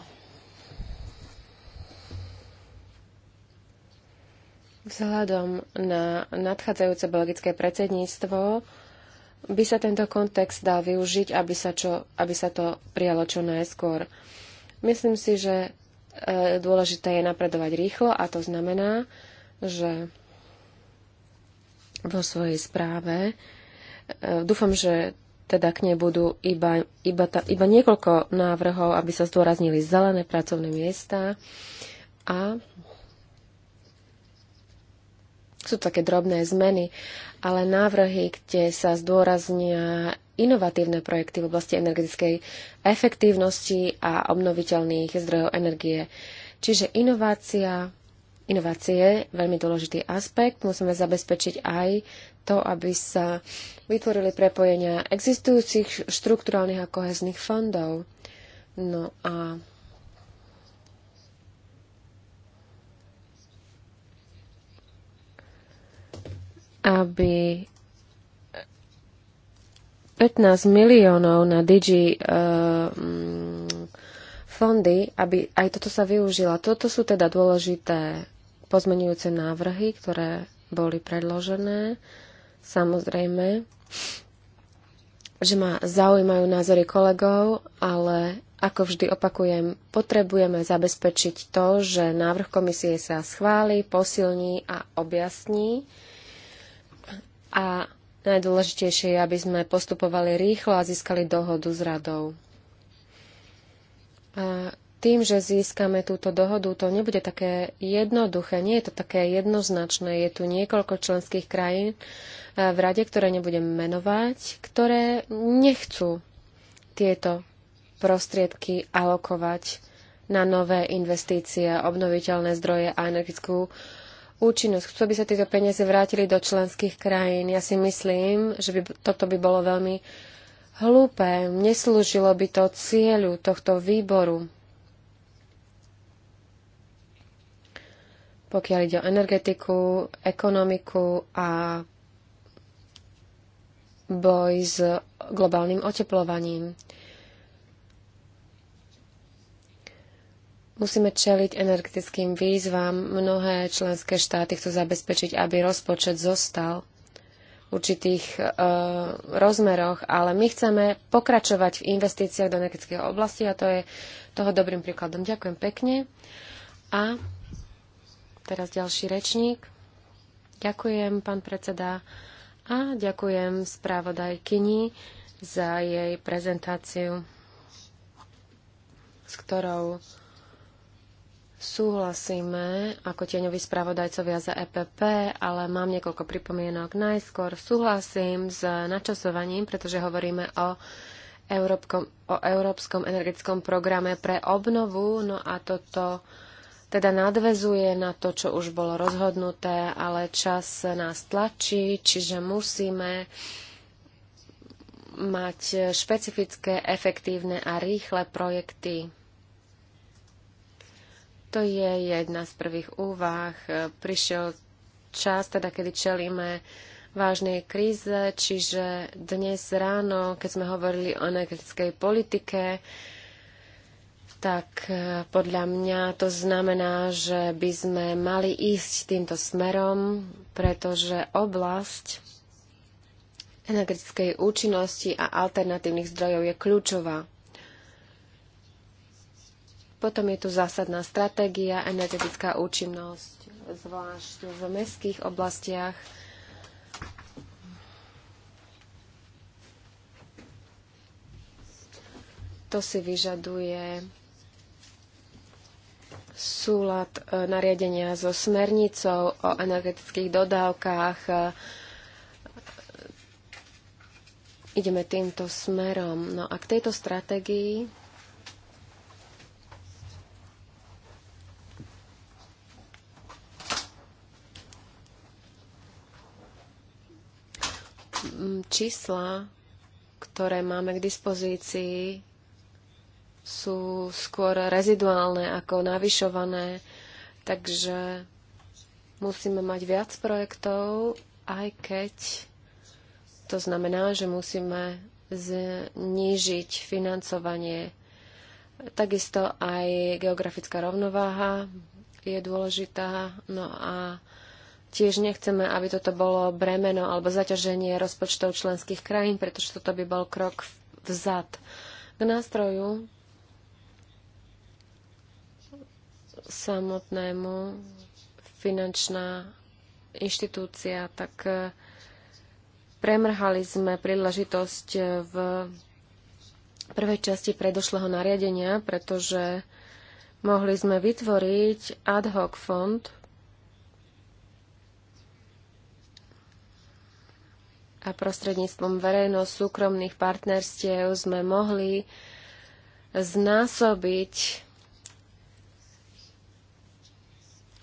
Vzhľadom na nadchádzajúce belgické predsedníctvo by sa tento kontext dal využiť, aby sa, čo, aby sa to prijalo čo najskôr. Myslím si, že e, dôležité je napredovať rýchlo a to znamená, že vo svojej správe e, dúfam, že teda k nej budú iba, iba, ta, iba niekoľko návrhov, aby sa zdôraznili zelené pracovné miesta a sú to také drobné zmeny, ale návrhy, kde sa zdôraznia inovatívne projekty v oblasti energetickej efektívnosti a obnoviteľných zdrojov energie. Čiže inovácia, inovácie, veľmi dôležitý aspekt, musíme zabezpečiť aj to, aby sa vytvorili prepojenia existujúcich štruktúrálnych a kohezných fondov. No a aby 15 miliónov na Digi uh, eh, mm, fondy, aby aj toto sa využila. Toto sú teda dôležité pozmenujúce návrhy, ktoré boli predložené. Samozrejme, že ma zaujímajú názory kolegov, ale ako vždy opakujem, potrebujeme zabezpečiť to, že návrh komisie sa schváli, posilní a objasní. Uh, a najdôležitejšie je, aby sme postupovali rýchlo a získali dohodu s radou. A tým, že získame túto dohodu, to nebude také jednoduché, nie je to také jednoznačné. Je tu niekoľko členských krajín e, v rade, ktoré nebudem menovať, ktoré nechcú tieto prostriedky alokovať na nové investície, obnoviteľné zdroje a energetickú uh, účinnosť. Chcú by sa tieto peniaze vrátili do členských krajín. Ja si myslím, že by, toto by bolo veľmi hlúpe. Neslúžilo by to cieľu tohto výboru. Pokiaľ ide o energetiku, ekonomiku a boj s globálnym oteplovaním. Musíme čeliť energetickým výzvam. Mnohé členské štáty chcú zabezpečiť, aby rozpočet zostal v určitých e, rozmeroch, ale my chceme pokračovať v investíciách do energetickej oblasti a to je toho dobrým príkladom. Ďakujem pekne. A teraz ďalší rečník. Ďakujem, pán predseda, a ďakujem správodajkyni za jej prezentáciu, s ktorou súhlasíme ako tieňoví spravodajcovia za EPP, ale mám niekoľko pripomienok. Najskôr súhlasím s načasovaním, pretože hovoríme o Európskom, o Európskom energetickom programe pre obnovu, no a toto teda nadvezuje na to, čo už bolo rozhodnuté, ale čas nás tlačí, čiže musíme mať špecifické, efektívne a rýchle projekty to je jedna z prvých úvah. Prišiel čas, teda kedy čelíme vážnej kríze, čiže dnes ráno, keď sme hovorili o energetickej politike, tak eh, podľa mňa to znamená, že by sme mali ísť týmto smerom, pretože oblasť energetickej účinnosti a alternatívnych zdrojov je kľúčová. Potom je tu zásadná stratégia, energetická účinnosť, zvlášť v mestských oblastiach. To si vyžaduje súlad e, nariadenia so smernicou o energetických dodávkach. E, ideme týmto smerom. No a k tejto stratégii Čísla, ktoré máme k dispozícii, sú skôr reziduálne ako navyšované, takže musíme mať viac projektov, aj keď to znamená, že musíme znížiť financovanie. Takisto aj geografická rovnováha je dôležitá. No a Tiež nechceme, aby toto bolo bremeno alebo zaťaženie rozpočtov členských krajín, pretože toto by bol krok vzad. K nástroju samotnému finančná inštitúcia, tak e, premrhali sme príležitosť v prvej časti predošlého nariadenia, pretože mohli sme vytvoriť ad hoc fond, a prostredníctvom verejno-súkromných partnerstiev sme mohli znásobiť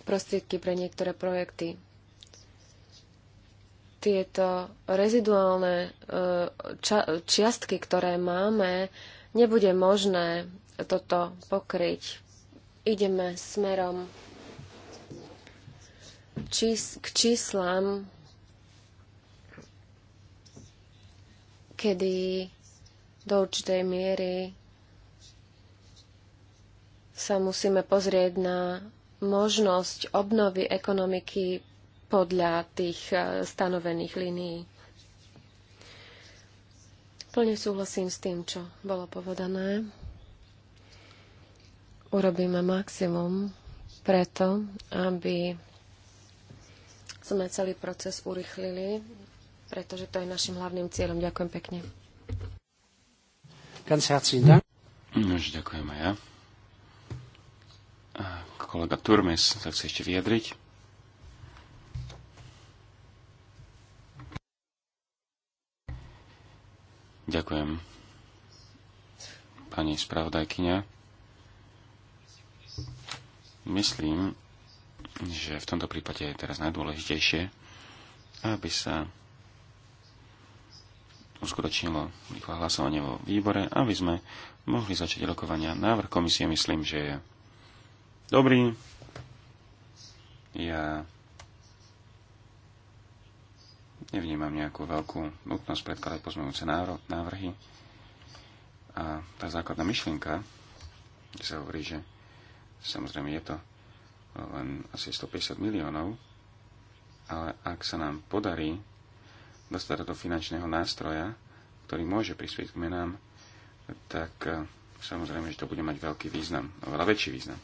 prostriedky pre niektoré projekty. Tieto reziduálne e, čiastky, ktoré máme, nebude možné toto pokryť. Ideme smerom k číslam kedy do určitej miery sa musíme pozrieť na možnosť obnovy ekonomiky podľa tých e, stanovených linií. Plne súhlasím s tým, čo bolo povedané. Urobíme maximum preto, aby sme celý proces urychlili pretože to je našim hlavným cieľom. Ďakujem pekne. Ganz herzlichen Dank. ďakujem aj ja. kolega Turmes sa chce ešte vyjadriť. Ďakujem. Pani spravodajkyňa, myslím, že v tomto prípade je teraz najdôležitejšie, aby sa uskutočnilo rýchle hlasovanie vo výbore, aby sme mohli začať rokovania. Návrh komisie myslím, že je dobrý. Ja nevnímam nejakú veľkú nutnosť predkladať pozmeňujúce návrhy. A tá základná myšlienka, kde sa hovorí, že samozrejme je to len asi 150 miliónov, ale ak sa nám podarí dostať do finančného nástroja, ktorý môže prispieť k menám, tak e, samozrejme, že to bude mať veľký význam, oveľa väčší význam.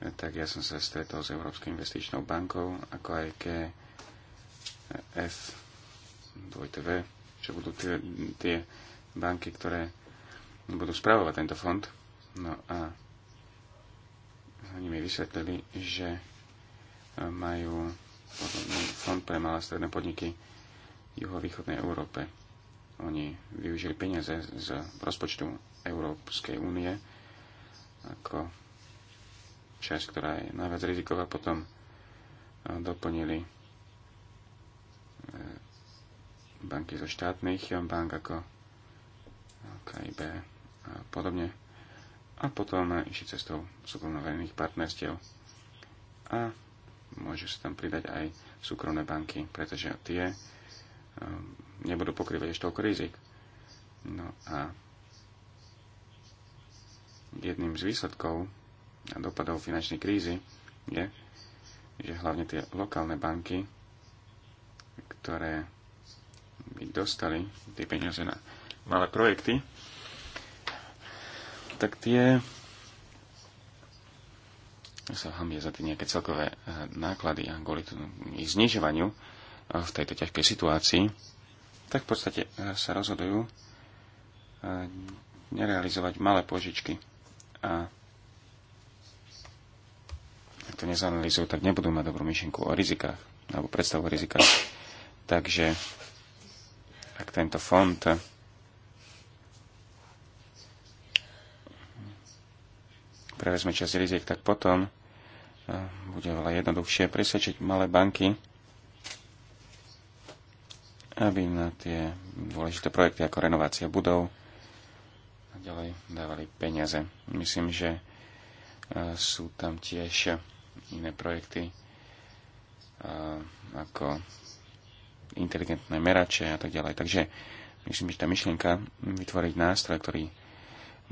E, tak ja som sa stretol s Európskou investičnou bankou, ako aj ke 2TV, čo budú tie, tie banky, ktoré budú spravovať tento fond. No a oni mi vysvetlili, že e, majú fond pre malé stredné podniky juhovýchodnej Európe. Oni využili peniaze z rozpočtu Európskej únie ako časť, ktorá je najviac riziková, potom eh, doplnili eh, banky zo štátnych bank ako KIB a podobne. A potom išli cestou súkromnoverejných partnerstiev. A môže sa tam pridať aj súkromné banky, pretože tie Ehm, nebudú pokrývať ešte toľko rizik. No a jedným z výsledkov a dopadov finančnej krízy je, že hlavne tie lokálne banky, ktoré by dostali tie peniaze na malé projekty, tak tie sa hamie za tie nejaké celkové eh, náklady a kvôli ich znižovaniu v tejto ťažkej situácii, tak v podstate e, sa rozhodujú e, nerealizovať malé požičky. A ak to nezanalizujú, tak nebudú mať dobrú myšlienku o rizikách, alebo predstavu o rizikách. Takže ak tento fond prevezme časť rizik, tak potom e, bude veľa jednoduchšie presvedčiť malé banky, aby na tie dôležité projekty ako renovácia budov a ďalej dávali peniaze. Myslím, že e, sú tam tiež iné projekty e, ako inteligentné merače a tak ďalej. Takže myslím, že tá myšlienka vytvoriť nástroj, ktorý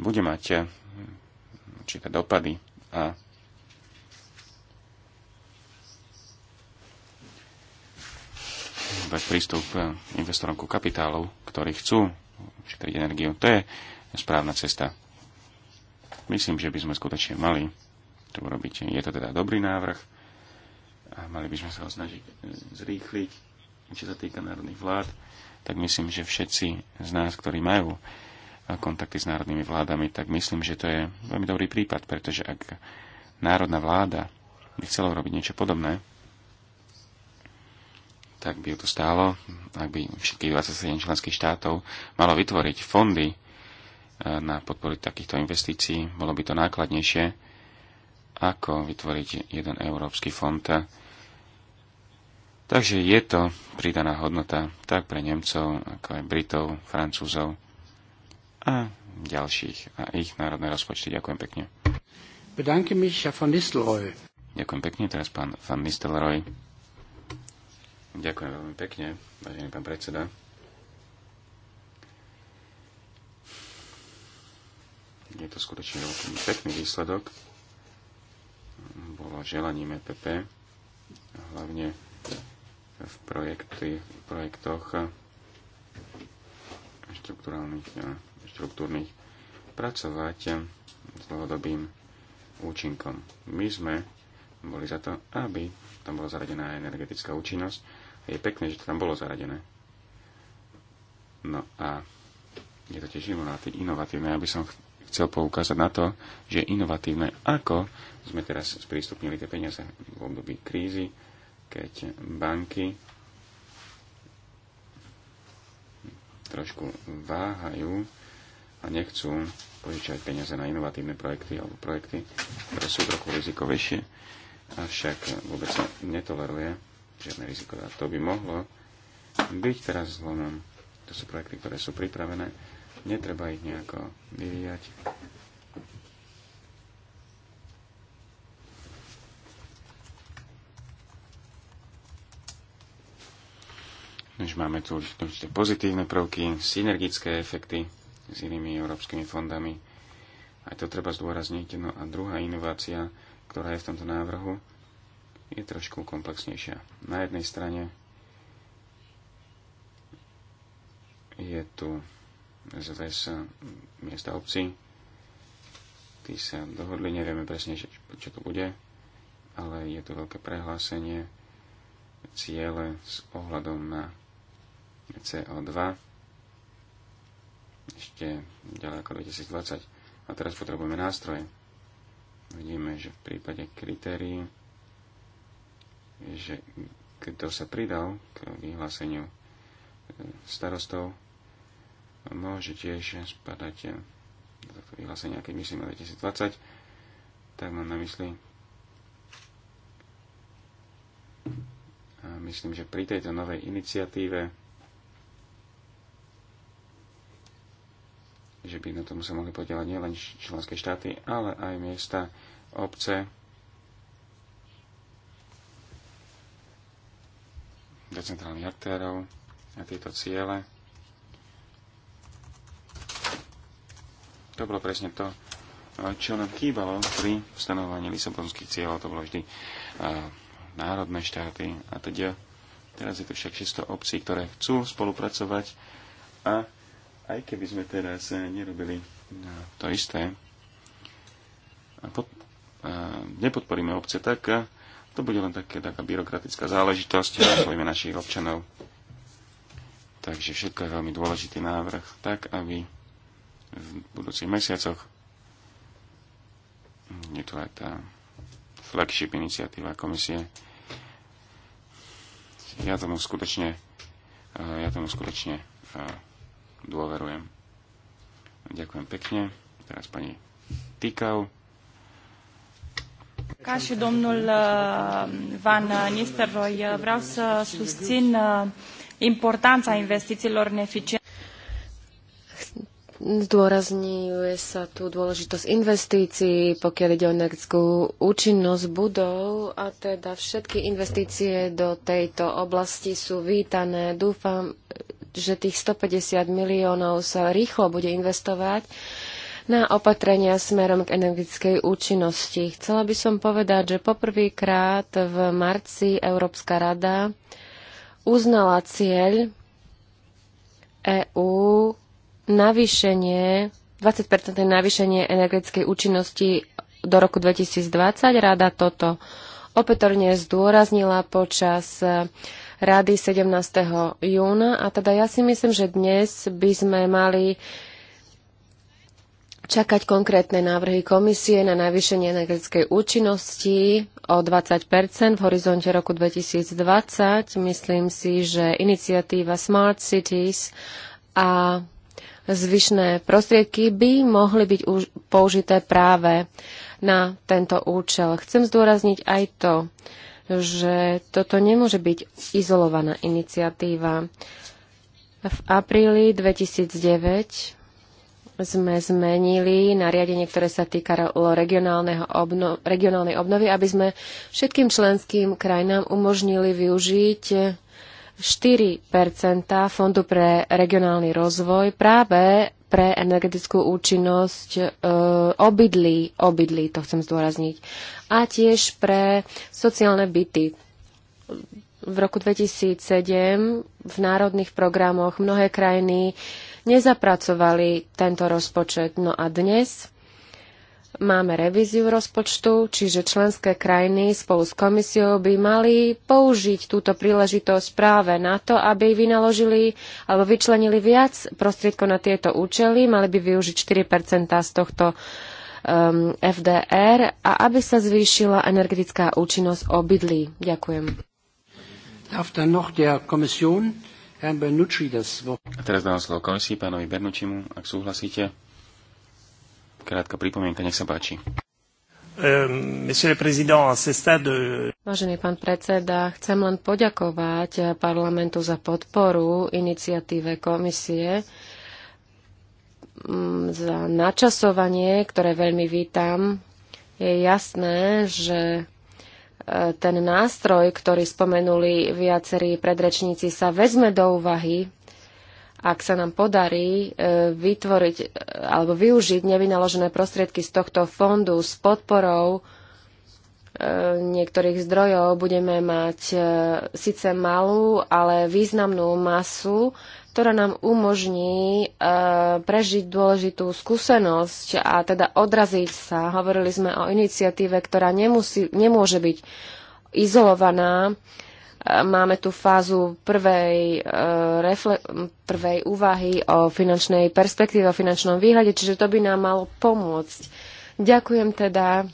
bude mať e, určité dopady a dať prístup eh, investorom ku kapitálu, ktorí chcú šetriť energiu. To je správna cesta. Myslím, že by sme skutočne mali to urobiť. Je to teda dobrý návrh a mali by sme sa ho snažiť eh, zrýchliť. Čo sa týka národných vlád, tak myslím, že všetci z nás, ktorí majú eh, kontakty s národnými vládami, tak myslím, že to je veľmi dobrý prípad, pretože ak národná vláda by chcela urobiť niečo podobné, tak by ju to stálo, ak by všetkých 27 členských štátov malo vytvoriť fondy eh, na podporu takýchto investícií, bolo by to nákladnejšie, ako vytvoriť jeden európsky fond. Takže je to pridaná hodnota tak pre Nemcov, ako aj Britov, Francúzov a ďalších a ich národné rozpočty. Ďakujem pekne. Bedanke mich, Herr von Nistelrooy. Ďakujem pekne, teraz pán van Nistelrooy. Ďakujem veľmi pekne, vážený pán predseda. Je to skutočne veľmi pekný výsledok. Bolo želaním EPP, hlavne v projekty, projektoch štruktúrnych, štruktúrnych pracovať s dlhodobým účinkom. My sme boli za to, aby tam bola zaradená energetická účinnosť je pekné, že to tam bolo zaradené. No a je to tiež inovatívne. Ja by som chcel poukázať na to, že inovatívne, ako sme teraz sprístupnili tie peniaze v období krízy, keď banky trošku váhajú a nechcú požičať peniaze na inovatívne projekty alebo projekty, ktoré sú trochu rizikovejšie, avšak vôbec sa netoleruje žiadne riziko. A to by mohlo byť teraz zlomom. To sú projekty, ktoré sú pripravené. Netreba ich nejako vyvíjať. Než máme tu určité pozitívne prvky, synergické efekty s inými európskymi fondami. Aj to treba zdôrazniť. No a druhá inovácia, ktorá je v tomto návrhu, je trošku komplexnejšia. Na jednej strane je tu zväz miesta obcí. Tí sa dohodli, nevieme presne, čo to bude, ale je tu veľké prehlásenie ciele s ohľadom na CO2 ešte ďalej ako 2020. A teraz potrebujeme nástroje. Vidíme, že v prípade kritérií že kto sa pridal k vyhláseniu e, starostov, môže tiež spadať e, do tohto vyhlásenia, keď myslíme 2020, tak mám na mysli a myslím, že pri tejto novej iniciatíve že by na tom sa mohli podielať nielen členské štáty, ale aj miesta, obce, decentrálnych aktérov na tieto ciele. To bolo presne to, čo nám chýbalo pri stanovovaní lisabonských cieľov. To bolo vždy národné štáty a teda. Teraz je tu však 600 obcí, ktoré chcú spolupracovať a aj keby sme teraz nerobili to isté, a pod, a nepodporíme obce, tak to bude len také, taká byrokratická záležitosť, zapojíme našich občanov. Takže všetko je veľmi dôležitý návrh, tak aby v budúcich mesiacoch je tu aj tá flagship iniciatíva komisie. Ja tomu skutočne, eh, ja tomu skutočne eh, dôverujem. Ďakujem pekne. Teraz pani Tikau. Ca și domnul uh, Van Nistelrooy, uh, vreau să susțin uh, importanța investițiilor în eficiență. Zdôrazňuje sa tu dôležitosť investícií, pokiaľ ide o energetickú účinnosť budov a teda všetky investície do tejto oblasti sú vítané. Dúfam, že tých 150 miliónov sa rýchlo bude investovať na opatrenia smerom k energetickej účinnosti. Chcela by som povedať, že poprvýkrát v marci Európska rada uznala cieľ EÚ navýšenie, 20% navýšenie energetickej účinnosti do roku 2020. Rada toto opätovne zdôraznila počas rady 17. júna. A teda ja si myslím, že dnes by sme mali čakať konkrétne návrhy komisie na navýšenie energetickej účinnosti o 20 v horizonte roku 2020. Myslím si, že iniciatíva Smart Cities a zvyšné prostriedky by mohli byť použité práve na tento účel. Chcem zdôrazniť aj to, že toto nemôže byť izolovaná iniciatíva. V apríli 2009 sme zmenili nariadenie, ktoré sa týkalo obno- regionálnej obnovy, aby sme všetkým členským krajinám umožnili využiť 4 Fondu pre regionálny rozvoj práve pre energetickú účinnosť e, obydlí, obydlí, to chcem zdôrazniť, a tiež pre sociálne byty. V roku 2007 v národných programoch mnohé krajiny e, nezapracovali tento rozpočet. No a dnes máme revíziu rozpočtu, čiže členské krajiny spolu s komisiou by mali použiť túto príležitosť práve na to, aby vynaložili alebo vyčlenili viac prostriedkov na tieto účely, mali by využiť 4 z tohto um, FDR a aby sa zvýšila energetická účinnosť obydlí. Ďakujem. Darf dann noch der Kommission a teraz dávam slovo komisii pánovi Bernučimu, ak súhlasíte. Krátka pripomienka, nech sa páči. Euh, euh, Vážený pán predseda, chcem len poďakovať parlamentu za podporu iniciatíve komisie mm, za načasovanie, ktoré veľmi vítam. Je jasné, že ten nástroj, ktorý spomenuli viacerí predrečníci, sa vezme do úvahy, ak sa nám podarí e, vytvoriť e, alebo využiť nevynaložené prostriedky z tohto fondu s podporou e, niektorých zdrojov budeme mať síce malú, ale významnú masu ktorá nám umožní e, prežiť dôležitú skúsenosť a teda odraziť sa. Hovorili sme o iniciatíve, ktorá nemusí, nemôže byť izolovaná. E, máme tu fázu prvej, e, refle- prvej úvahy o finančnej perspektíve, o finančnom výhľade, čiže to by nám malo pomôcť. Ďakujem teda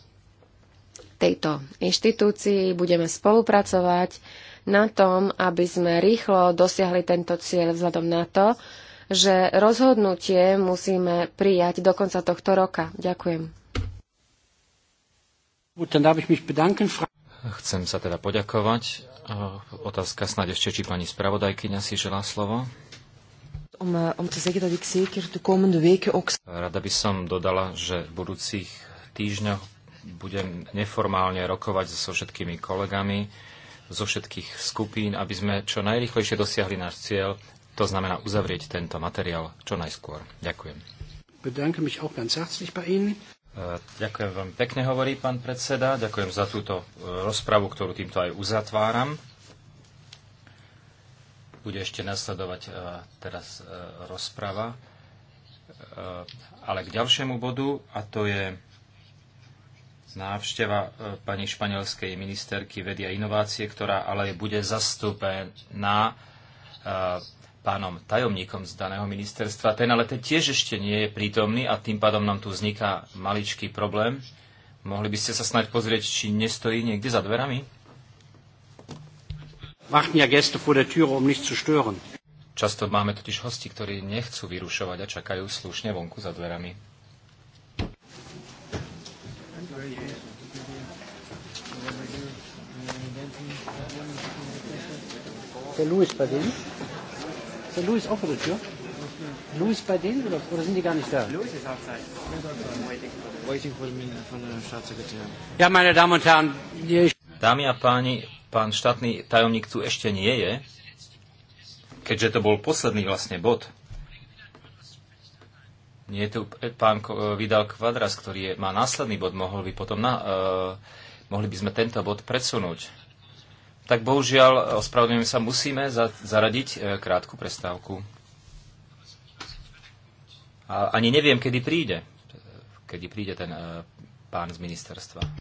tejto inštitúcii, budeme spolupracovať na tom, aby sme rýchlo dosiahli tento cieľ vzhľadom na to, že rozhodnutie musíme prijať do konca tohto roka. Ďakujem. Chcem sa teda poďakovať. Otázka snáď ešte, či pani spravodajkyňa si želá slovo. Eh, Rada by som dodala, že v budúcich týždňoch budem neformálne rokovať so všetkými kolegami zo všetkých skupín, aby sme čo najrychlejšie dosiahli náš cieľ, to znamená uzavrieť tento materiál čo najskôr. Ďakujem. E, ďakujem veľmi pekne, hovorí pán predseda. Ďakujem za túto e, rozpravu, ktorú týmto aj uzatváram. Bude ešte nasledovať e, teraz rozprava, ale k ďalšiemu bodu, a to je návšteva e, pani španielskej ministerky vedia inovácie, ktorá ale bude zastúpená e, pánom tajomníkom z daného ministerstva. Ten ale ten tiež ešte nie je prítomný a tým pádom nám tu vzniká maličký problém. Mohli by ste sa snáď pozrieť, či nestojí niekde za dverami? Um Často máme totiž hosti, ktorí nechcú vyrušovať a čakajú slušne vonku za dverami. Der Louis bei denen? Ist der Louis auch vor der Tür? Louis bei denen oder, oder sind die gar nicht da? Louis ist outside. Waiting for the von der Staatssekretär. Ja, meine Damen und Herren, Dámy a páni, pán štátny tajomník tu ešte nie je, keďže to bol posledný vlastne bod. Nie je tu pán Vidal Kvadras, ktorý je, má následný bod, mohol by potom na, uh, mohli by sme tento bod predsunúť. Tak bohužiaľ, ospravedlňujem sa, musíme za, zaradiť e, krátku prestávku. A ani neviem, kedy príde. Kedy príde ten e, pán z ministerstva.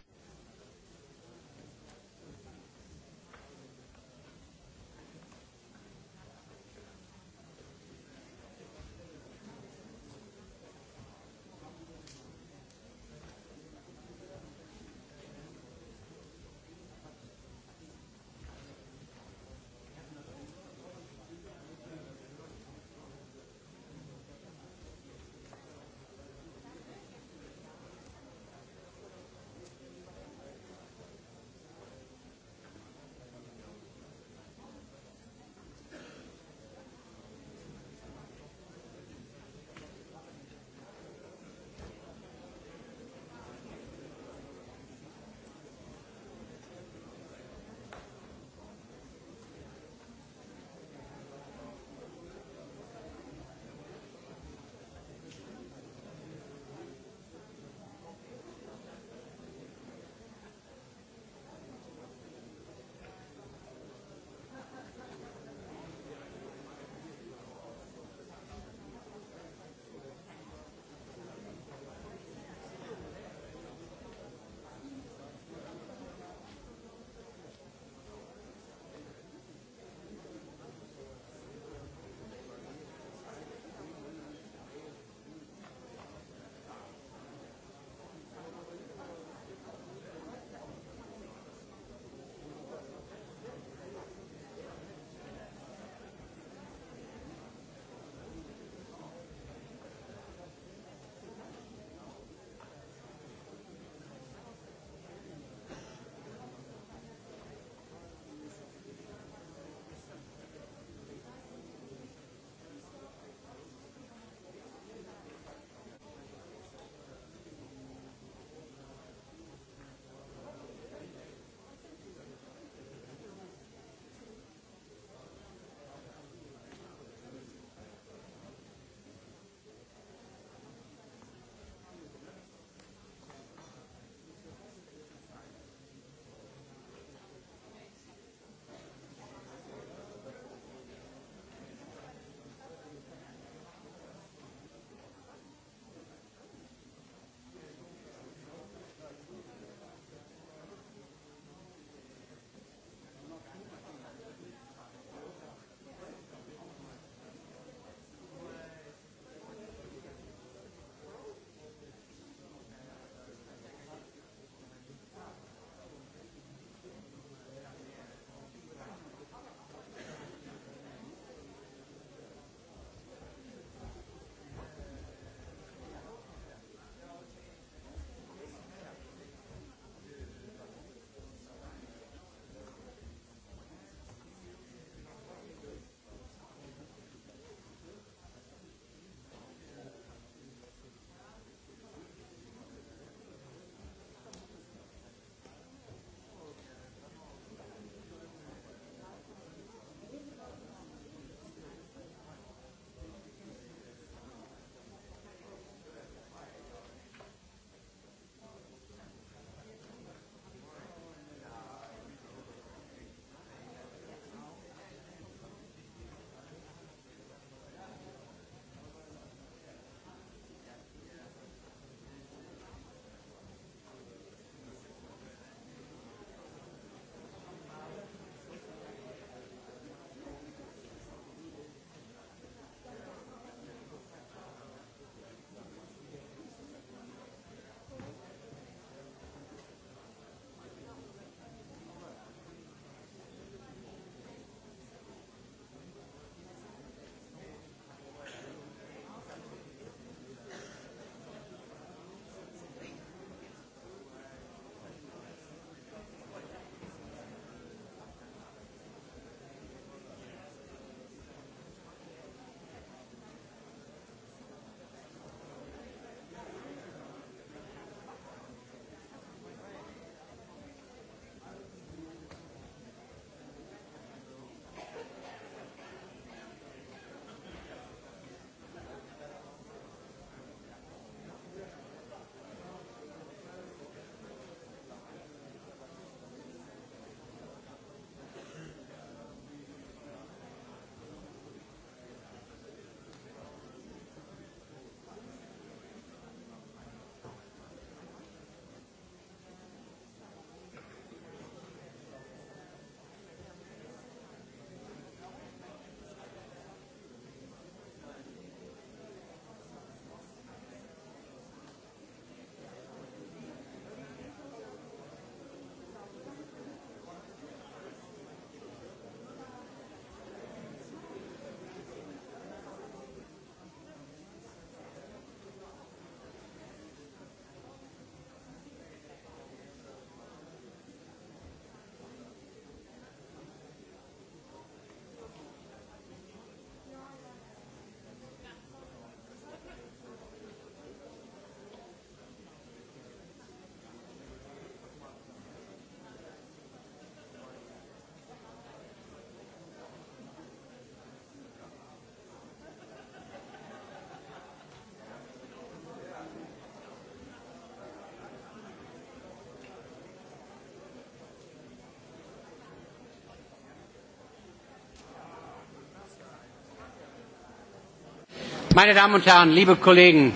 Meine Damen und Herren, liebe Kollegen,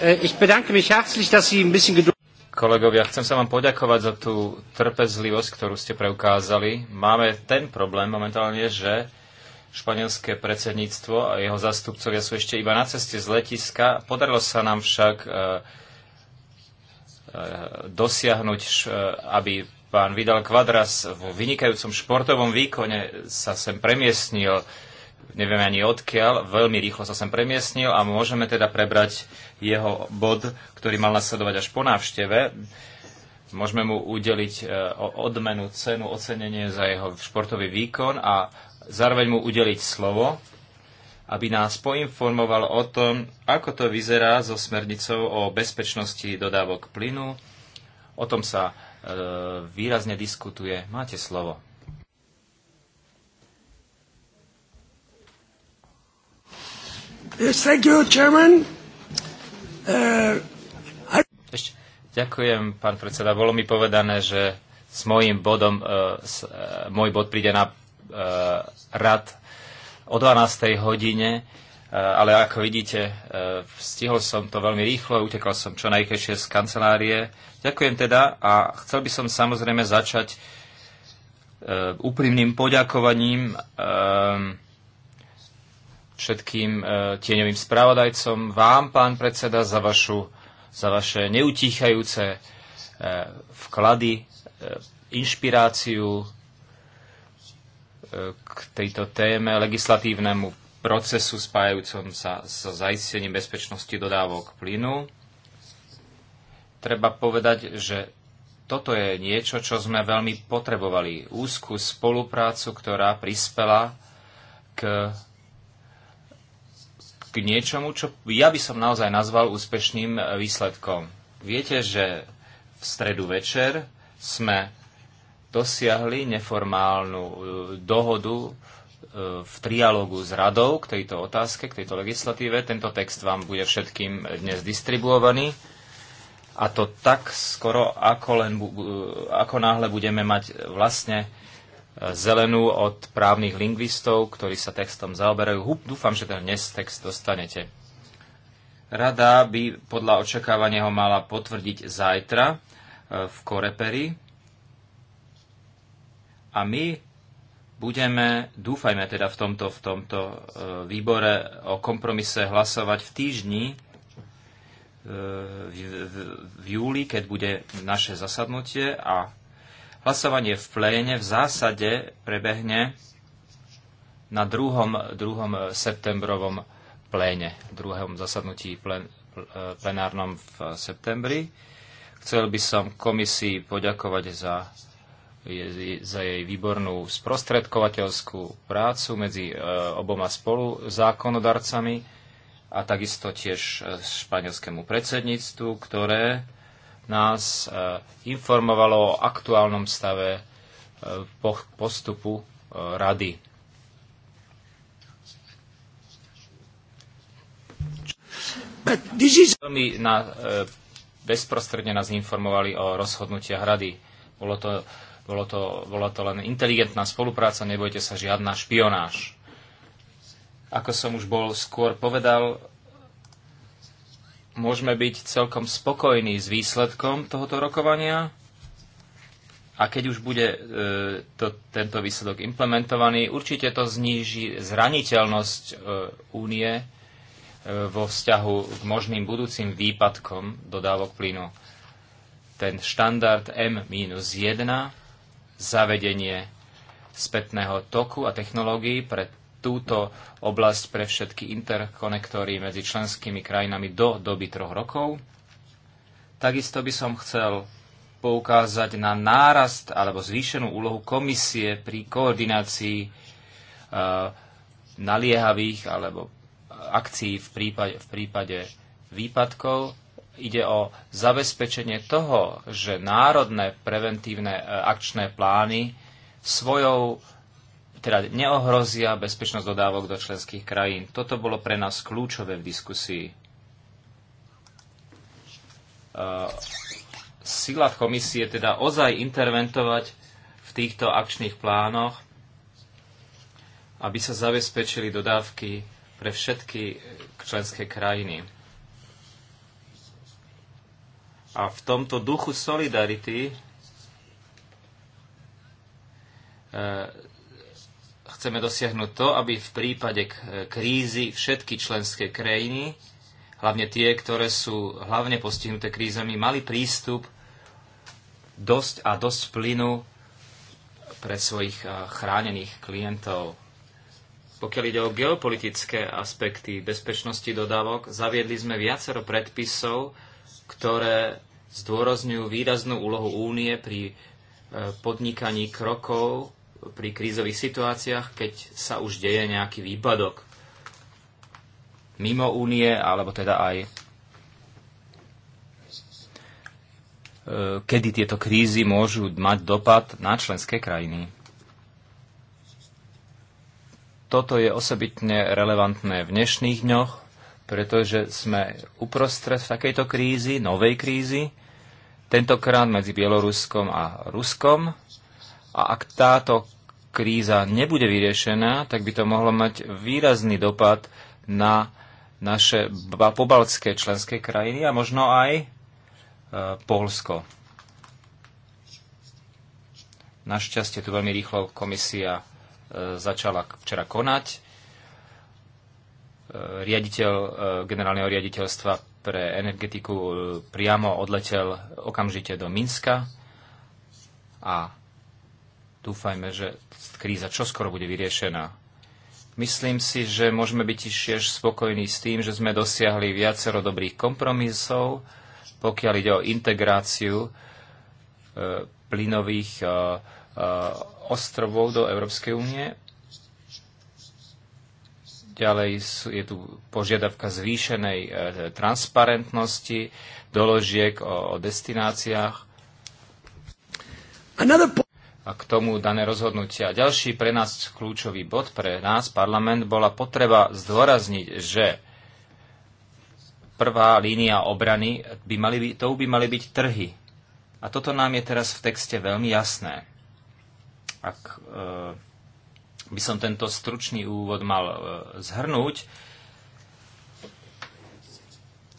äh, ich bedanke mich herzlich, dass Sie ein bisschen Geduld kolegovia, chcem sa vám poďakovať za tú trpezlivosť, ktorú ste preukázali. Máme ten problém momentálne, že španielské predsedníctvo a jeho zastupcovia sú ešte iba na ceste z letiska. Podarilo sa nám však e, e, dosiahnuť, e, aby pán Vidal Kvadras vo vynikajúcom športovom výkone sa sem premiestnil nevieme ani odkiaľ, veľmi rýchlo sa sem premiestnil a môžeme teda prebrať jeho bod, ktorý mal nasledovať až po návšteve. Môžeme mu udeliť e, odmenu, cenu, ocenenie za jeho športový výkon a zároveň mu udeliť slovo, aby nás poinformoval o tom, ako to vyzerá so smernicou o bezpečnosti dodávok plynu. O tom sa e, výrazne diskutuje. Máte slovo. Uh, ďakujem, pán predseda. Bolo mi povedané, že s môjim bodom, uh, s, uh, môj bod príde na uh, rad o 12. hodine uh, ale ako vidíte, uh, stihol som to veľmi rýchlo, utekal som čo najkejšie z kancelárie. Ďakujem teda a chcel by som samozrejme začať úprimným poďakovaním um, všetkým e, tieňovým spravodajcom, vám, pán predseda, za, vašu, za vaše neutíchajúce e, vklady, e, inšpiráciu k tejto téme, legislatívnemu procesu spájajúcom sa s zaistením bezpečnosti dodávok plynu. Treba povedať, že toto je niečo, čo sme veľmi potrebovali. Úzkú spoluprácu, ktorá prispela k k niečomu, čo ja by som naozaj nazval úspešným e, výsledkom. Viete, že v stredu večer sme dosiahli neformálnu e, dohodu e, v trialógu s radou k tejto otázke, k tejto legislatíve. Tento text vám bude všetkým dnes distribuovaný. A to tak skoro, ako, len, ako náhle budeme mať vlastne zelenú od právnych lingvistov, ktorí sa textom zaoberajú. Dúfam, že ten dnes text dostanete. Rada by podľa očakávania ho mala potvrdiť zajtra e, v Koreperi. A my budeme, dúfajme teda v tomto, v tomto e, výbore o kompromise hlasovať v týždni e, v, v, v júli, keď bude naše zasadnutie a Hlasovanie v pléne v zásade prebehne na 2. 2. septembrovom pléne, druhom zasadnutí plen, plenárnom v septembri. Chcel by som komisii poďakovať za, za jej výbornú sprostredkovateľskú prácu medzi e, oboma spolu zákonodarcami a takisto tiež e, španielskému predsedníctvu, ktoré nás e, informovalo o aktuálnom stave e, postupu e, rady. Veľmi na, bezprostredne nás informovali o rozhodnutiach rady. Bolo to, bolo to, bola to len inteligentná spolupráca, nebojte sa, žiadna špionáž. Ako som už bol skôr povedal, môžeme byť celkom spokojní s výsledkom tohoto rokovania. A keď už bude e, to, tento výsledok implementovaný, určite to zníži zraniteľnosť e, únie e, vo vzťahu k možným budúcim výpadkom dodávok plynu. Ten štandard M-1, zavedenie spätného toku a technológií pre túto oblasť pre všetky interkonektory medzi členskými krajinami do doby troch rokov. Takisto by som chcel poukázať na nárast alebo zvýšenú úlohu komisie pri koordinácii e, naliehavých alebo akcií v prípade, v prípade výpadkov. Ide o zabezpečenie toho, že národné preventívne e, akčné plány svojou teda neohrozia bezpečnosť dodávok do členských krajín. Toto bolo pre nás kľúčové v diskusii. Uh, sila v je teda ozaj interventovať v týchto akčných plánoch, aby sa zabezpečili dodávky pre všetky členské krajiny. A v tomto duchu solidarity e, chceme dosiahnuť to, aby v prípade krízy všetky členské krajiny, hlavne tie, ktoré sú hlavne postihnuté krízami, mali prístup dosť a dosť plynu pre svojich chránených klientov. Pokiaľ ide o geopolitické aspekty bezpečnosti dodávok, zaviedli sme viacero predpisov, ktoré zdôrazňujú výraznú úlohu únie pri e, podnikaní krokov pri krízových situáciách, keď sa už deje nejaký výpadok mimo únie, alebo teda aj e, kedy tieto krízy môžu mať dopad na členské krajiny. Toto je osobitne relevantné v dnešných dňoch, pretože sme uprostred takejto krízy, novej krízy, tentokrát medzi Bieloruskom a Ruskom, a ak táto kríza nebude vyriešená, tak by to mohlo mať výrazný dopad na naše pobaltské členské krajiny a možno aj e, Polsko. Našťastie tu veľmi rýchlo komisia e, začala včera konať. E, riaditeľ e, generálneho riaditeľstva pre energetiku e, priamo odletel okamžite do Minska a Dúfajme, že kríza čoskoro bude vyriešená. Myslím si, že môžeme byť tiež spokojní s tým, že sme dosiahli viacero dobrých kompromisov, pokiaľ ide o integráciu e, plynových e, e, ostrovov do Európskej únie. Ďalej je tu požiadavka zvýšenej e, transparentnosti, doložiek o, o destináciách. Another a k tomu dané rozhodnutia. Ďalší pre nás kľúčový bod pre nás, parlament, bola potreba zdôrazniť, že prvá línia obrany, by mali by, tou by mali byť trhy. A toto nám je teraz v texte veľmi jasné. Ak e, by som tento stručný úvod mal e, zhrnúť,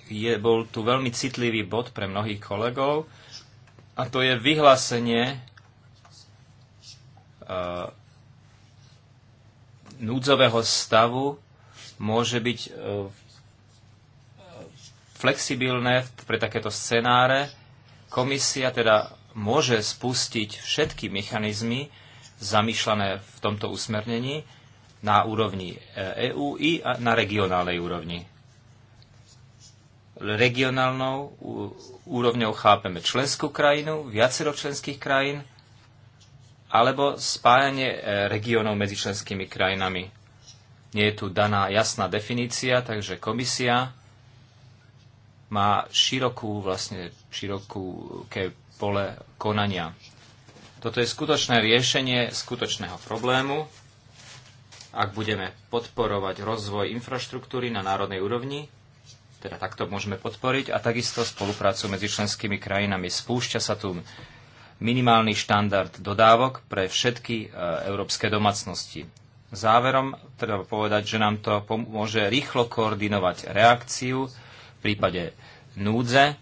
je, bol tu veľmi citlivý bod pre mnohých kolegov, a to je vyhlásenie E, núdzového stavu môže byť e, flexibilné pre takéto scenáre. Komisia teda môže spustiť všetky mechanizmy zamýšľané v tomto usmernení na úrovni EÚ e i na regionálnej úrovni. Regionálnou úrovňou chápeme členskú krajinu, viacero členských krajín, alebo spájanie e, regiónov medzi členskými krajinami. Nie je tu daná jasná definícia, takže komisia má širokú, vlastne široké pole konania. Toto je skutočné riešenie skutočného problému. Ak budeme podporovať rozvoj infraštruktúry na národnej úrovni, teda takto môžeme podporiť a takisto spoluprácu medzi členskými krajinami. Spúšťa sa tu minimálny štandard dodávok pre všetky e, európske domácnosti. Záverom treba povedať, že nám to pomôže rýchlo koordinovať reakciu v prípade núdze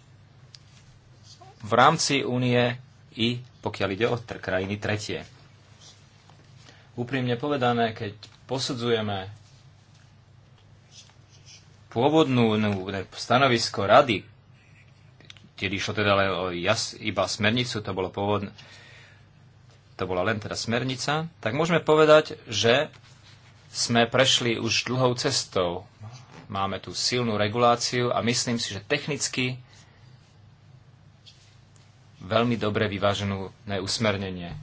v rámci únie i pokiaľ ide o krajiny tretie. Úprimne povedané, keď posudzujeme pôvodnú stanovisko rady keď išlo teda len o jas, iba smernicu, to bolo pôvodne, to bola len teda smernica, tak môžeme povedať, že sme prešli už dlhou cestou. Máme tu silnú reguláciu a myslím si, že technicky veľmi dobre vyváženú usmernenie.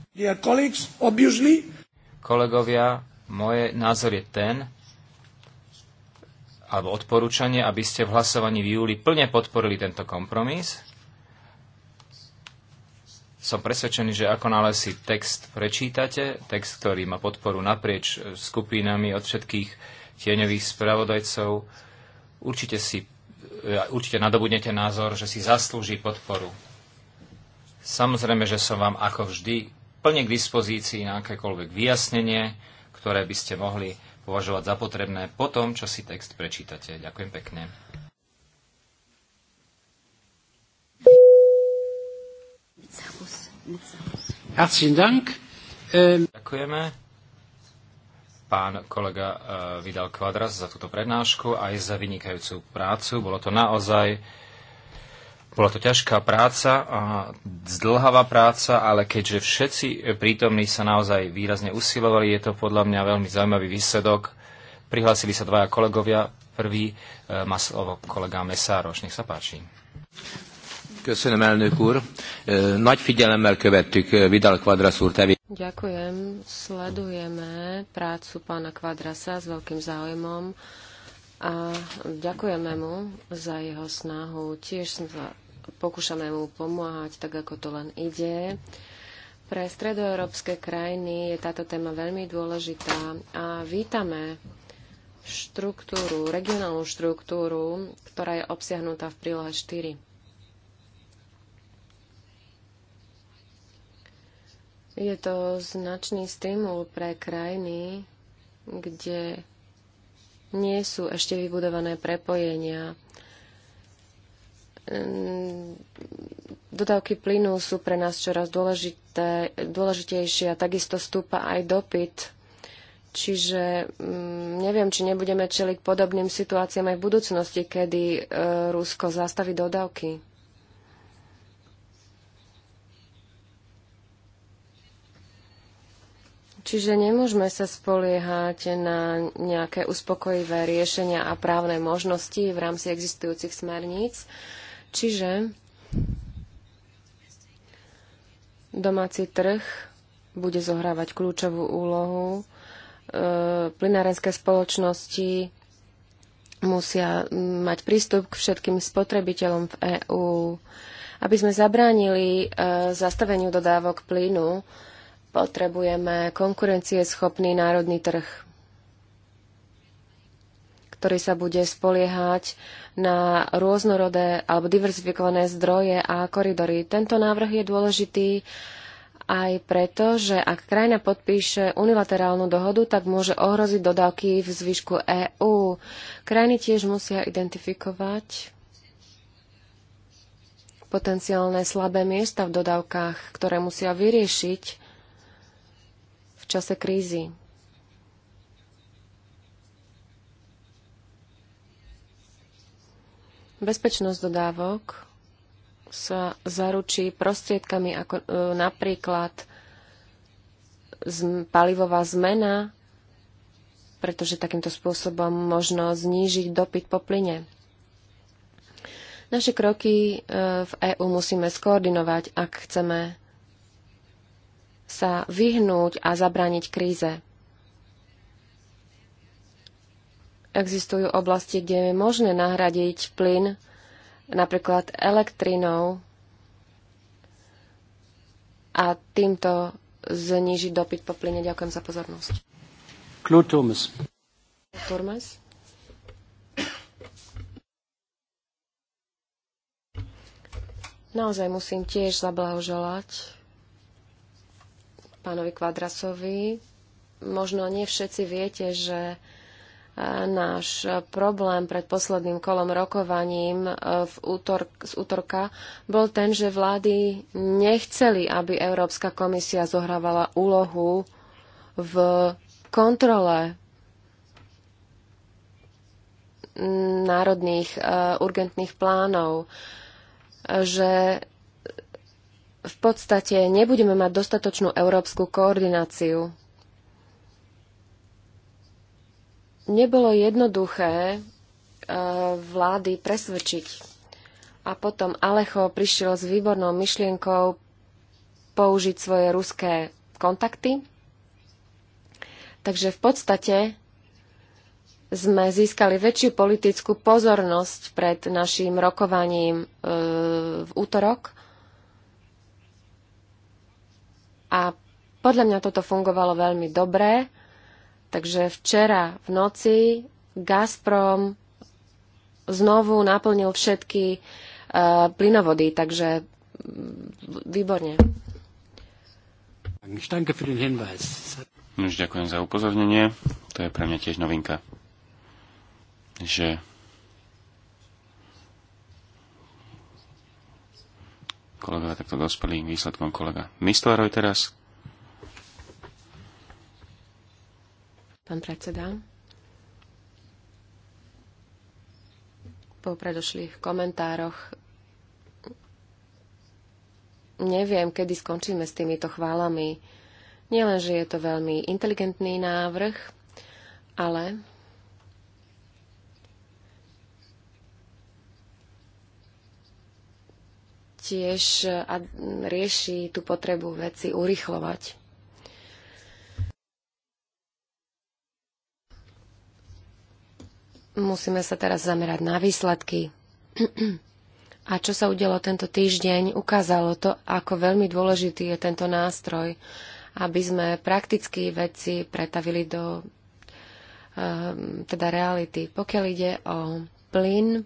Kolegovia, môj názor je ten, alebo odporúčanie, aby ste v hlasovaní v júli plne podporili tento kompromis. Som presvedčený, že ako nále si text prečítate, text, ktorý má podporu naprieč e, skupinami od všetkých tieňových spravodajcov, určite si e, určite nadobudnete názor, že si zaslúži podporu. Samozrejme, že som vám ako vždy plne k dispozícii na akékoľvek vyjasnenie, ktoré by ste mohli považovať za potrebné po tom, čo si text prečítate. Ďakujem pekne. Ähm, Ďakujeme. Pán kolega äh, vydal kvadras za túto prednášku aj za vynikajúcu prácu. Bolo to naozaj bola to ťažká práca, a zdlhavá práca, ale keďže všetci prítomní sa naozaj výrazne usilovali, je to podľa mňa veľmi zaujímavý výsledok. Prihlásili sa dvaja kolegovia. Prvý e, má slovo kolega Mesároš. Nech sa páči. Köszönöm, elnök úr. E, nagy figyelemmel követtük e, Vidal Quadras úr tevé. Ďakujem. Sledujeme prácu pána Quadrasa s veľkým záujmom a ďakujeme mu za jeho snahu. Tiež som sa pokúšame mu pomáhať tak, ako to len ide. Pre stredoeurópske krajiny je táto téma veľmi dôležitá a vítame štruktúru, regionálnu štruktúru, ktorá je obsiahnutá v prílohe 4. Je to značný stimul pre krajiny, kde nie sú ešte vybudované prepojenia Ehm, dodávky plynu sú pre nás čoraz dôležité, dôležitejšie a takisto stúpa aj dopyt. Čiže m, mm, neviem, či nebudeme čeliť podobným situáciám aj v budúcnosti, kedy e, Rusko zastaví dodávky. Čiže nemôžeme sa spoliehať na nejaké uspokojivé riešenia a právne možnosti v rámci existujúcich smerníc. E, Čiže domáci trh bude zohrávať kľúčovú úlohu. E, plinárenské spoločnosti musia mať prístup k všetkým spotrebiteľom v EÚ. Aby sme zabránili e, zastaveniu dodávok plynu, potrebujeme konkurencieschopný národný trh ktorý sa bude spoliehať na rôznorodé alebo diverzifikované zdroje a koridory. Tento návrh je dôležitý aj preto, že ak krajina podpíše unilaterálnu dohodu, tak môže ohroziť dodávky v zvyšku EÚ. Krajiny tiež musia identifikovať potenciálne slabé miesta v dodávkach, ktoré musia vyriešiť v čase krízy. Bezpečnosť dodávok sa zaručí prostriedkami ako e, napríklad palivová zmena, pretože takýmto spôsobom možno znížiť dopyt po plyne. Naše kroky e, v EÚ musíme skoordinovať, ak chceme sa vyhnúť a zabrániť kríze. Existujú oblasti, kde je možné nahradiť plyn napríklad elektrinou a týmto znižiť dopyt po plyne. Ďakujem za pozornosť. Klutumus. Klutumus. Naozaj musím tiež zablahoželať pánovi Kvadrasovi. Možno nie všetci viete, že náš problém pred posledným kolom rokovaním e, v útor, z útorka bol ten, že vlády nechceli, aby Európska komisia zohrávala úlohu v kontrole národných e, urgentných plánov, že v podstate nebudeme mať dostatočnú európsku koordináciu nebolo jednoduché e, vlády presvedčiť. A potom Alecho prišiel s výbornou myšlienkou použiť svoje ruské kontakty. Takže v podstate sme získali väčšiu politickú pozornosť pred našim rokovaním e, v útorok. A podľa mňa toto fungovalo veľmi dobre Takže včera v noci Gazprom znovu naplnil všetky uh, plynovody, takže mm, výborne. Už ďakujem za upozornenie. To je pre mňa tiež novinka, že kolega takto dospelý výsledkom kolega Nistleroj teraz. Pán predseda. Po predošlých komentároch neviem, kedy skončíme s týmito chválami. Nielen, že je to veľmi inteligentný návrh, ale tiež rieši tú potrebu veci urychlovať. Musíme sa teraz zamerať na výsledky. A čo sa udialo tento týždeň, ukázalo to, ako veľmi dôležitý je tento nástroj, aby sme prakticky veci pretavili do ehm, teda reality. Pokiaľ ide o plyn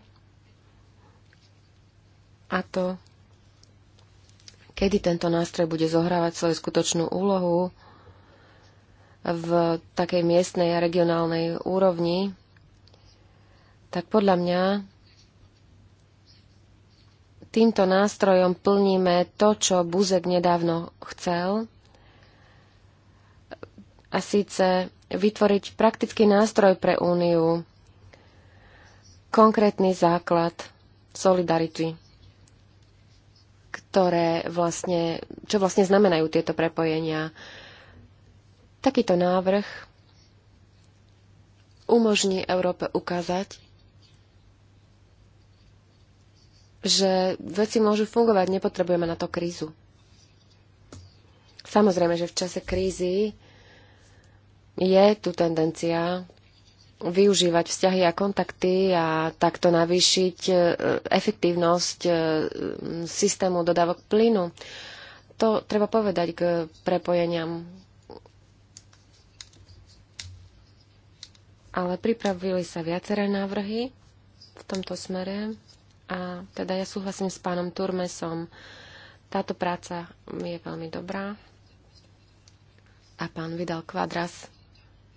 a to, kedy tento nástroj bude zohrávať svoju skutočnú úlohu v takej miestnej a regionálnej úrovni, tak podľa mňa týmto nástrojom plníme to, čo Buzek nedávno chcel, a síce vytvoriť praktický nástroj pre Úniu, konkrétny základ solidarity, ktoré vlastne, čo vlastne znamenajú tieto prepojenia. Takýto návrh umožní Európe ukázať, že veci môžu fungovať, nepotrebujeme na to krízu. Samozrejme, že v čase krízy je tu tendencia využívať vzťahy a kontakty a takto navýšiť e, efektívnosť e, systému dodávok plynu. To treba povedať k prepojeniam. Ale pripravili sa viaceré návrhy v tomto smere. A teda ja súhlasím s pánom Turmesom. Táto práca je veľmi dobrá. A pán Vidal Kvadras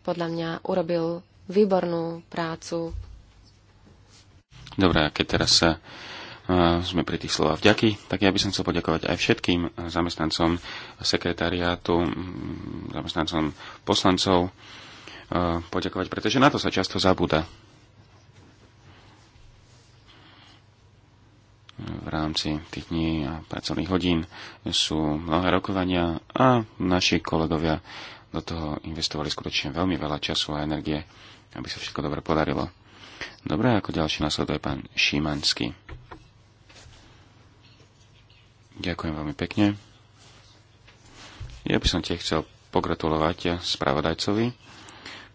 podľa mňa urobil výbornú prácu. Dobre, a keď teraz sa sme pri tých slovách vďaky, tak ja by som chcel poďakovať aj všetkým zamestnancom sekretariátu, zamestnancom poslancov, poďakovať, pretože na to sa často zabúda. v rámci tých dní a pracovných hodín sú mnohé rokovania a naši kolegovia do toho investovali skutočne veľmi veľa času a energie, aby sa všetko dobre podarilo. Dobre, ako ďalší následuje pán Šimanský. Ďakujem veľmi pekne. Ja by som tiež chcel pogratulovať spravodajcovi,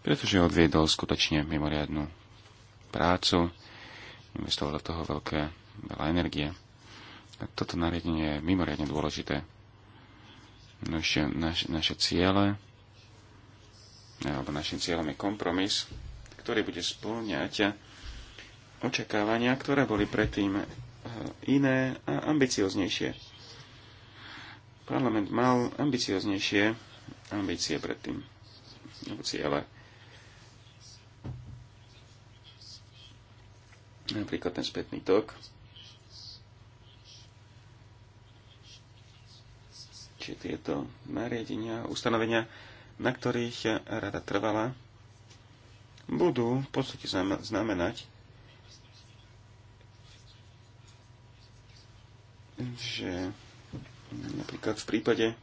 pretože odviedol skutočne mimoriadnú prácu, investoval do toho veľké veľa energie. Toto nariadenie je mimoriadne dôležité. No ešte naš, naše ciele, alebo našim cieľom je kompromis, ktorý bude spĺňať očakávania, ktoré boli predtým eh, iné a ambicioznejšie. Parlament mal ambicioznejšie ambície predtým, alebo ciele. Napríklad ten spätný tok, či tieto nariadenia, ustanovenia, na ktorých rada trvala, budú v podstate znamenať, že napríklad v prípade e,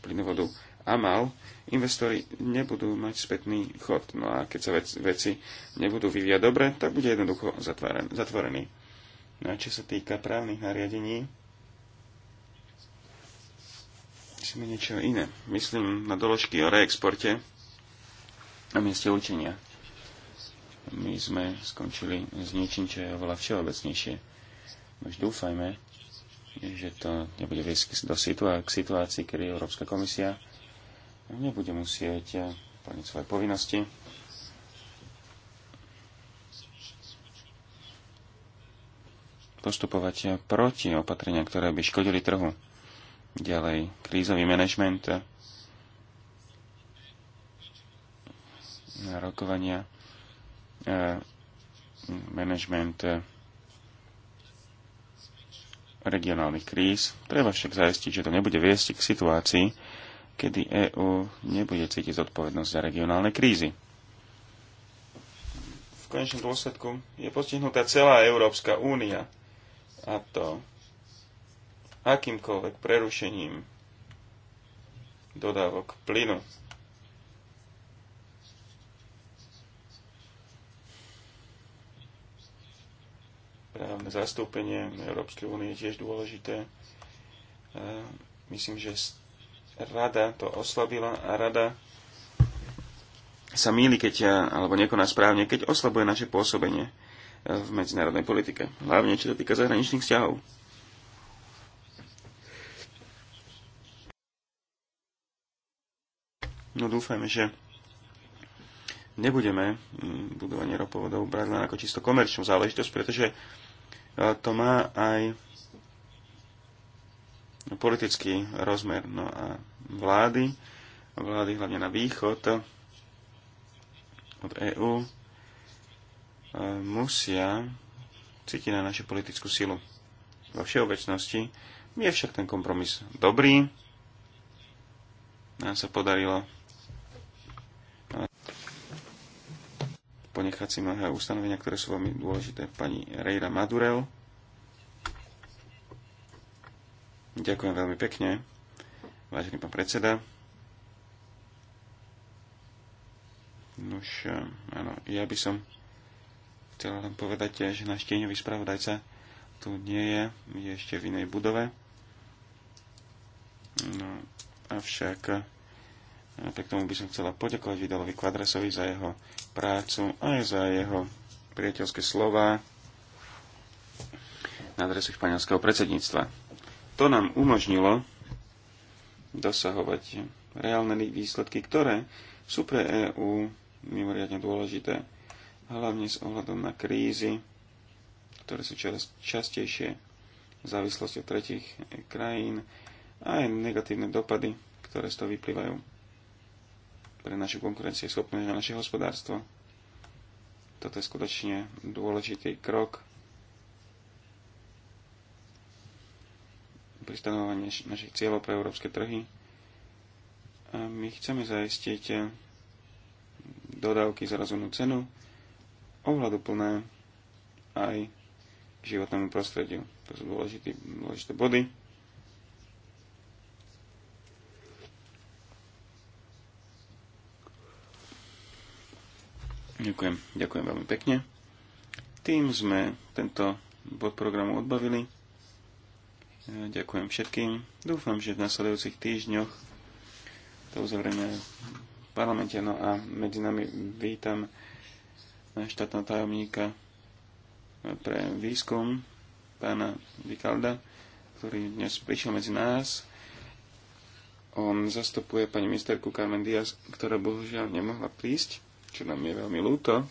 plynovodu Amal investori nebudú mať spätný chod. No a keď sa vec, veci nebudú vyvíjať dobre, tak bude jednoducho zatvorený. zatvorený. No a čo sa týka právnych nariadení, Myslíme niečo iné. Myslím na doložky o reexporte a mieste učenia. My sme skončili s niečím, čo je oveľa všeobecnejšie. Už dúfajme, že to nebude viesť do situá- k situácii, kedy Európska komisia nebude musieť plniť svoje povinnosti. postupovať proti opatrenia, ktoré by škodili trhu. Ďalej, krízový manažment, rokovania, e, manažment e, regionálnych kríz. Treba však zajistiť, že to nebude viesť k situácii, kedy EÚ nebude cítiť zodpovednosť za regionálne krízy. V konečnom dôsledku je postihnutá celá Európska únia. A to akýmkoľvek prerušením dodávok plynu. Právne zastúpenie Európskej únie je tiež dôležité. Myslím, že rada to oslabila a rada sa míli, keď ja, alebo nekoná správne, keď oslabuje naše pôsobenie v medzinárodnej politike. Hlavne, čo sa týka zahraničných vzťahov. No dúfajme, že nebudeme mm, budovanie ropovodov brať len ako čisto komerčnú záležitosť, pretože e, to má aj politický rozmer. No a vlády, vlády hlavne na východ od EÚ, e, musia cítiť na našu politickú silu. Vo všeobecnosti je však ten kompromis dobrý. Nám sa podarilo ponechať si mnohé ustanovenia, ktoré sú veľmi dôležité. Pani Rejra Madurel. Ďakujem veľmi pekne, vážený pán predseda. Nož, áno, ja by som chcel len povedať, že náš tieňový spravodajca tu nie je, je ešte v inej budove. No, avšak tak tomu by som chcela poďakovať Vidalovi Kvadrasovi za jeho prácu aj za jeho priateľské slova na adresu španielského predsedníctva. To nám umožnilo dosahovať reálne výsledky, ktoré sú pre EÚ mimoriadne dôležité, hlavne s ohľadom na krízy, ktoré sú čoraz častejšie v závislosti od tretich krajín a aj negatívne dopady, ktoré z toho vyplývajú pre našu schopné na naše hospodárstvo. Toto je skutočne dôležitý krok pri stanovovaní našich cieľov pre európske trhy. A my chceme zaistiť dodávky za rozumnú cenu, ohľadu plné aj k životnému prostrediu. To sú dôležité, dôležité body. Ďakujem, ďakujem veľmi pekne. Tým sme tento bod programu odbavili. Ďakujem všetkým. Dúfam, že v nasledujúcich týždňoch to uzavrieme v parlamente. No a medzi nami vítam štátneho tajomníka pre výskum, pána Vikalda, ktorý dnes prišiel medzi nás. On zastupuje pani ministerku Carmen Diaz, ktorá bohužiaľ nemohla prísť čo nám je veľmi ľúto.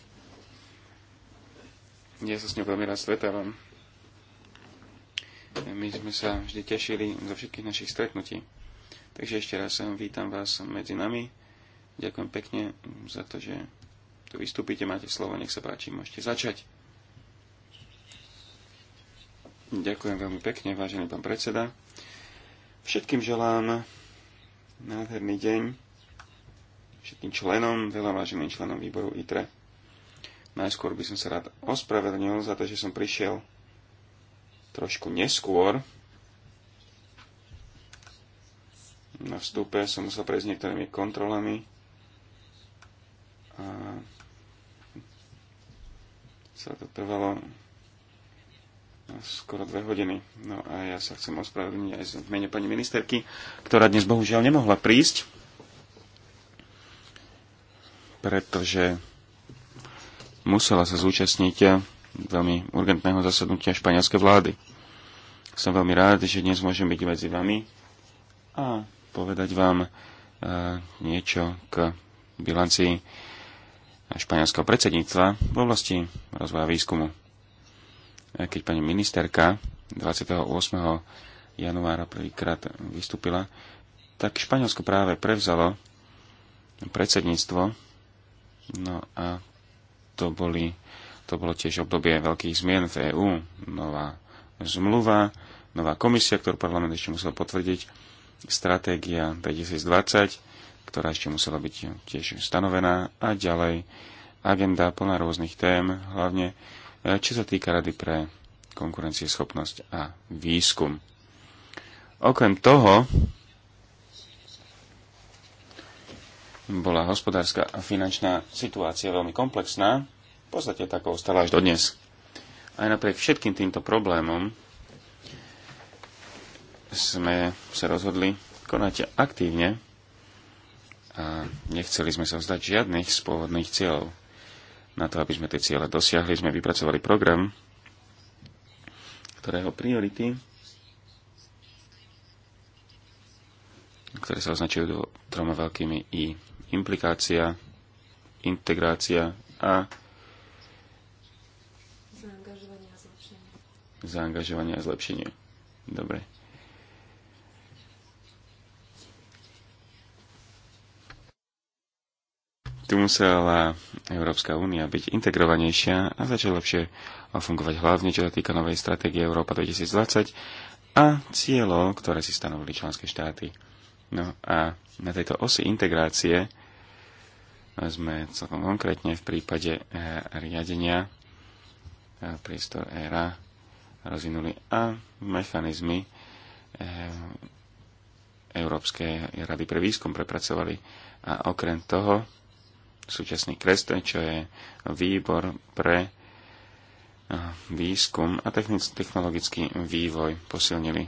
Ja sa s ňou veľmi rád stretávam. My sme sa vždy tešili zo všetkých našich stretnutí. Takže ešte raz vítam vás medzi nami. Ďakujem pekne za to, že tu vystúpite, máte slovo, nech sa páči, môžete začať. Ďakujem veľmi pekne, vážený pán predseda. Všetkým želám nádherný deň všetkým členom, veľa váženým členom výboru ITRE. Najskôr by som sa rád ospravedlnil za to, že som prišiel trošku neskôr. Na vstupe som musel prejsť niektorými kontrolami. A sa to trvalo skoro dve hodiny. No a ja sa chcem ospravedlniť aj v mene pani ministerky, ktorá dnes bohužiaľ nemohla prísť pretože musela sa zúčastniť veľmi urgentného zasadnutia španielskej vlády. Som veľmi rád, že dnes môžem byť medzi vami a povedať vám e, niečo k bilancii španielského predsedníctva v oblasti rozvoja výskumu. E, keď pani ministerka 28. januára prvýkrát vystúpila, tak Španielsko práve prevzalo predsedníctvo No a to, boli, to bolo tiež obdobie veľkých zmien v EÚ. Nová zmluva, nová komisia, ktorú parlament ešte musel potvrdiť, stratégia 2020, ktorá ešte musela byť tiež stanovená a ďalej agenda plná rôznych tém, hlavne e, čo sa týka Rady pre konkurencieschopnosť a výskum. Okrem toho, bola hospodárska a finančná situácia veľmi komplexná. V podstate takou ostala až dodnes. Aj napriek všetkým týmto problémom sme sa rozhodli konať aktívne a nechceli sme sa vzdať žiadnych z pôvodných cieľov. Na to, aby sme tie ciele dosiahli, sme vypracovali program, ktorého priority, ktoré sa označujú troma veľkými I implikácia, integrácia a zaangažovanie a zlepšenie. Zaangažovanie a zlepšenie. Dobre. Tu musela Európska únia byť integrovanejšia a začať lepšie fungovať hlavne, čo sa týka novej stratégie Európa 2020 a cieľov, ktoré si stanovili členské štáty. No a na tejto osi integrácie sme celkom konkrétne v prípade e, riadenia e, priestor ERA rozvinuli a mechanizmy e, Európskej rady pre výskum prepracovali. A okrem toho súčasný KRESTE, čo je výbor pre výskum a technologický vývoj posilnili.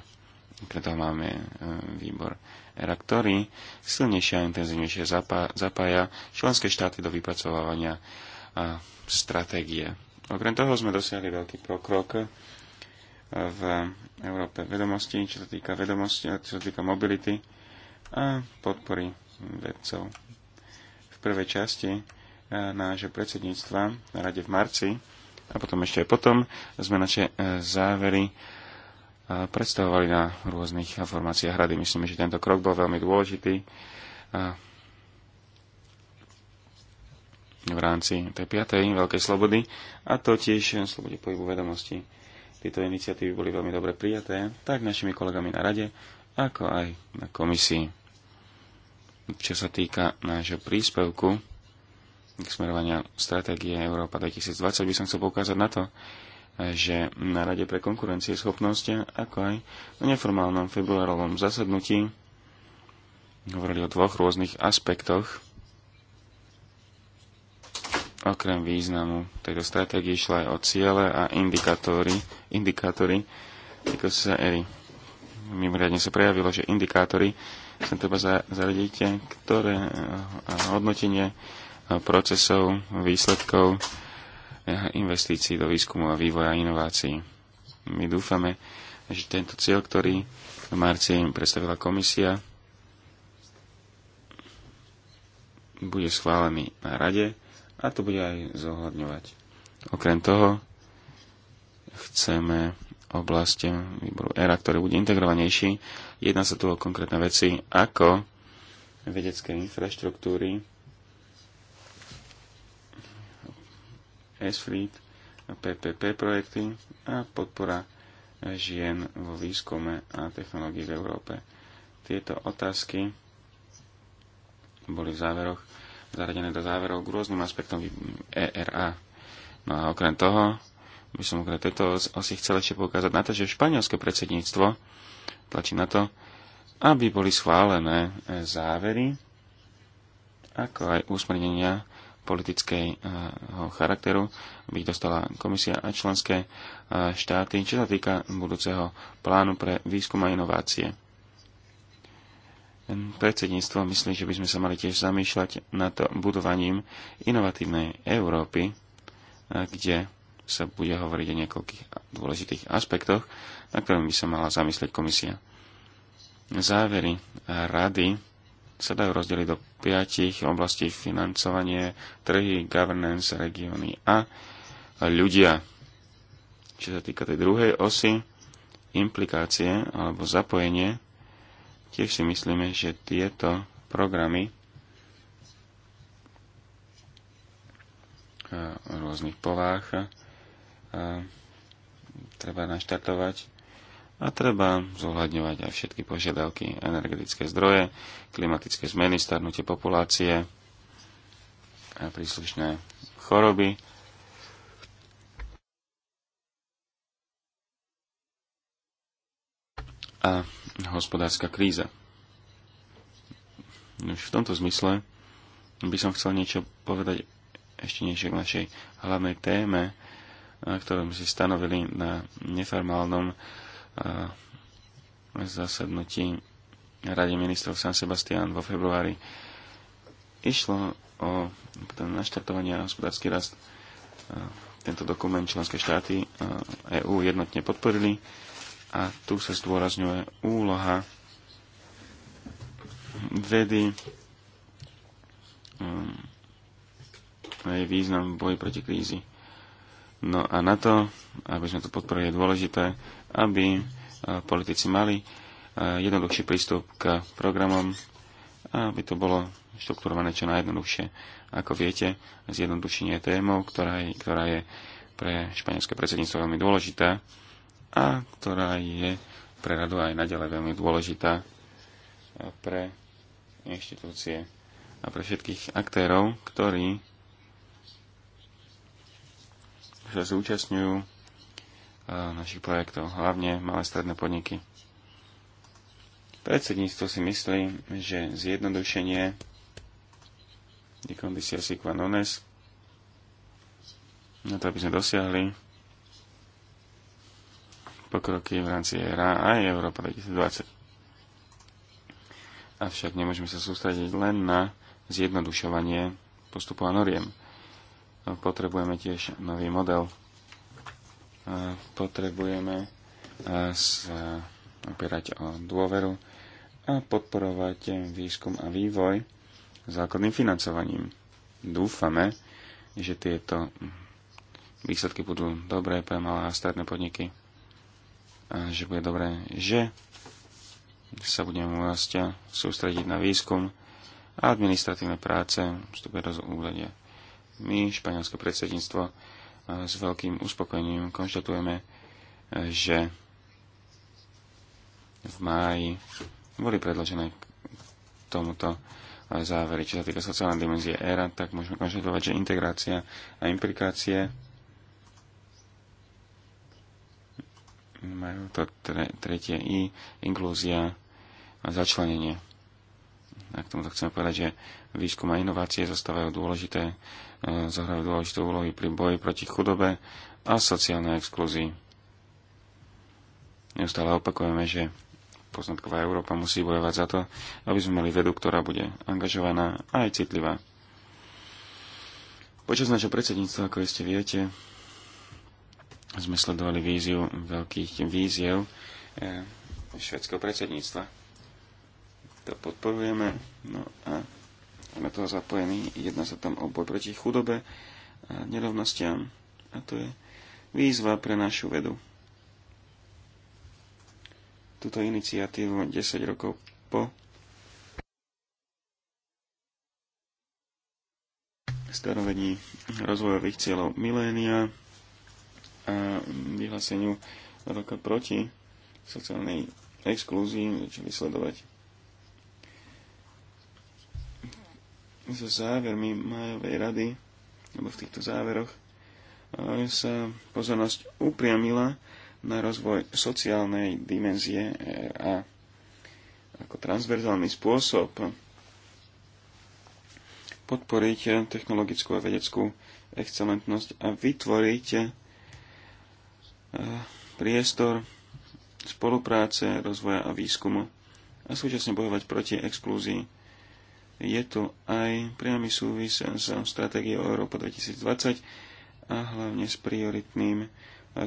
Preto máme výbor ERA, ktorý silnejšie a intenzívnejšie zapája členské štáty do vypracovávania stratégie. Okrem toho sme dosiahli veľký pokrok e, v Európe vedomostí, čo sa týka vedomosti, čo sa týka mobility a podpory vedcov. V prvej časti e, nášho predsedníctva na rade v marci a potom ešte aj potom sme naše e, závery predstavovali na rôznych formáciách rady. Myslím, že tento krok bol veľmi dôležitý v rámci tej piatej veľkej slobody a totiž slobode pohybu vedomosti, Tieto iniciatívy boli veľmi dobre prijaté tak našimi kolegami na rade, ako aj na komisii. Čo sa týka nášho príspevku k smerovania stratégie Európa 2020, by som chcel poukázať na to, že na Rade pre schopnosti, ako aj na neformálnom februárovom zasadnutí, hovorili o dvoch rôznych aspektoch. Okrem významu tejto stratégie išla aj o ciele a indikátory, indikátory týko sa ERI. Mimoriadne sa prejavilo, že indikátory sa treba zaradiť, ktoré eh, hodnotenie eh, procesov, výsledkov, investícií do výskumu a vývoja inovácií. My dúfame, že tento cieľ, ktorý v marci predstavila komisia, bude schválený na rade a to bude aj zohľadňovať. Okrem toho chceme oblasť výboru ERA, ktorý bude integrovanejší. Jedná sa tu o konkrétne veci ako vedecké infraštruktúry, S-Fleet, PPP projekty a podpora žien vo výskume a technológii v Európe. Tieto otázky boli v záveroch zaradené do záverov k rôznym aspektom ERA. No a okrem toho, by som okrem tejto osi chcel ešte poukázať na to, že španielské predsedníctvo tlačí na to, aby boli schválené závery, ako aj usmernenia politického charakteru by dostala komisia a členské e, štáty, čo sa týka budúceho plánu pre výskum a inovácie. Predsedníctvo myslí, že by sme sa mali tiež zamýšľať nad budovaním inovatívnej Európy, e, kde sa bude hovoriť o niekoľkých dôležitých aspektoch, na ktorých by sa mala zamyslieť komisia. Závery rady sa dajú rozdeliť do piatich oblastí financovanie, trhy, governance, regióny a ľudia. Čo sa týka tej druhej osy, implikácie alebo zapojenie, tiež si myslíme, že tieto programy o eh, rôznych povách eh, treba naštartovať a treba zohľadňovať aj všetky požiadavky, energetické zdroje, klimatické zmeny, starnutie populácie a príslušné choroby. a hospodárska kríza. Už v tomto zmysle by som chcel niečo povedať ešte niečo k našej hlavnej téme, ktorú sme si stanovili na neformálnom zasadnutí Rade ministrov San Sebastián vo februári. Išlo o naštartovanie a hospodársky rast. Tento dokument členské štáty EÚ jednotne podporili a tu sa zdôrazňuje úloha vedy um, a jej význam v boji proti krízi. No a na to, aby sme to podporili, je dôležité aby e, politici mali e, jednoduchší prístup k programom, aby to bolo štrukturované čo najjednoduchšie. Ako viete, zjednodušenie je ktorá je, ktorá je pre španielské predsedníctvo veľmi dôležitá a ktorá je pre radu aj naďalej veľmi dôležitá e, pre inštitúcie a pre všetkých aktérov, ktorí sa zúčastňujú našich projektov, hlavne malé stredné podniky. Predsedníctvo si myslí, že zjednodušenie dekondicia Sikva nones na to, aby sme dosiahli pokroky v rámci ERA a aj Európa 2020. Avšak nemôžeme sa sústrediť len na zjednodušovanie postupov a noriem. Potrebujeme tiež nový model potrebujeme sa opierať o dôveru a podporovať výskum a vývoj základným financovaním. Dúfame, že tieto výsledky budú dobré pre malé a stredné podniky a že bude dobré, že sa budeme môcť sústrediť na výskum a administratívne práce vstúpe do úhľadia. My, španielské predsedníctvo, s veľkým uspokojením konštatujeme, že v máji boli predložené tomuto závery. Čo sa týka sociálnej dimenzie éra, tak môžeme konštatovať, že integrácia a implikácie majú to tre, tretie I, inklúzia a začlenenie. A k tomuto chceme povedať, že výskum a inovácie zostávajú dôležité Eh, zahrajú dôležitú úlohy pri boji proti chudobe a sociálnej exkluzii. Neustále opakujeme, že poznatková Európa musí bojovať za to, aby sme mali vedu, ktorá bude angažovaná a aj citlivá. Počas našho predsedníctva, ako ste viete, sme sledovali víziu veľkých víziev eh, švedského predsedníctva. To podporujeme. No a do toho zapojení. Jedná sa tam o boj proti chudobe a nerovnostiam. A to je výzva pre našu vedu. Tuto iniciatívu 10 rokov po stanovení rozvojových cieľov milénia a vyhláseniu roka proti sociálnej exklúzii začali sledovať so závermi majovej rady, alebo v týchto záveroch, eh, sa pozornosť upriamila na rozvoj sociálnej dimenzie eh, a ako transverzálny spôsob podporiť technologickú a vedeckú excelentnosť a vytvoriť eh, priestor spolupráce, rozvoja a výskumu a súčasne bojovať proti exklúzii je tu aj priamy súvis s stratégiou Európa 2020 a hlavne s prioritným e,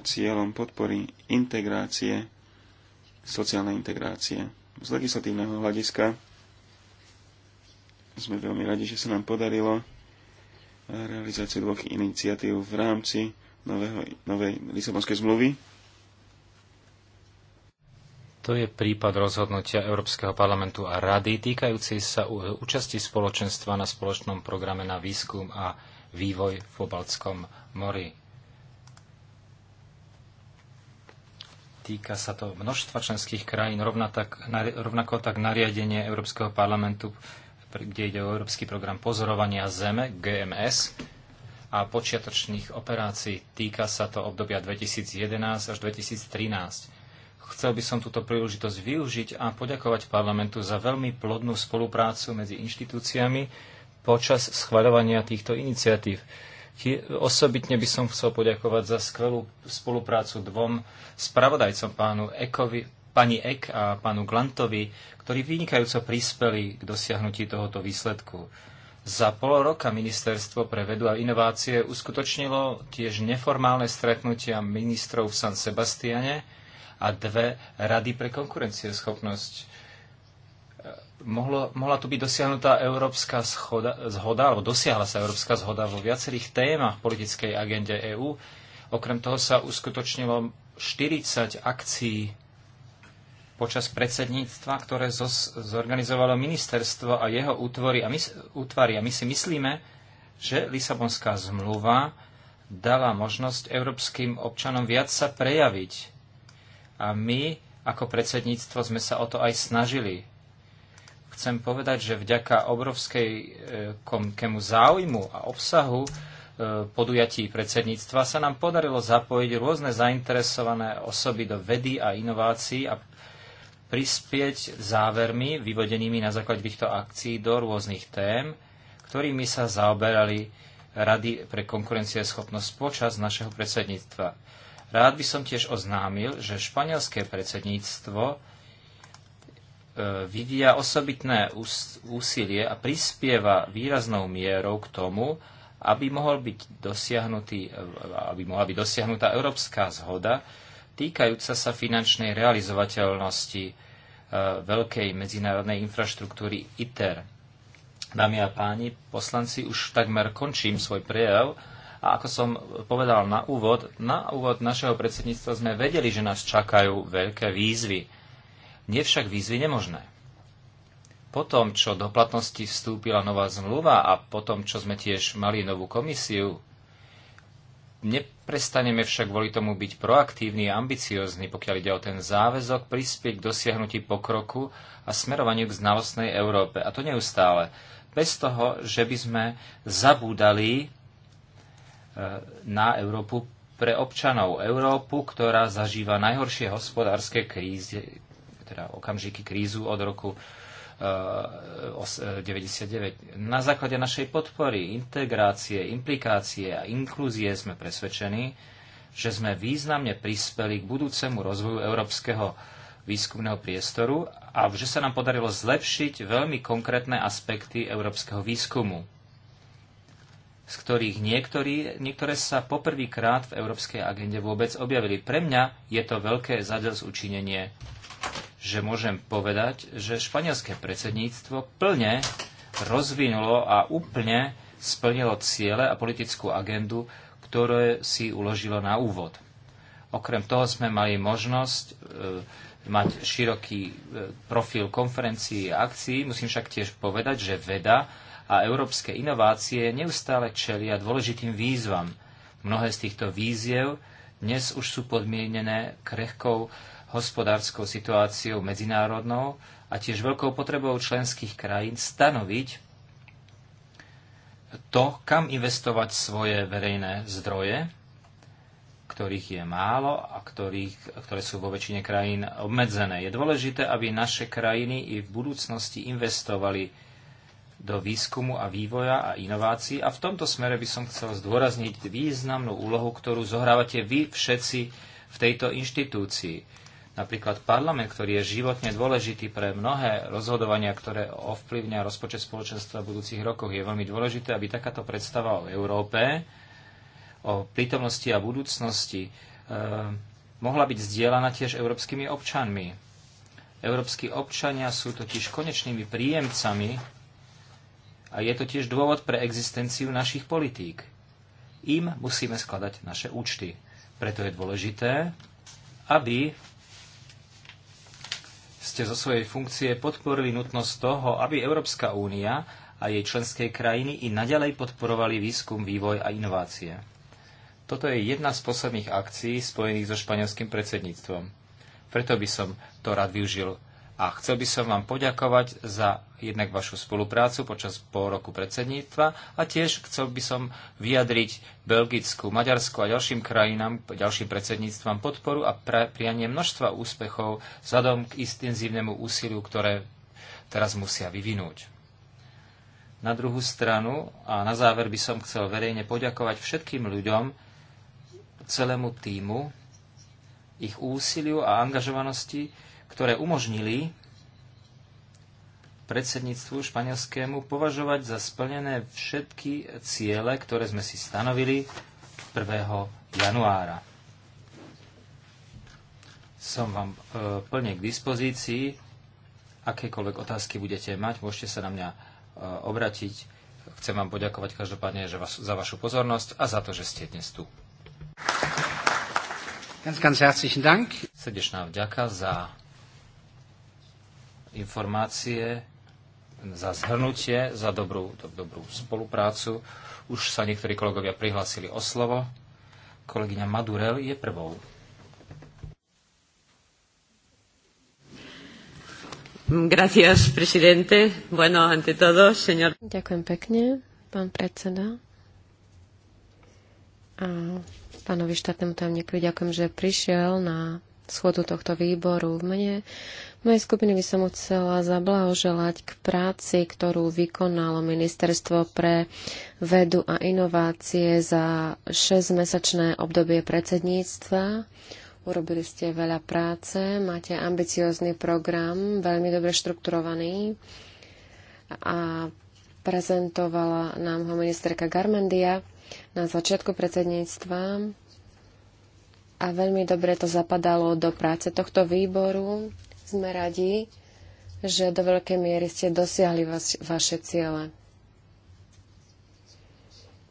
cieľom podpory integrácie, sociálnej integrácie. Z legislatívneho hľadiska sme veľmi radi, že sa nám podarilo e, realizáciu dvoch iniciatív v rámci nového, novej Lisabonskej zmluvy. To je prípad rozhodnutia Európskeho parlamentu a rady týkajúcej sa účasti spoločenstva na spoločnom programe na výskum a vývoj v Obaltskom mori. Týka sa to množstva členských krajín, rovnako tak nariadenie Európskeho parlamentu, kde ide o Európsky program pozorovania Zeme, GMS, a počiatočných operácií. Týka sa to obdobia 2011 až 2013 Chcel by som túto príležitosť využiť a poďakovať parlamentu za veľmi plodnú spoluprácu medzi inštitúciami počas schvaľovania týchto iniciatív. Osobitne by som chcel poďakovať za skvelú spoluprácu dvom spravodajcom, pánu Ekovi, pani Ek a pánu Glantovi, ktorí vynikajúco prispeli k dosiahnutí tohoto výsledku. Za pol roka Ministerstvo pre vedu a inovácie uskutočnilo tiež neformálne stretnutia ministrov v San Sebastiane a dve rady pre konkurencieschopnosť. E, mohlo, mohla tu byť dosiahnutá európska schoda, zhoda, alebo dosiahla sa európska zhoda vo viacerých témach politickej agende EÚ. Okrem toho sa uskutočnilo 40 akcií počas predsedníctva, ktoré zorganizovalo ministerstvo a jeho útvory a my, útvary. A my si myslíme, že Lisabonská zmluva dala možnosť európskym občanom viac sa prejaviť a my ako predsedníctvo sme sa o to aj snažili. Chcem povedať, že vďaka obrovskej komkému e, záujmu a obsahu e, podujatí predsedníctva sa nám podarilo zapojiť rôzne zainteresované osoby do vedy a inovácií a prispieť závermi vyvodenými na základe týchto akcií do rôznych tém, ktorými sa zaoberali Rady pre konkurencieschopnosť počas našeho predsedníctva. Rád by som tiež oznámil, že španielské predsedníctvo e, vyvíja osobitné úsilie a prispieva výraznou mierou k tomu, aby, mohol byť dosiahnutý, aby mohla byť dosiahnutá európska zhoda týkajúca sa finančnej realizovateľnosti e, veľkej medzinárodnej infraštruktúry ITER. Dámy a páni, poslanci, už takmer končím svoj prejav a ako som povedal na úvod, na úvod našeho predsedníctva sme vedeli, že nás čakajú veľké výzvy. Nie však výzvy nemožné. Po tom, čo do platnosti vstúpila nová zmluva a po tom, čo sme tiež mali novú komisiu, neprestaneme však kvôli tomu byť proaktívni a ambiciozní, pokiaľ ide o ten záväzok prispieť k dosiahnutí pokroku a smerovaniu k znalostnej Európe. A to neustále. Bez toho, že by sme zabúdali E, na Európu pre občanov. Európu, ktorá zažíva najhoršie hospodárske krízy, teda okamžiky krízu od roku 99. E, e, na základe našej podpory, integrácie, implikácie a inklúzie sme presvedčení, že sme významne prispeli k budúcemu rozvoju európskeho výskumného priestoru a že sa nám podarilo zlepšiť veľmi konkrétne aspekty európskeho výskumu z ktorých niektorí, niektoré sa poprvýkrát v európskej agende vôbec objavili. Pre mňa je to veľké učinenie, že môžem povedať, že španielské predsedníctvo plne rozvinulo a úplne splnilo ciele a politickú agendu, ktoré si uložilo na úvod. Okrem toho sme mali možnosť e, mať široký e, profil konferencií a akcií. Musím však tiež povedať, že veda a európske inovácie neustále čelia dôležitým výzvam. Mnohé z týchto víziev dnes už sú podmienené krehkou hospodárskou situáciou medzinárodnou a tiež veľkou potrebou členských krajín stanoviť to, kam investovať svoje verejné zdroje, ktorých je málo a ktorých, ktoré sú vo väčšine krajín obmedzené. Je dôležité, aby naše krajiny i v budúcnosti investovali do výskumu a vývoja a inovácií. A v tomto smere by som chcel zdôrazniť významnú úlohu, ktorú zohrávate vy všetci v tejto inštitúcii. Napríklad parlament, ktorý je životne dôležitý pre mnohé rozhodovania, ktoré ovplyvňa rozpočet spoločenstva v budúcich rokoch. Je veľmi dôležité, aby takáto predstava o Európe, o prítomnosti a budúcnosti eh, mohla byť zdieľaná tiež európskymi občanmi. Európsky občania sú totiž konečnými príjemcami a je to tiež dôvod pre existenciu našich politík. Im musíme skladať naše účty. Preto je dôležité, aby ste zo svojej funkcie podporili nutnosť toho, aby Európska únia a jej členské krajiny i naďalej podporovali výskum, vývoj a inovácie. Toto je jedna z posledných akcií spojených so španielským predsedníctvom. Preto by som to rád využil a chcel by som vám poďakovať za jednak vašu spoluprácu počas pol roku predsedníctva a tiež chcel by som vyjadriť Belgicku, Maďarsku a ďalším krajinám, ďalším predsedníctvam podporu a prianie množstva úspechov vzhľadom k intenzívnemu úsiliu, ktoré teraz musia vyvinúť. Na druhú stranu a na záver by som chcel verejne poďakovať všetkým ľuďom, celému týmu, ich úsiliu a angažovanosti, ktoré umožnili predsedníctvu španielskému považovať za splnené všetky ciele, ktoré sme si stanovili 1. januára. Som vám e, plne k dispozícii. Akékoľvek otázky budete mať, môžete sa na mňa e, obratiť. Chcem vám poďakovať každopádne za vašu pozornosť a za to, že ste dnes tu. Ganz, ganz herzlichen Dank. Srdečná vďaka za informácie, za zhrnutie, za dobrú, do, dobrú spoluprácu. Už sa niektorí kolegovia prihlásili o slovo. Kolegyňa Madurel je prvou. Gracias, presidente. Bueno, ante todo, señor... Ďakujem pekne, pán predseda. A pánovi štátnemu tajomníkovi ďakujem, že prišiel na schodu tohto výboru v mene mojej skupine by som chcela zablahoželať k práci, ktorú vykonalo Ministerstvo pre vedu a inovácie za 6-mesačné obdobie predsedníctva. Urobili ste veľa práce, máte ambiciózny program, veľmi dobre štrukturovaný a prezentovala nám ho ministerka Garmendia na začiatku predsedníctva a veľmi dobre to zapadalo do práce tohto výboru sme radi, že do veľkej miery ste dosiahli vaš, vaše ciele.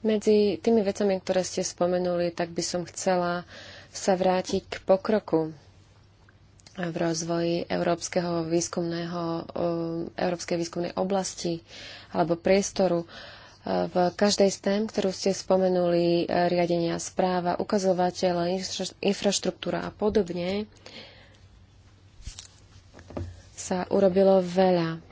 Medzi tými vecami, ktoré ste spomenuli, tak by som chcela sa vrátiť k pokroku v rozvoji európskeho výskumného, európskej výskumnej oblasti alebo priestoru. V každej z tém, ktorú ste spomenuli, riadenia správa, ukazovateľa, infraštruktúra a podobne, sa urobilo veľa.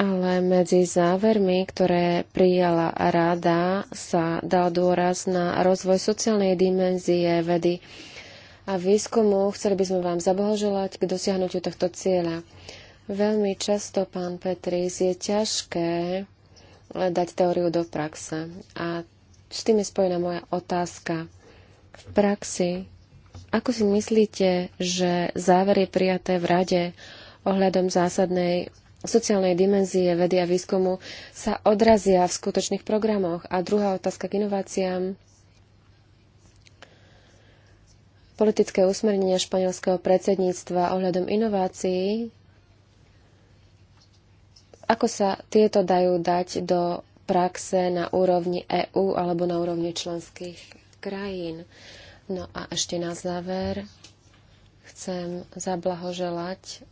Ale medzi závermi, ktoré prijala rada, sa dal dôraz na rozvoj sociálnej dimenzie vedy a výskumu. Chceli by sme vám zabohoželať k dosiahnutiu tohto cieľa. Veľmi často, pán Petris, je ťažké dať teóriu do praxe. A s tým je spojená moja otázka. V praxi ako si myslíte, že závery prijaté v Rade ohľadom zásadnej sociálnej dimenzie vedy a výskumu sa odrazia v skutočných programoch? A druhá otázka k inováciám. Politické usmernenia španielského predsedníctva ohľadom inovácií. Ako sa tieto dajú dať do praxe na úrovni EÚ alebo na úrovni členských krajín? No a ešte na záver chcem zablahoželať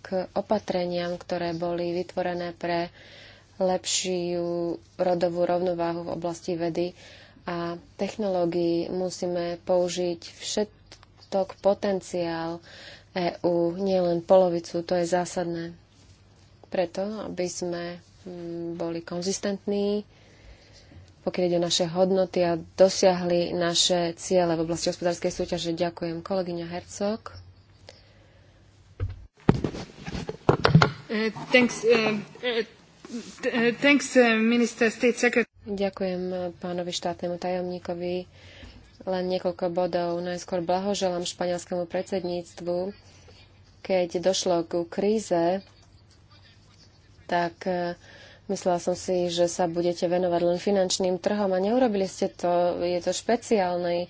k opatreniam, ktoré boli vytvorené pre lepšiu rodovú rovnováhu v oblasti vedy a technológií. Musíme použiť všetok potenciál EÚ, nielen polovicu, to je zásadné. Preto, aby sme mm, boli konzistentní pokiaľ ide o naše hodnoty a dosiahli naše ciele v oblasti hospodárskej súťaže. Ďakujem. Kolegyňa Hercog. Uh, eh, thanks, uh, uh, thanks, minister, Ďakujem pánovi štátnemu tajomníkovi. Len niekoľko bodov. Najskôr blahoželám španielskému predsedníctvu. Keď došlo ku kríze, tak uh, Myslela som si, že sa budete venovať len finančným trhom a neurobili ste to. Je to špeciálne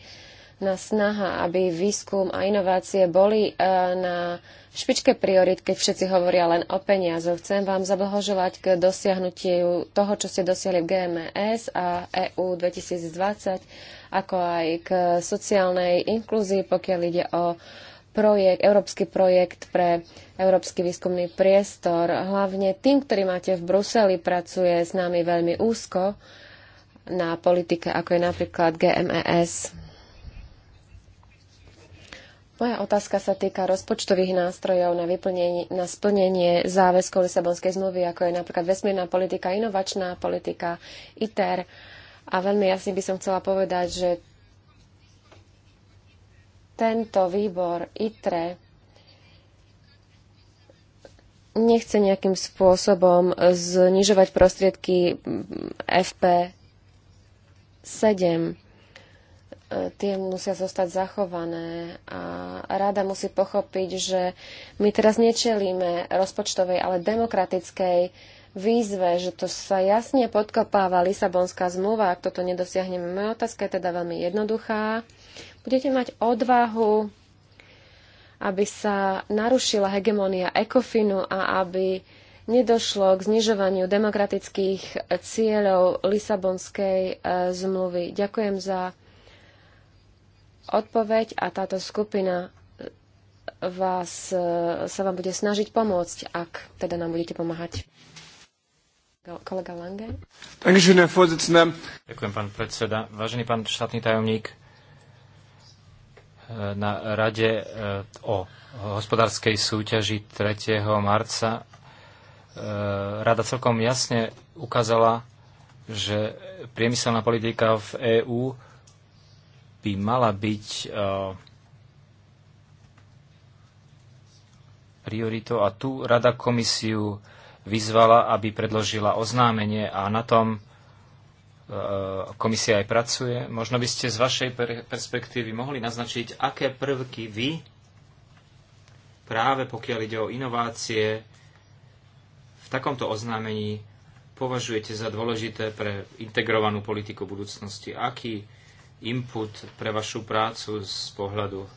na snaha, aby výskum a inovácie boli e, na špičke priorit, keď všetci hovoria len o peniazoch. Chcem vám zablahoželať k dosiahnutiu toho, čo ste dosiahli v GMS e a EU 2020, ako aj k sociálnej inklúzii, pokiaľ ide o projekt, európsky projekt pre európsky výskumný priestor. Hlavne tým, ktorý máte v Bruseli, pracuje s nami veľmi úzko na politike, ako je napríklad GMES. Moja otázka sa týka rozpočtových nástrojov na, na splnenie záväzkov Lisabonskej zmluvy, ako je napríklad vesmírna politika, inovačná politika, ITER. A veľmi jasne by som chcela povedať, že tento výbor ITRE nechce nejakým spôsobom znižovať prostriedky FP7. E, tie musia zostať zachované a rada musí pochopiť, že my teraz nečelíme rozpočtovej, ale demokratickej výzve, že to sa jasne podkopáva Lisabonská zmluva, ak toto nedosiahneme. Moja otázka je teda veľmi jednoduchá budete mať odvahu, aby sa narušila hegemónia ECOFINu a aby nedošlo k znižovaniu demokratických cieľov Lisabonskej e, zmluvy. Ďakujem za odpoveď a táto skupina e, vás, e, sa vám bude snažiť pomôcť, ak teda nám budete pomáhať. Kolega Lange. Ďakujem, pán predseda. Vážený pán štátny tajomník, na Rade e, o hospodárskej súťaži 3. marca e, Rada celkom jasne ukázala, že priemyselná politika v EÚ by mala byť e, prioritou a tu Rada komisiu vyzvala, aby predložila oznámenie a na tom E, komisia aj pracuje. Možno by ste z vašej perspektívy mohli naznačiť, aké prvky vy, práve pokiaľ ide o inovácie, v takomto oznámení považujete za dôležité pre integrovanú politiku budúcnosti. Aký input pre vašu prácu z pohľadu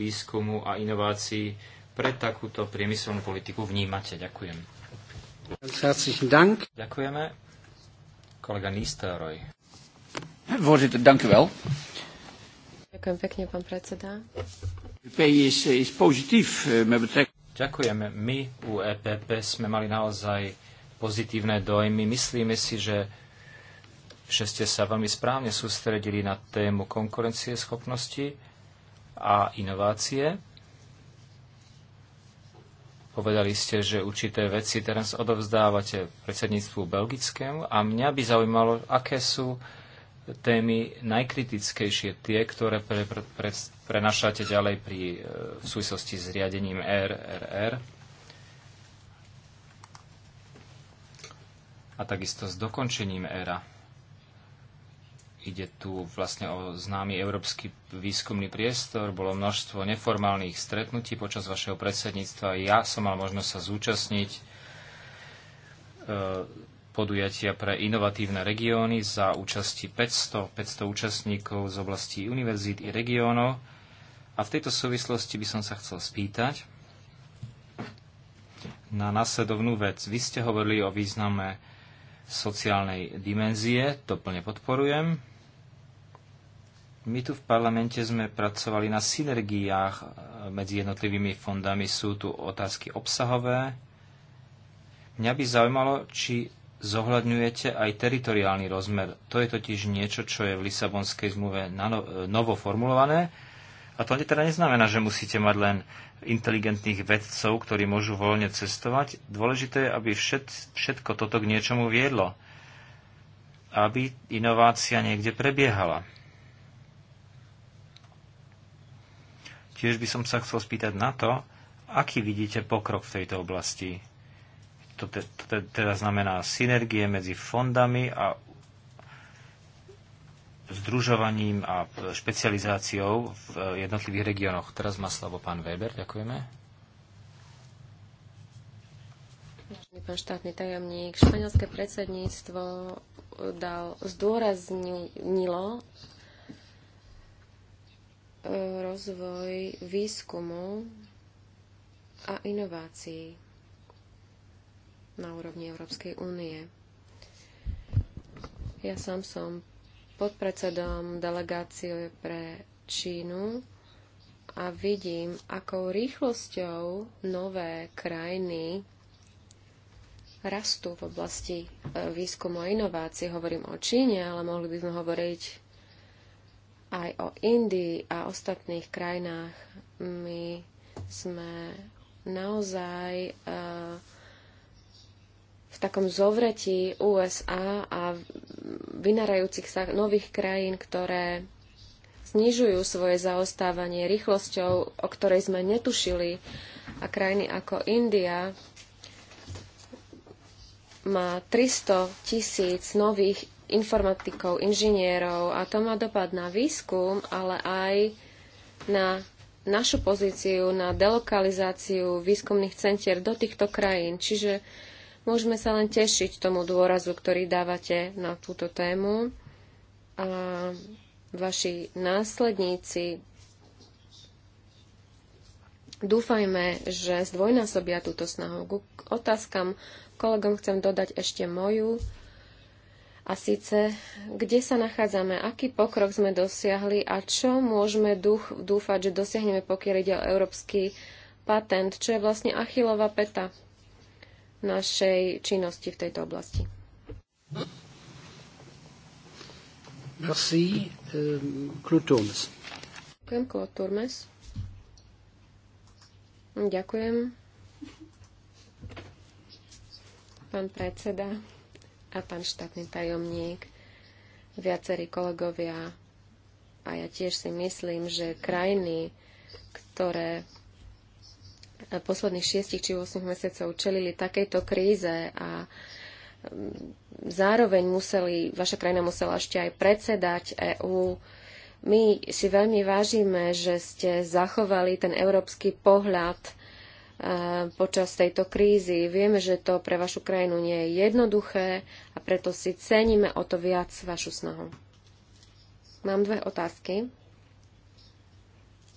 výskumu a inovácií pre takúto priemyselnú politiku vnímate? Ďakujem. Ďakujeme. Kolega Voorzitter, dank u wel. Ďakujem pekne, e eh, met betrekking. Ďakujeme. My u EPP sme mali naozaj pozitívne dojmy. Myslíme si, že, že ste sa veľmi správne sústredili na tému konkurencie schopnosti a inovácie Povedali ste, že určité veci teraz odovzdávate predsedníctvu belgickému a mňa by zaujímalo, aké sú témy najkritickejšie, tie, ktoré pre, pre, pre, prenašate ďalej pri, e, v súvislosti s riadením RRR a takisto s dokončením ERA. Ide tu vlastne o známy európsky výskumný priestor. Bolo množstvo neformálnych stretnutí počas vašeho predsedníctva. Ja som mal možnosť sa zúčastniť e, podujatia pre inovatívne regióny za účasti 500, 500 účastníkov z oblasti univerzít i regiónov. A v tejto súvislosti by som sa chcel spýtať na následovnú vec. Vy ste hovorili o význame sociálnej dimenzie, to plne podporujem my tu v parlamente sme pracovali na synergiách e, medzi jednotlivými fondami. Sú tu otázky obsahové. Mňa by zaujímalo, či zohľadňujete aj teritoriálny rozmer. To je totiž niečo, čo je v Lisabonskej zmluve no-, e, novo formulované. A to teda neznamená, že musíte mať len inteligentných vedcov, ktorí môžu voľne cestovať. Dôležité je, aby všet, všetko toto k niečomu viedlo. Aby inovácia niekde prebiehala. Tiež by som sa chcel spýtať na to, aký vidíte pokrok v tejto oblasti. To te, te, teda znamená synergie medzi fondami a združovaním a špecializáciou v jednotlivých regiónoch. Teraz má slovo pán Weber, ďakujeme. Vážený pán štátny tajomník, španielské predsedníctvo dal, zdôraznilo rozvoj výskumu a inovácií na úrovni Európskej únie. Ja sám som podpredsedom delegácie pre Čínu a vidím, akou rýchlosťou nové krajiny rastú v oblasti e, výskumu a inovácií. Hovorím o Číne, ale mohli by sme hovoriť aj o Indii a ostatných krajinách. My sme naozaj e, v takom zovretí USA a vynarajúcich sa nových krajín, ktoré znižujú svoje zaostávanie rýchlosťou, o ktorej sme netušili. A krajiny ako India má 300 tisíc nových informatikov, inžinierov a to má dopad na výskum, ale aj na našu pozíciu na delokalizáciu výskumných centier do týchto krajín. Čiže môžeme sa len tešiť tomu dôrazu, ktorý dávate na túto tému. A vaši následníci dúfajme, že zdvojnásobia túto snahu. K otázkam kolegom chcem dodať ešte moju. A síce, kde sa nachádzame, aký pokrok sme dosiahli a čo môžeme duch, dúfať, že dosiahneme, pokiaľ ide o európsky patent, čo je vlastne achilová peta našej činnosti v tejto oblasti. Merci, Kluturmes. Euh, Ďakujem, Ďakujem. Pán predseda a pán štátny tajomník, viacerí kolegovia a ja tiež si myslím, že krajiny, ktoré posledných šiestich či 8 mesiacov čelili takejto kríze a mm, zároveň museli, vaša krajina musela ešte aj predsedať EÚ. My si veľmi vážime, že ste zachovali ten európsky pohľad Eh, počas tejto krízy. Vieme, že to pre vašu krajinu nie je jednoduché a preto si ceníme o to viac vašu snahu. Mám dve otázky.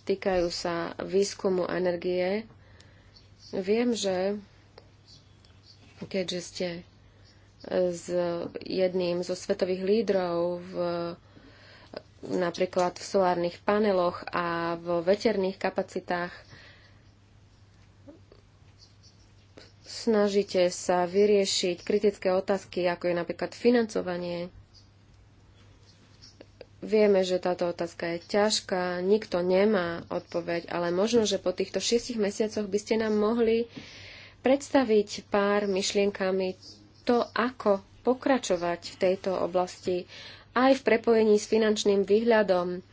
Týkajú sa výskumu energie. Viem, že keďže ste eh, s jedným zo svetových lídrov v, napríklad v solárnych paneloch a v veterných kapacitách, snažíte sa vyriešiť kritické otázky, ako je napríklad financovanie. Vieme, že táto otázka je ťažká, nikto nemá odpoveď, ale možno, že po týchto šiestich mesiacoch by ste nám mohli predstaviť pár myšlienkami to, ako pokračovať v tejto oblasti aj v prepojení s finančným výhľadom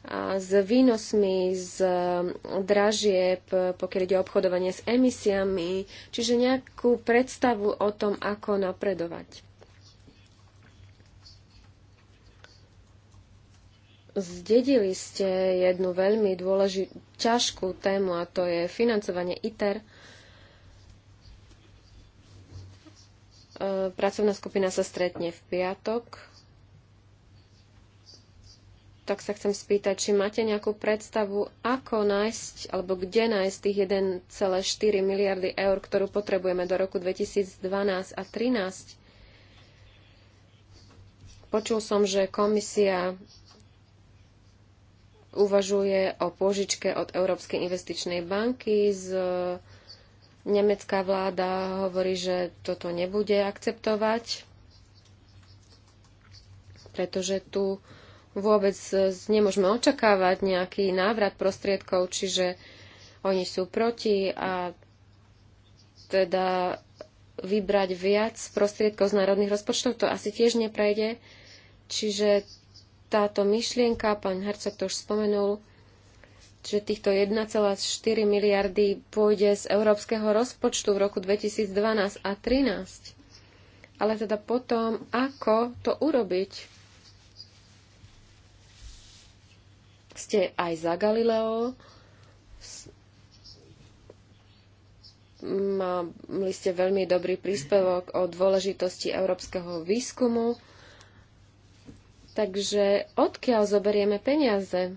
a s výnosmi z e, dražieb, pokiaľ ide o obchodovanie s emisiami, čiže nejakú predstavu o tom, ako napredovať. Zdedili ste jednu veľmi dôležitú, ťažkú tému a to je financovanie ITER. E, pracovná skupina sa stretne v piatok tak sa chcem spýtať, či máte nejakú predstavu, ako nájsť, alebo kde nájsť tých 1,4 miliardy eur, ktorú potrebujeme do roku 2012 a 2013. Počul som, že komisia uvažuje o pôžičke od Európskej investičnej banky. Z e, nemecká vláda hovorí, že toto nebude akceptovať, pretože tu vôbec e, nemôžeme očakávať nejaký návrat prostriedkov, čiže oni sú proti a teda vybrať viac prostriedkov z národných rozpočtov, to asi tiež neprejde. Čiže táto myšlienka, pán Hercek to už spomenul, že týchto 1,4 miliardy pôjde z európskeho rozpočtu v roku 2012 a 2013. Ale teda potom, ako to urobiť? ste aj za Galileo. Mali ste veľmi dobrý príspevok o dôležitosti európskeho výskumu. Takže odkiaľ zoberieme peniaze?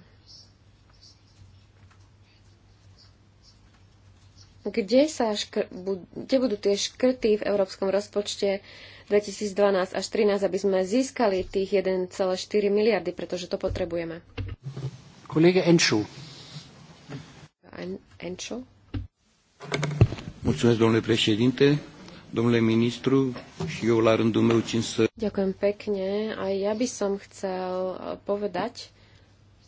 Kde, sa škr- bu- kde budú tie škrty v európskom rozpočte 2012 až 2013, aby sme získali tých 1,4 miliardy, pretože to potrebujeme? Kollege Mulțumesc, domnule președinte, domnule ministru, și eu la rândul meu țin să... Ďakujem pekne. A ja by som chcel e, povedať,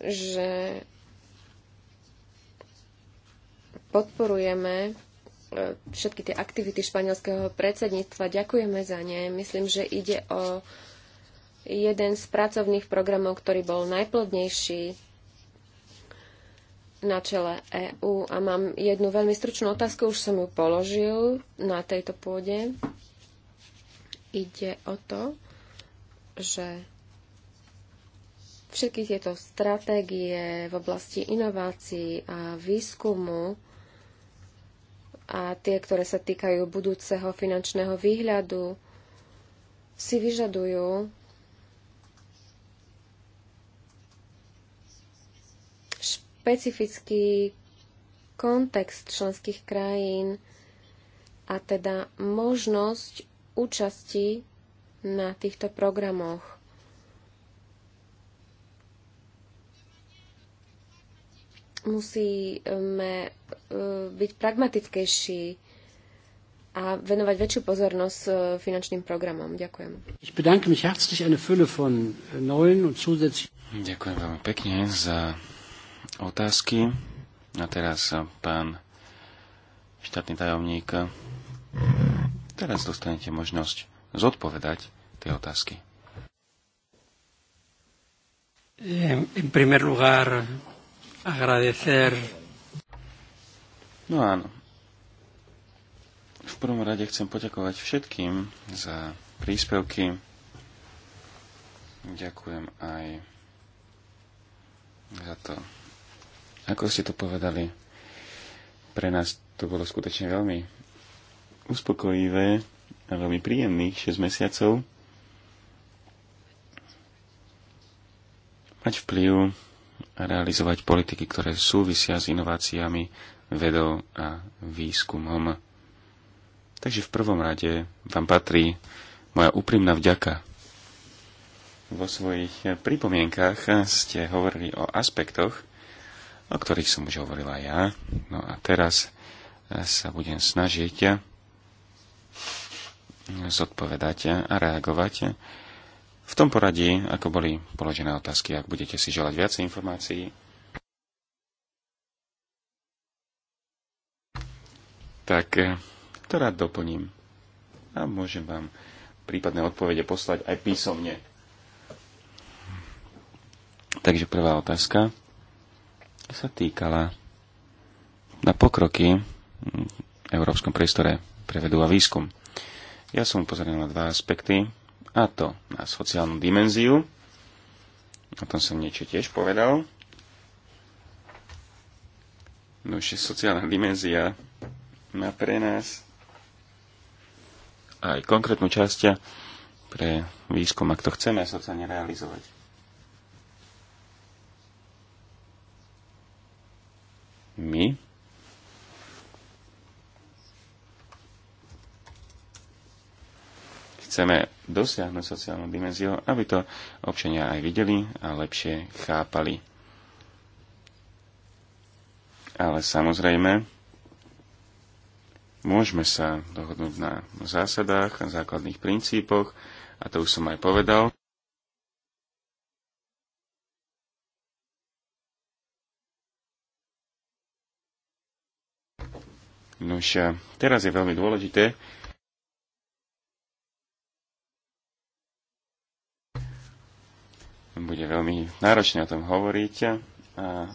že podporujeme e, všetky tie aktivity španielského predsedníctva. Ďakujeme za ne. Myslím, že ide o jeden z pracovných programov, ktorý bol najplodnejší na čele EÚ a mám jednu veľmi stručnú otázku, už som ju položil na tejto pôde. Ide o to, že všetky tieto stratégie v oblasti inovácií a výskumu a tie, ktoré sa týkajú budúceho finančného výhľadu, si vyžadujú špecifický kontext členských krajín a teda možnosť účasti na týchto programoch. Musíme e, byť pragmatickejší a venovať väčšiu pozornosť e, finančným programom. Ďakujem. Äh, Ďakujem veľmi pekne za otázky. A teraz pán štátny tajomník, teraz dostanete možnosť zodpovedať tie otázky. En primer lugar, agradecer. No áno. V prvom rade chcem poďakovať všetkým za príspevky. Ďakujem aj za to ako ste to povedali, pre nás to bolo skutočne veľmi uspokojivé a veľmi príjemných 6 mesiacov mať vplyv a realizovať politiky, ktoré súvisia s inováciami, vedou a výskumom. Takže v prvom rade vám patrí moja úprimná vďaka. Vo svojich pripomienkach ste hovorili o aspektoch, o ktorých som už hovorila ja. No a teraz eh, sa budem snažiť eh, zodpovedať a reagovať v tom poradí, ako boli položené otázky. Ak budete si želať viacej informácií, tak eh, to rád doplním. A môžem vám prípadné odpovede poslať aj písomne. Takže prvá otázka sa týkala na pokroky v európskom priestore pre vedu a výskum. Ja som upozornil na dva aspekty, a to na sociálnu dimenziu, o tom som niečo tiež povedal, No ešte sociálna dimenzia má pre nás aj konkrétnu časť pre výskum, ak to chceme sociálne realizovať. my chceme dosiahnuť sociálnu dimenziu, aby to občania aj videli a lepšie chápali. Ale samozrejme, môžeme sa dohodnúť na zásadách, na základných princípoch, a to už som aj povedal. Nož teraz je veľmi dôležité, bude veľmi náročné o tom hovoriť a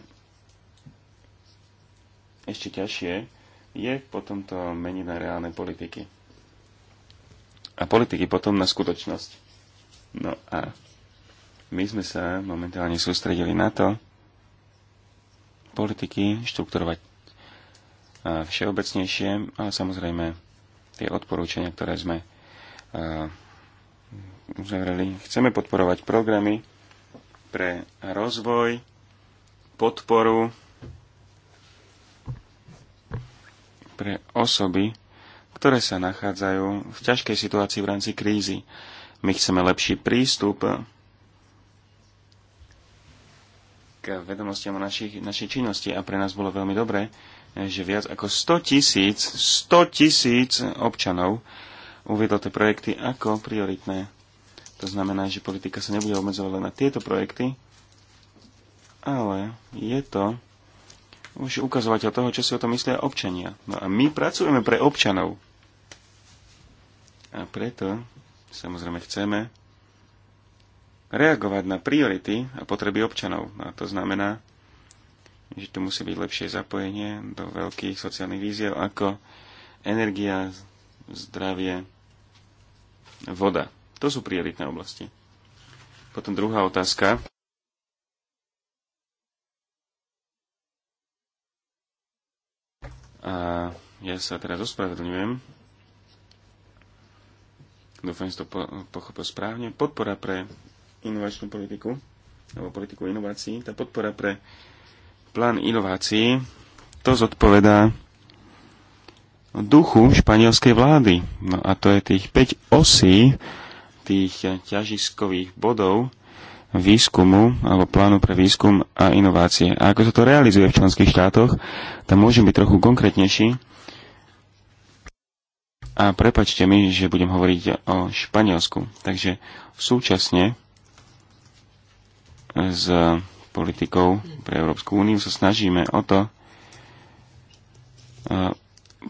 ešte ťažšie je potom to meniť na reálne politiky. A politiky potom na skutočnosť. No a my sme sa momentálne sústredili na to, politiky štrukturovať všeobecnejšie, ale samozrejme tie odporúčania, ktoré sme uzavreli. Chceme podporovať programy pre rozvoj, podporu pre osoby, ktoré sa nachádzajú v ťažkej situácii v rámci krízy. My chceme lepší prístup k vedomostiam o našich, našej činnosti a pre nás bolo veľmi dobré, že viac ako 100 tisíc, 100 tisíc občanov uviedlo tie projekty ako prioritné. To znamená, že politika sa nebude obmedzovať len na tieto projekty, ale je to už ukazovateľ toho, čo si o tom myslia občania. No a my pracujeme pre občanov. A preto samozrejme chceme reagovať na priority a potreby občanov. No a to znamená, že tu musí byť lepšie zapojenie do veľkých sociálnych víziev ako energia, zdravie, voda. To sú prioritné oblasti. Potom druhá otázka. A ja sa teraz ospravedlňujem. Dúfam, že to po- pochopil správne. Podpora pre inovačnú politiku, alebo politiku inovácií, tá podpora pre uh, plán inovácií, to zodpovedá duchu španielskej vlády. No a to je tých 5 osí, tých ťažiskových bodov výskumu alebo plánu pre výskum a inovácie. A ako sa to realizuje v členských štátoch, tam môžem byť trochu konkrétnejší. A prepačte mi, že budem hovoriť o Španielsku. Takže súčasne s politikou pre Európsku úniu sa snažíme o to e,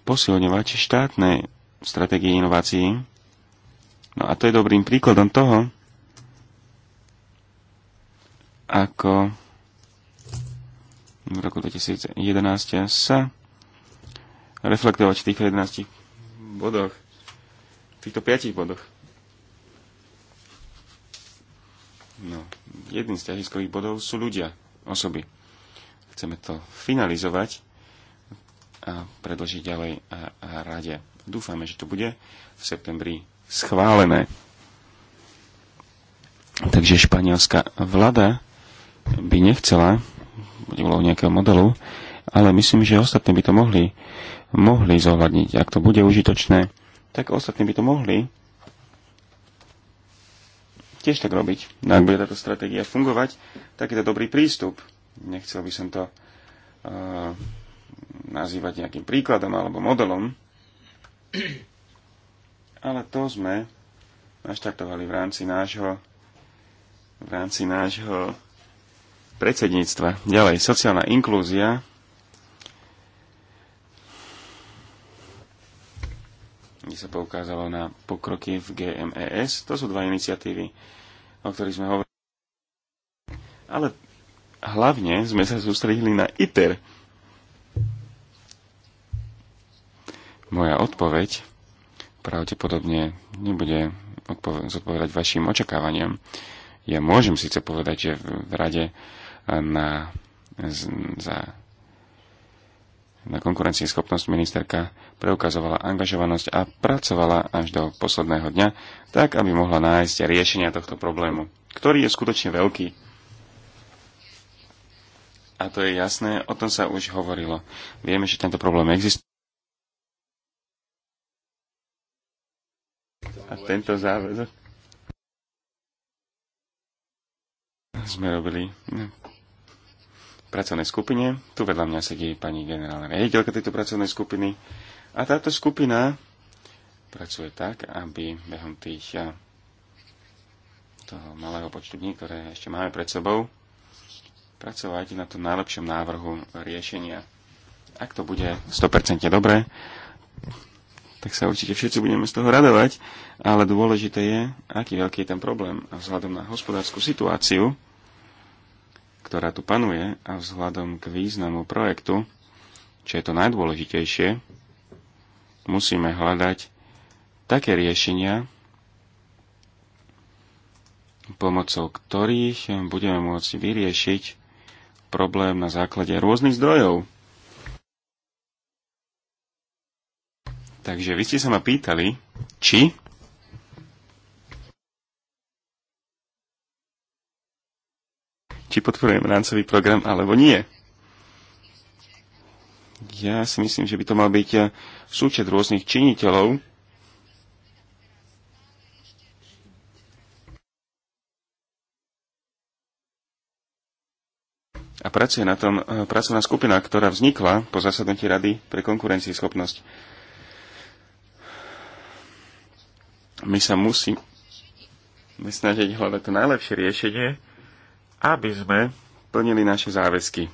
posilňovať štátne stratégie inovácií. No a to je dobrým príkladom toho, ako v roku 2011 sa reflektovať v týchto 11 bodoch, v týchto 5 bodoch. No, jedným z ťažiskových bodov sú ľudia, osoby. Chceme to finalizovať a predložiť ďalej a, a rade. Dúfame, že to bude v septembri schválené. Takže španielská vláda by nechcela, bude bolo nejakého modelu, ale myslím, že ostatní by to mohli, mohli zohľadniť. Ak to bude užitočné, tak ostatní by to mohli tiež tak robiť. No, ak bude táto stratégia fungovať, tak je to dobrý prístup. Nechcel by som to uh, nazývať nejakým príkladom alebo modelom, ale to sme naštartovali v rámci nášho v rámci nášho predsedníctva. Ďalej, sociálna inklúzia kde sa poukázalo na pokroky v GMES. To sú dva iniciatívy, o ktorých sme hovorili. Ale hlavne sme sa sústredili na ITER. Moja odpoveď pravdepodobne nebude zodpovedať vašim očakávaniam. Ja môžem síce povedať, že v rade na, za na konkurencieschopnosť ministerka preukazovala angažovanosť a pracovala až do posledného dňa, tak aby mohla nájsť riešenia tohto problému, ktorý je skutočne veľký. A to je jasné, o tom sa už hovorilo. Vieme, že tento problém existuje. A tento záväzok sme robili pracovnej skupine. Tu vedľa mňa sedí pani generálna riaditeľka tejto pracovnej skupiny. A táto skupina pracuje tak, aby behom tých eh, toho malého počtu dní, ktoré ešte máme pred sebou, pracovať na tom najlepšom návrhu riešenia. Ak to bude 100% dobré, tak sa určite všetci budeme z toho radovať, ale dôležité je, aký veľký je ten problém. A vzhľadom na hospodárskú situáciu, ktorá tu panuje a vzhľadom k významu projektu, čo je to najdôležitejšie, musíme hľadať také riešenia, pomocou ktorých budeme môcť vyriešiť problém na základe rôznych zdrojov. Takže vy ste sa ma pýtali, či či podporujem rámcový program alebo nie. Ja si myslím, že by to mal byť eh, súčet rôznych činiteľov, a pracuje na tom eh, pracovná skupina, ktorá vznikla po zasadnutí Rady pre konkurencieschopnosť. My sa musíme snažiť hľadať to najlepšie riešenie, aby sme plnili naše záväzky.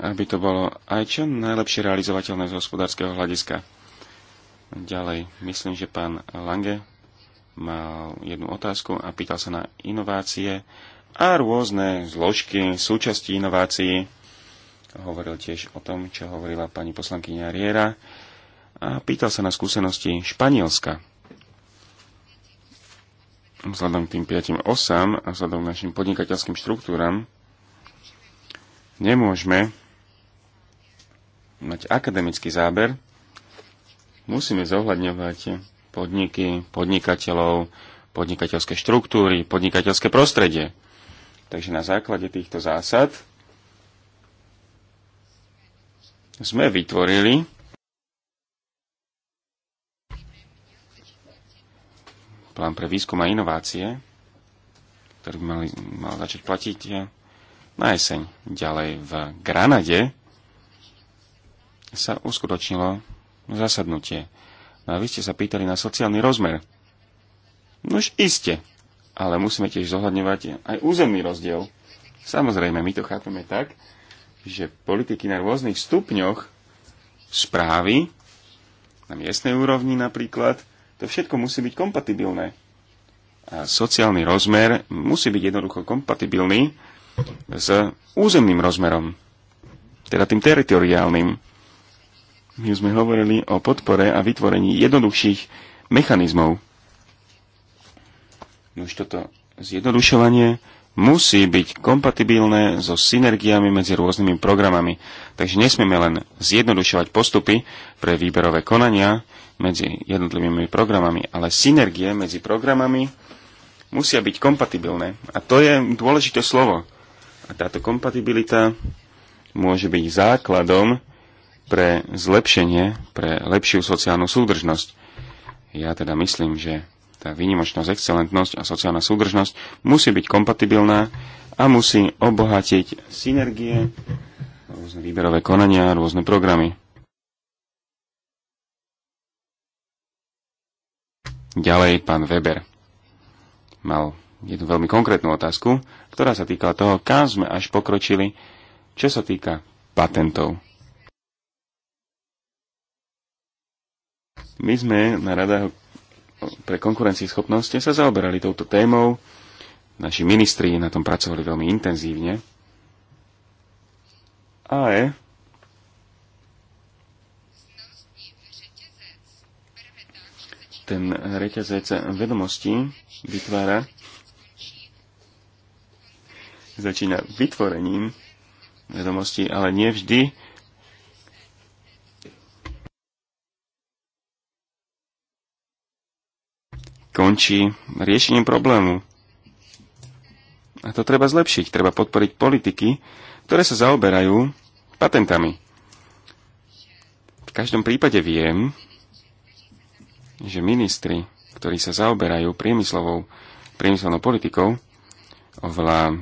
Aby to bolo aj čo najlepšie realizovateľné z hospodárskeho hľadiska. Ďalej, myslím, že pán Lange mal jednu otázku a pýtal sa na inovácie a rôzne zložky, súčasti inovácií. Hovoril tiež o tom, čo hovorila pani poslankyňa Riera a pýtal sa na skúsenosti Španielska vzhľadom k tým 5 osám a vzhľadom k našim podnikateľským štruktúram nemôžeme mať akademický záber, musíme zohľadňovať podniky, podnikateľov, podnikateľské štruktúry, podnikateľské prostredie. Takže na základe týchto zásad sme vytvorili plán pre výskum a inovácie, ktorý by mali, mal začať platiť eh, na jeseň. Ďalej v Granade sa uskutočnilo zasadnutie. No a vy ste sa pýtali na sociálny rozmer. No už iste, ale musíme tiež zohľadňovať aj územný rozdiel. Samozrejme, my to chápeme tak, že politiky na rôznych stupňoch správy, na miestnej úrovni napríklad, to všetko musí byť kompatibilné. A sociálny rozmer musí byť jednoducho kompatibilný s územným rozmerom, teda tým teritoriálnym. My sme hovorili o podpore a vytvorení jednoduchších mechanizmov. No už toto zjednodušovanie musí byť kompatibilné so synergiami medzi rôznymi programami. Takže nesmieme len zjednodušovať postupy pre výberové konania medzi jednotlivými programami, ale synergie medzi programami musia byť kompatibilné. A to je dôležité slovo. A táto kompatibilita môže byť základom pre zlepšenie, pre lepšiu sociálnu súdržnosť. Ja teda myslím, že tá výnimočnosť, excelentnosť a sociálna súdržnosť musí byť kompatibilná a musí obohatiť synergie, rôzne výberové konania a rôzne programy. Ďalej pán Weber mal jednu veľmi konkrétnu otázku, ktorá sa týkala toho, kam sme až pokročili, čo sa týka patentov. My sme na radách pre konkurencieschopnosť sa zaoberali touto témou. Naši ministri na tom pracovali veľmi intenzívne. je. ten reťazec vedomostí vytvára začína vytvorením vedomostí, ale nie vždy končí riešením problému. A to treba zlepšiť. Treba podporiť politiky, ktoré sa zaoberajú patentami. V každom prípade viem, že ministri, ktorí sa zaoberajú priemyslovou, priemyselnou politikou, oveľa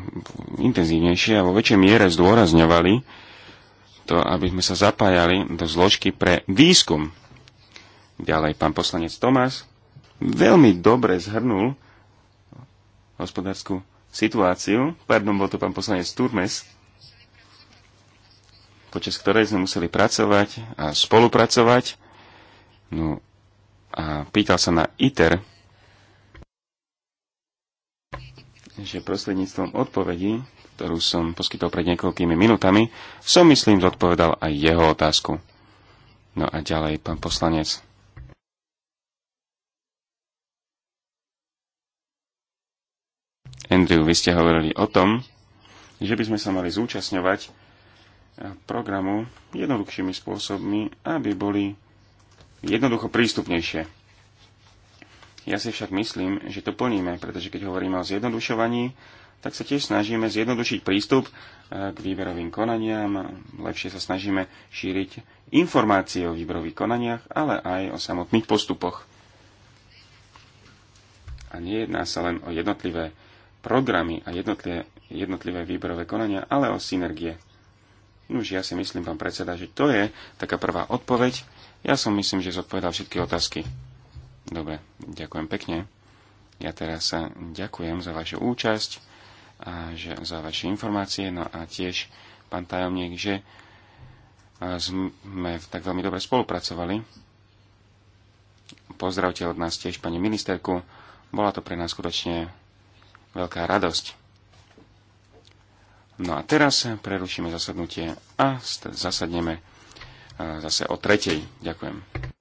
intenzívnejšie a vo väčšej miere zdôrazňovali to, aby sme sa zapájali do zložky pre výskum. Ďalej pán poslanec Tomás veľmi dobre zhrnul hospodárskú situáciu. Pardon, bol to pán poslanec Turmes, počas ktorej sme museli pracovať a spolupracovať. No a pýtal sa na ITER, že prostredníctvom odpovedí, ktorú som poskytol pred niekoľkými minutami, som myslím zodpovedal aj jeho otázku. No a ďalej pán poslanec. Andrew, vy ste hovorili o tom, že by sme sa mali zúčastňovať programu jednoduchšími spôsobmi, aby boli jednoducho prístupnejšie. Ja si však myslím, že to plníme, pretože keď hovoríme o zjednodušovaní, tak sa tiež snažíme zjednodušiť prístup eh, k výberovým konaniam, lepšie sa snažíme šíriť informácie o výberových konaniach, ale aj o samotných postupoch. A nejedná sa len o jednotlivé programy a jednotlivé, jednotlivé výberové konania, ale o synergie. Už ja si myslím, pán predseda, že to je taká prvá odpoveď. Ja som myslím, že zodpovedal všetky otázky. Dobre, ďakujem pekne. Ja teraz sa ďakujem za vašu účasť a že, za vaše informácie, no a tiež, pán tajomník, že sme tak veľmi dobre spolupracovali. Pozdravte od nás tiež pani ministerku. Bola to pre nás skutočne veľká radosť. No a teraz prerušíme zasadnutie a zasadneme zase o tretej. Ďakujem.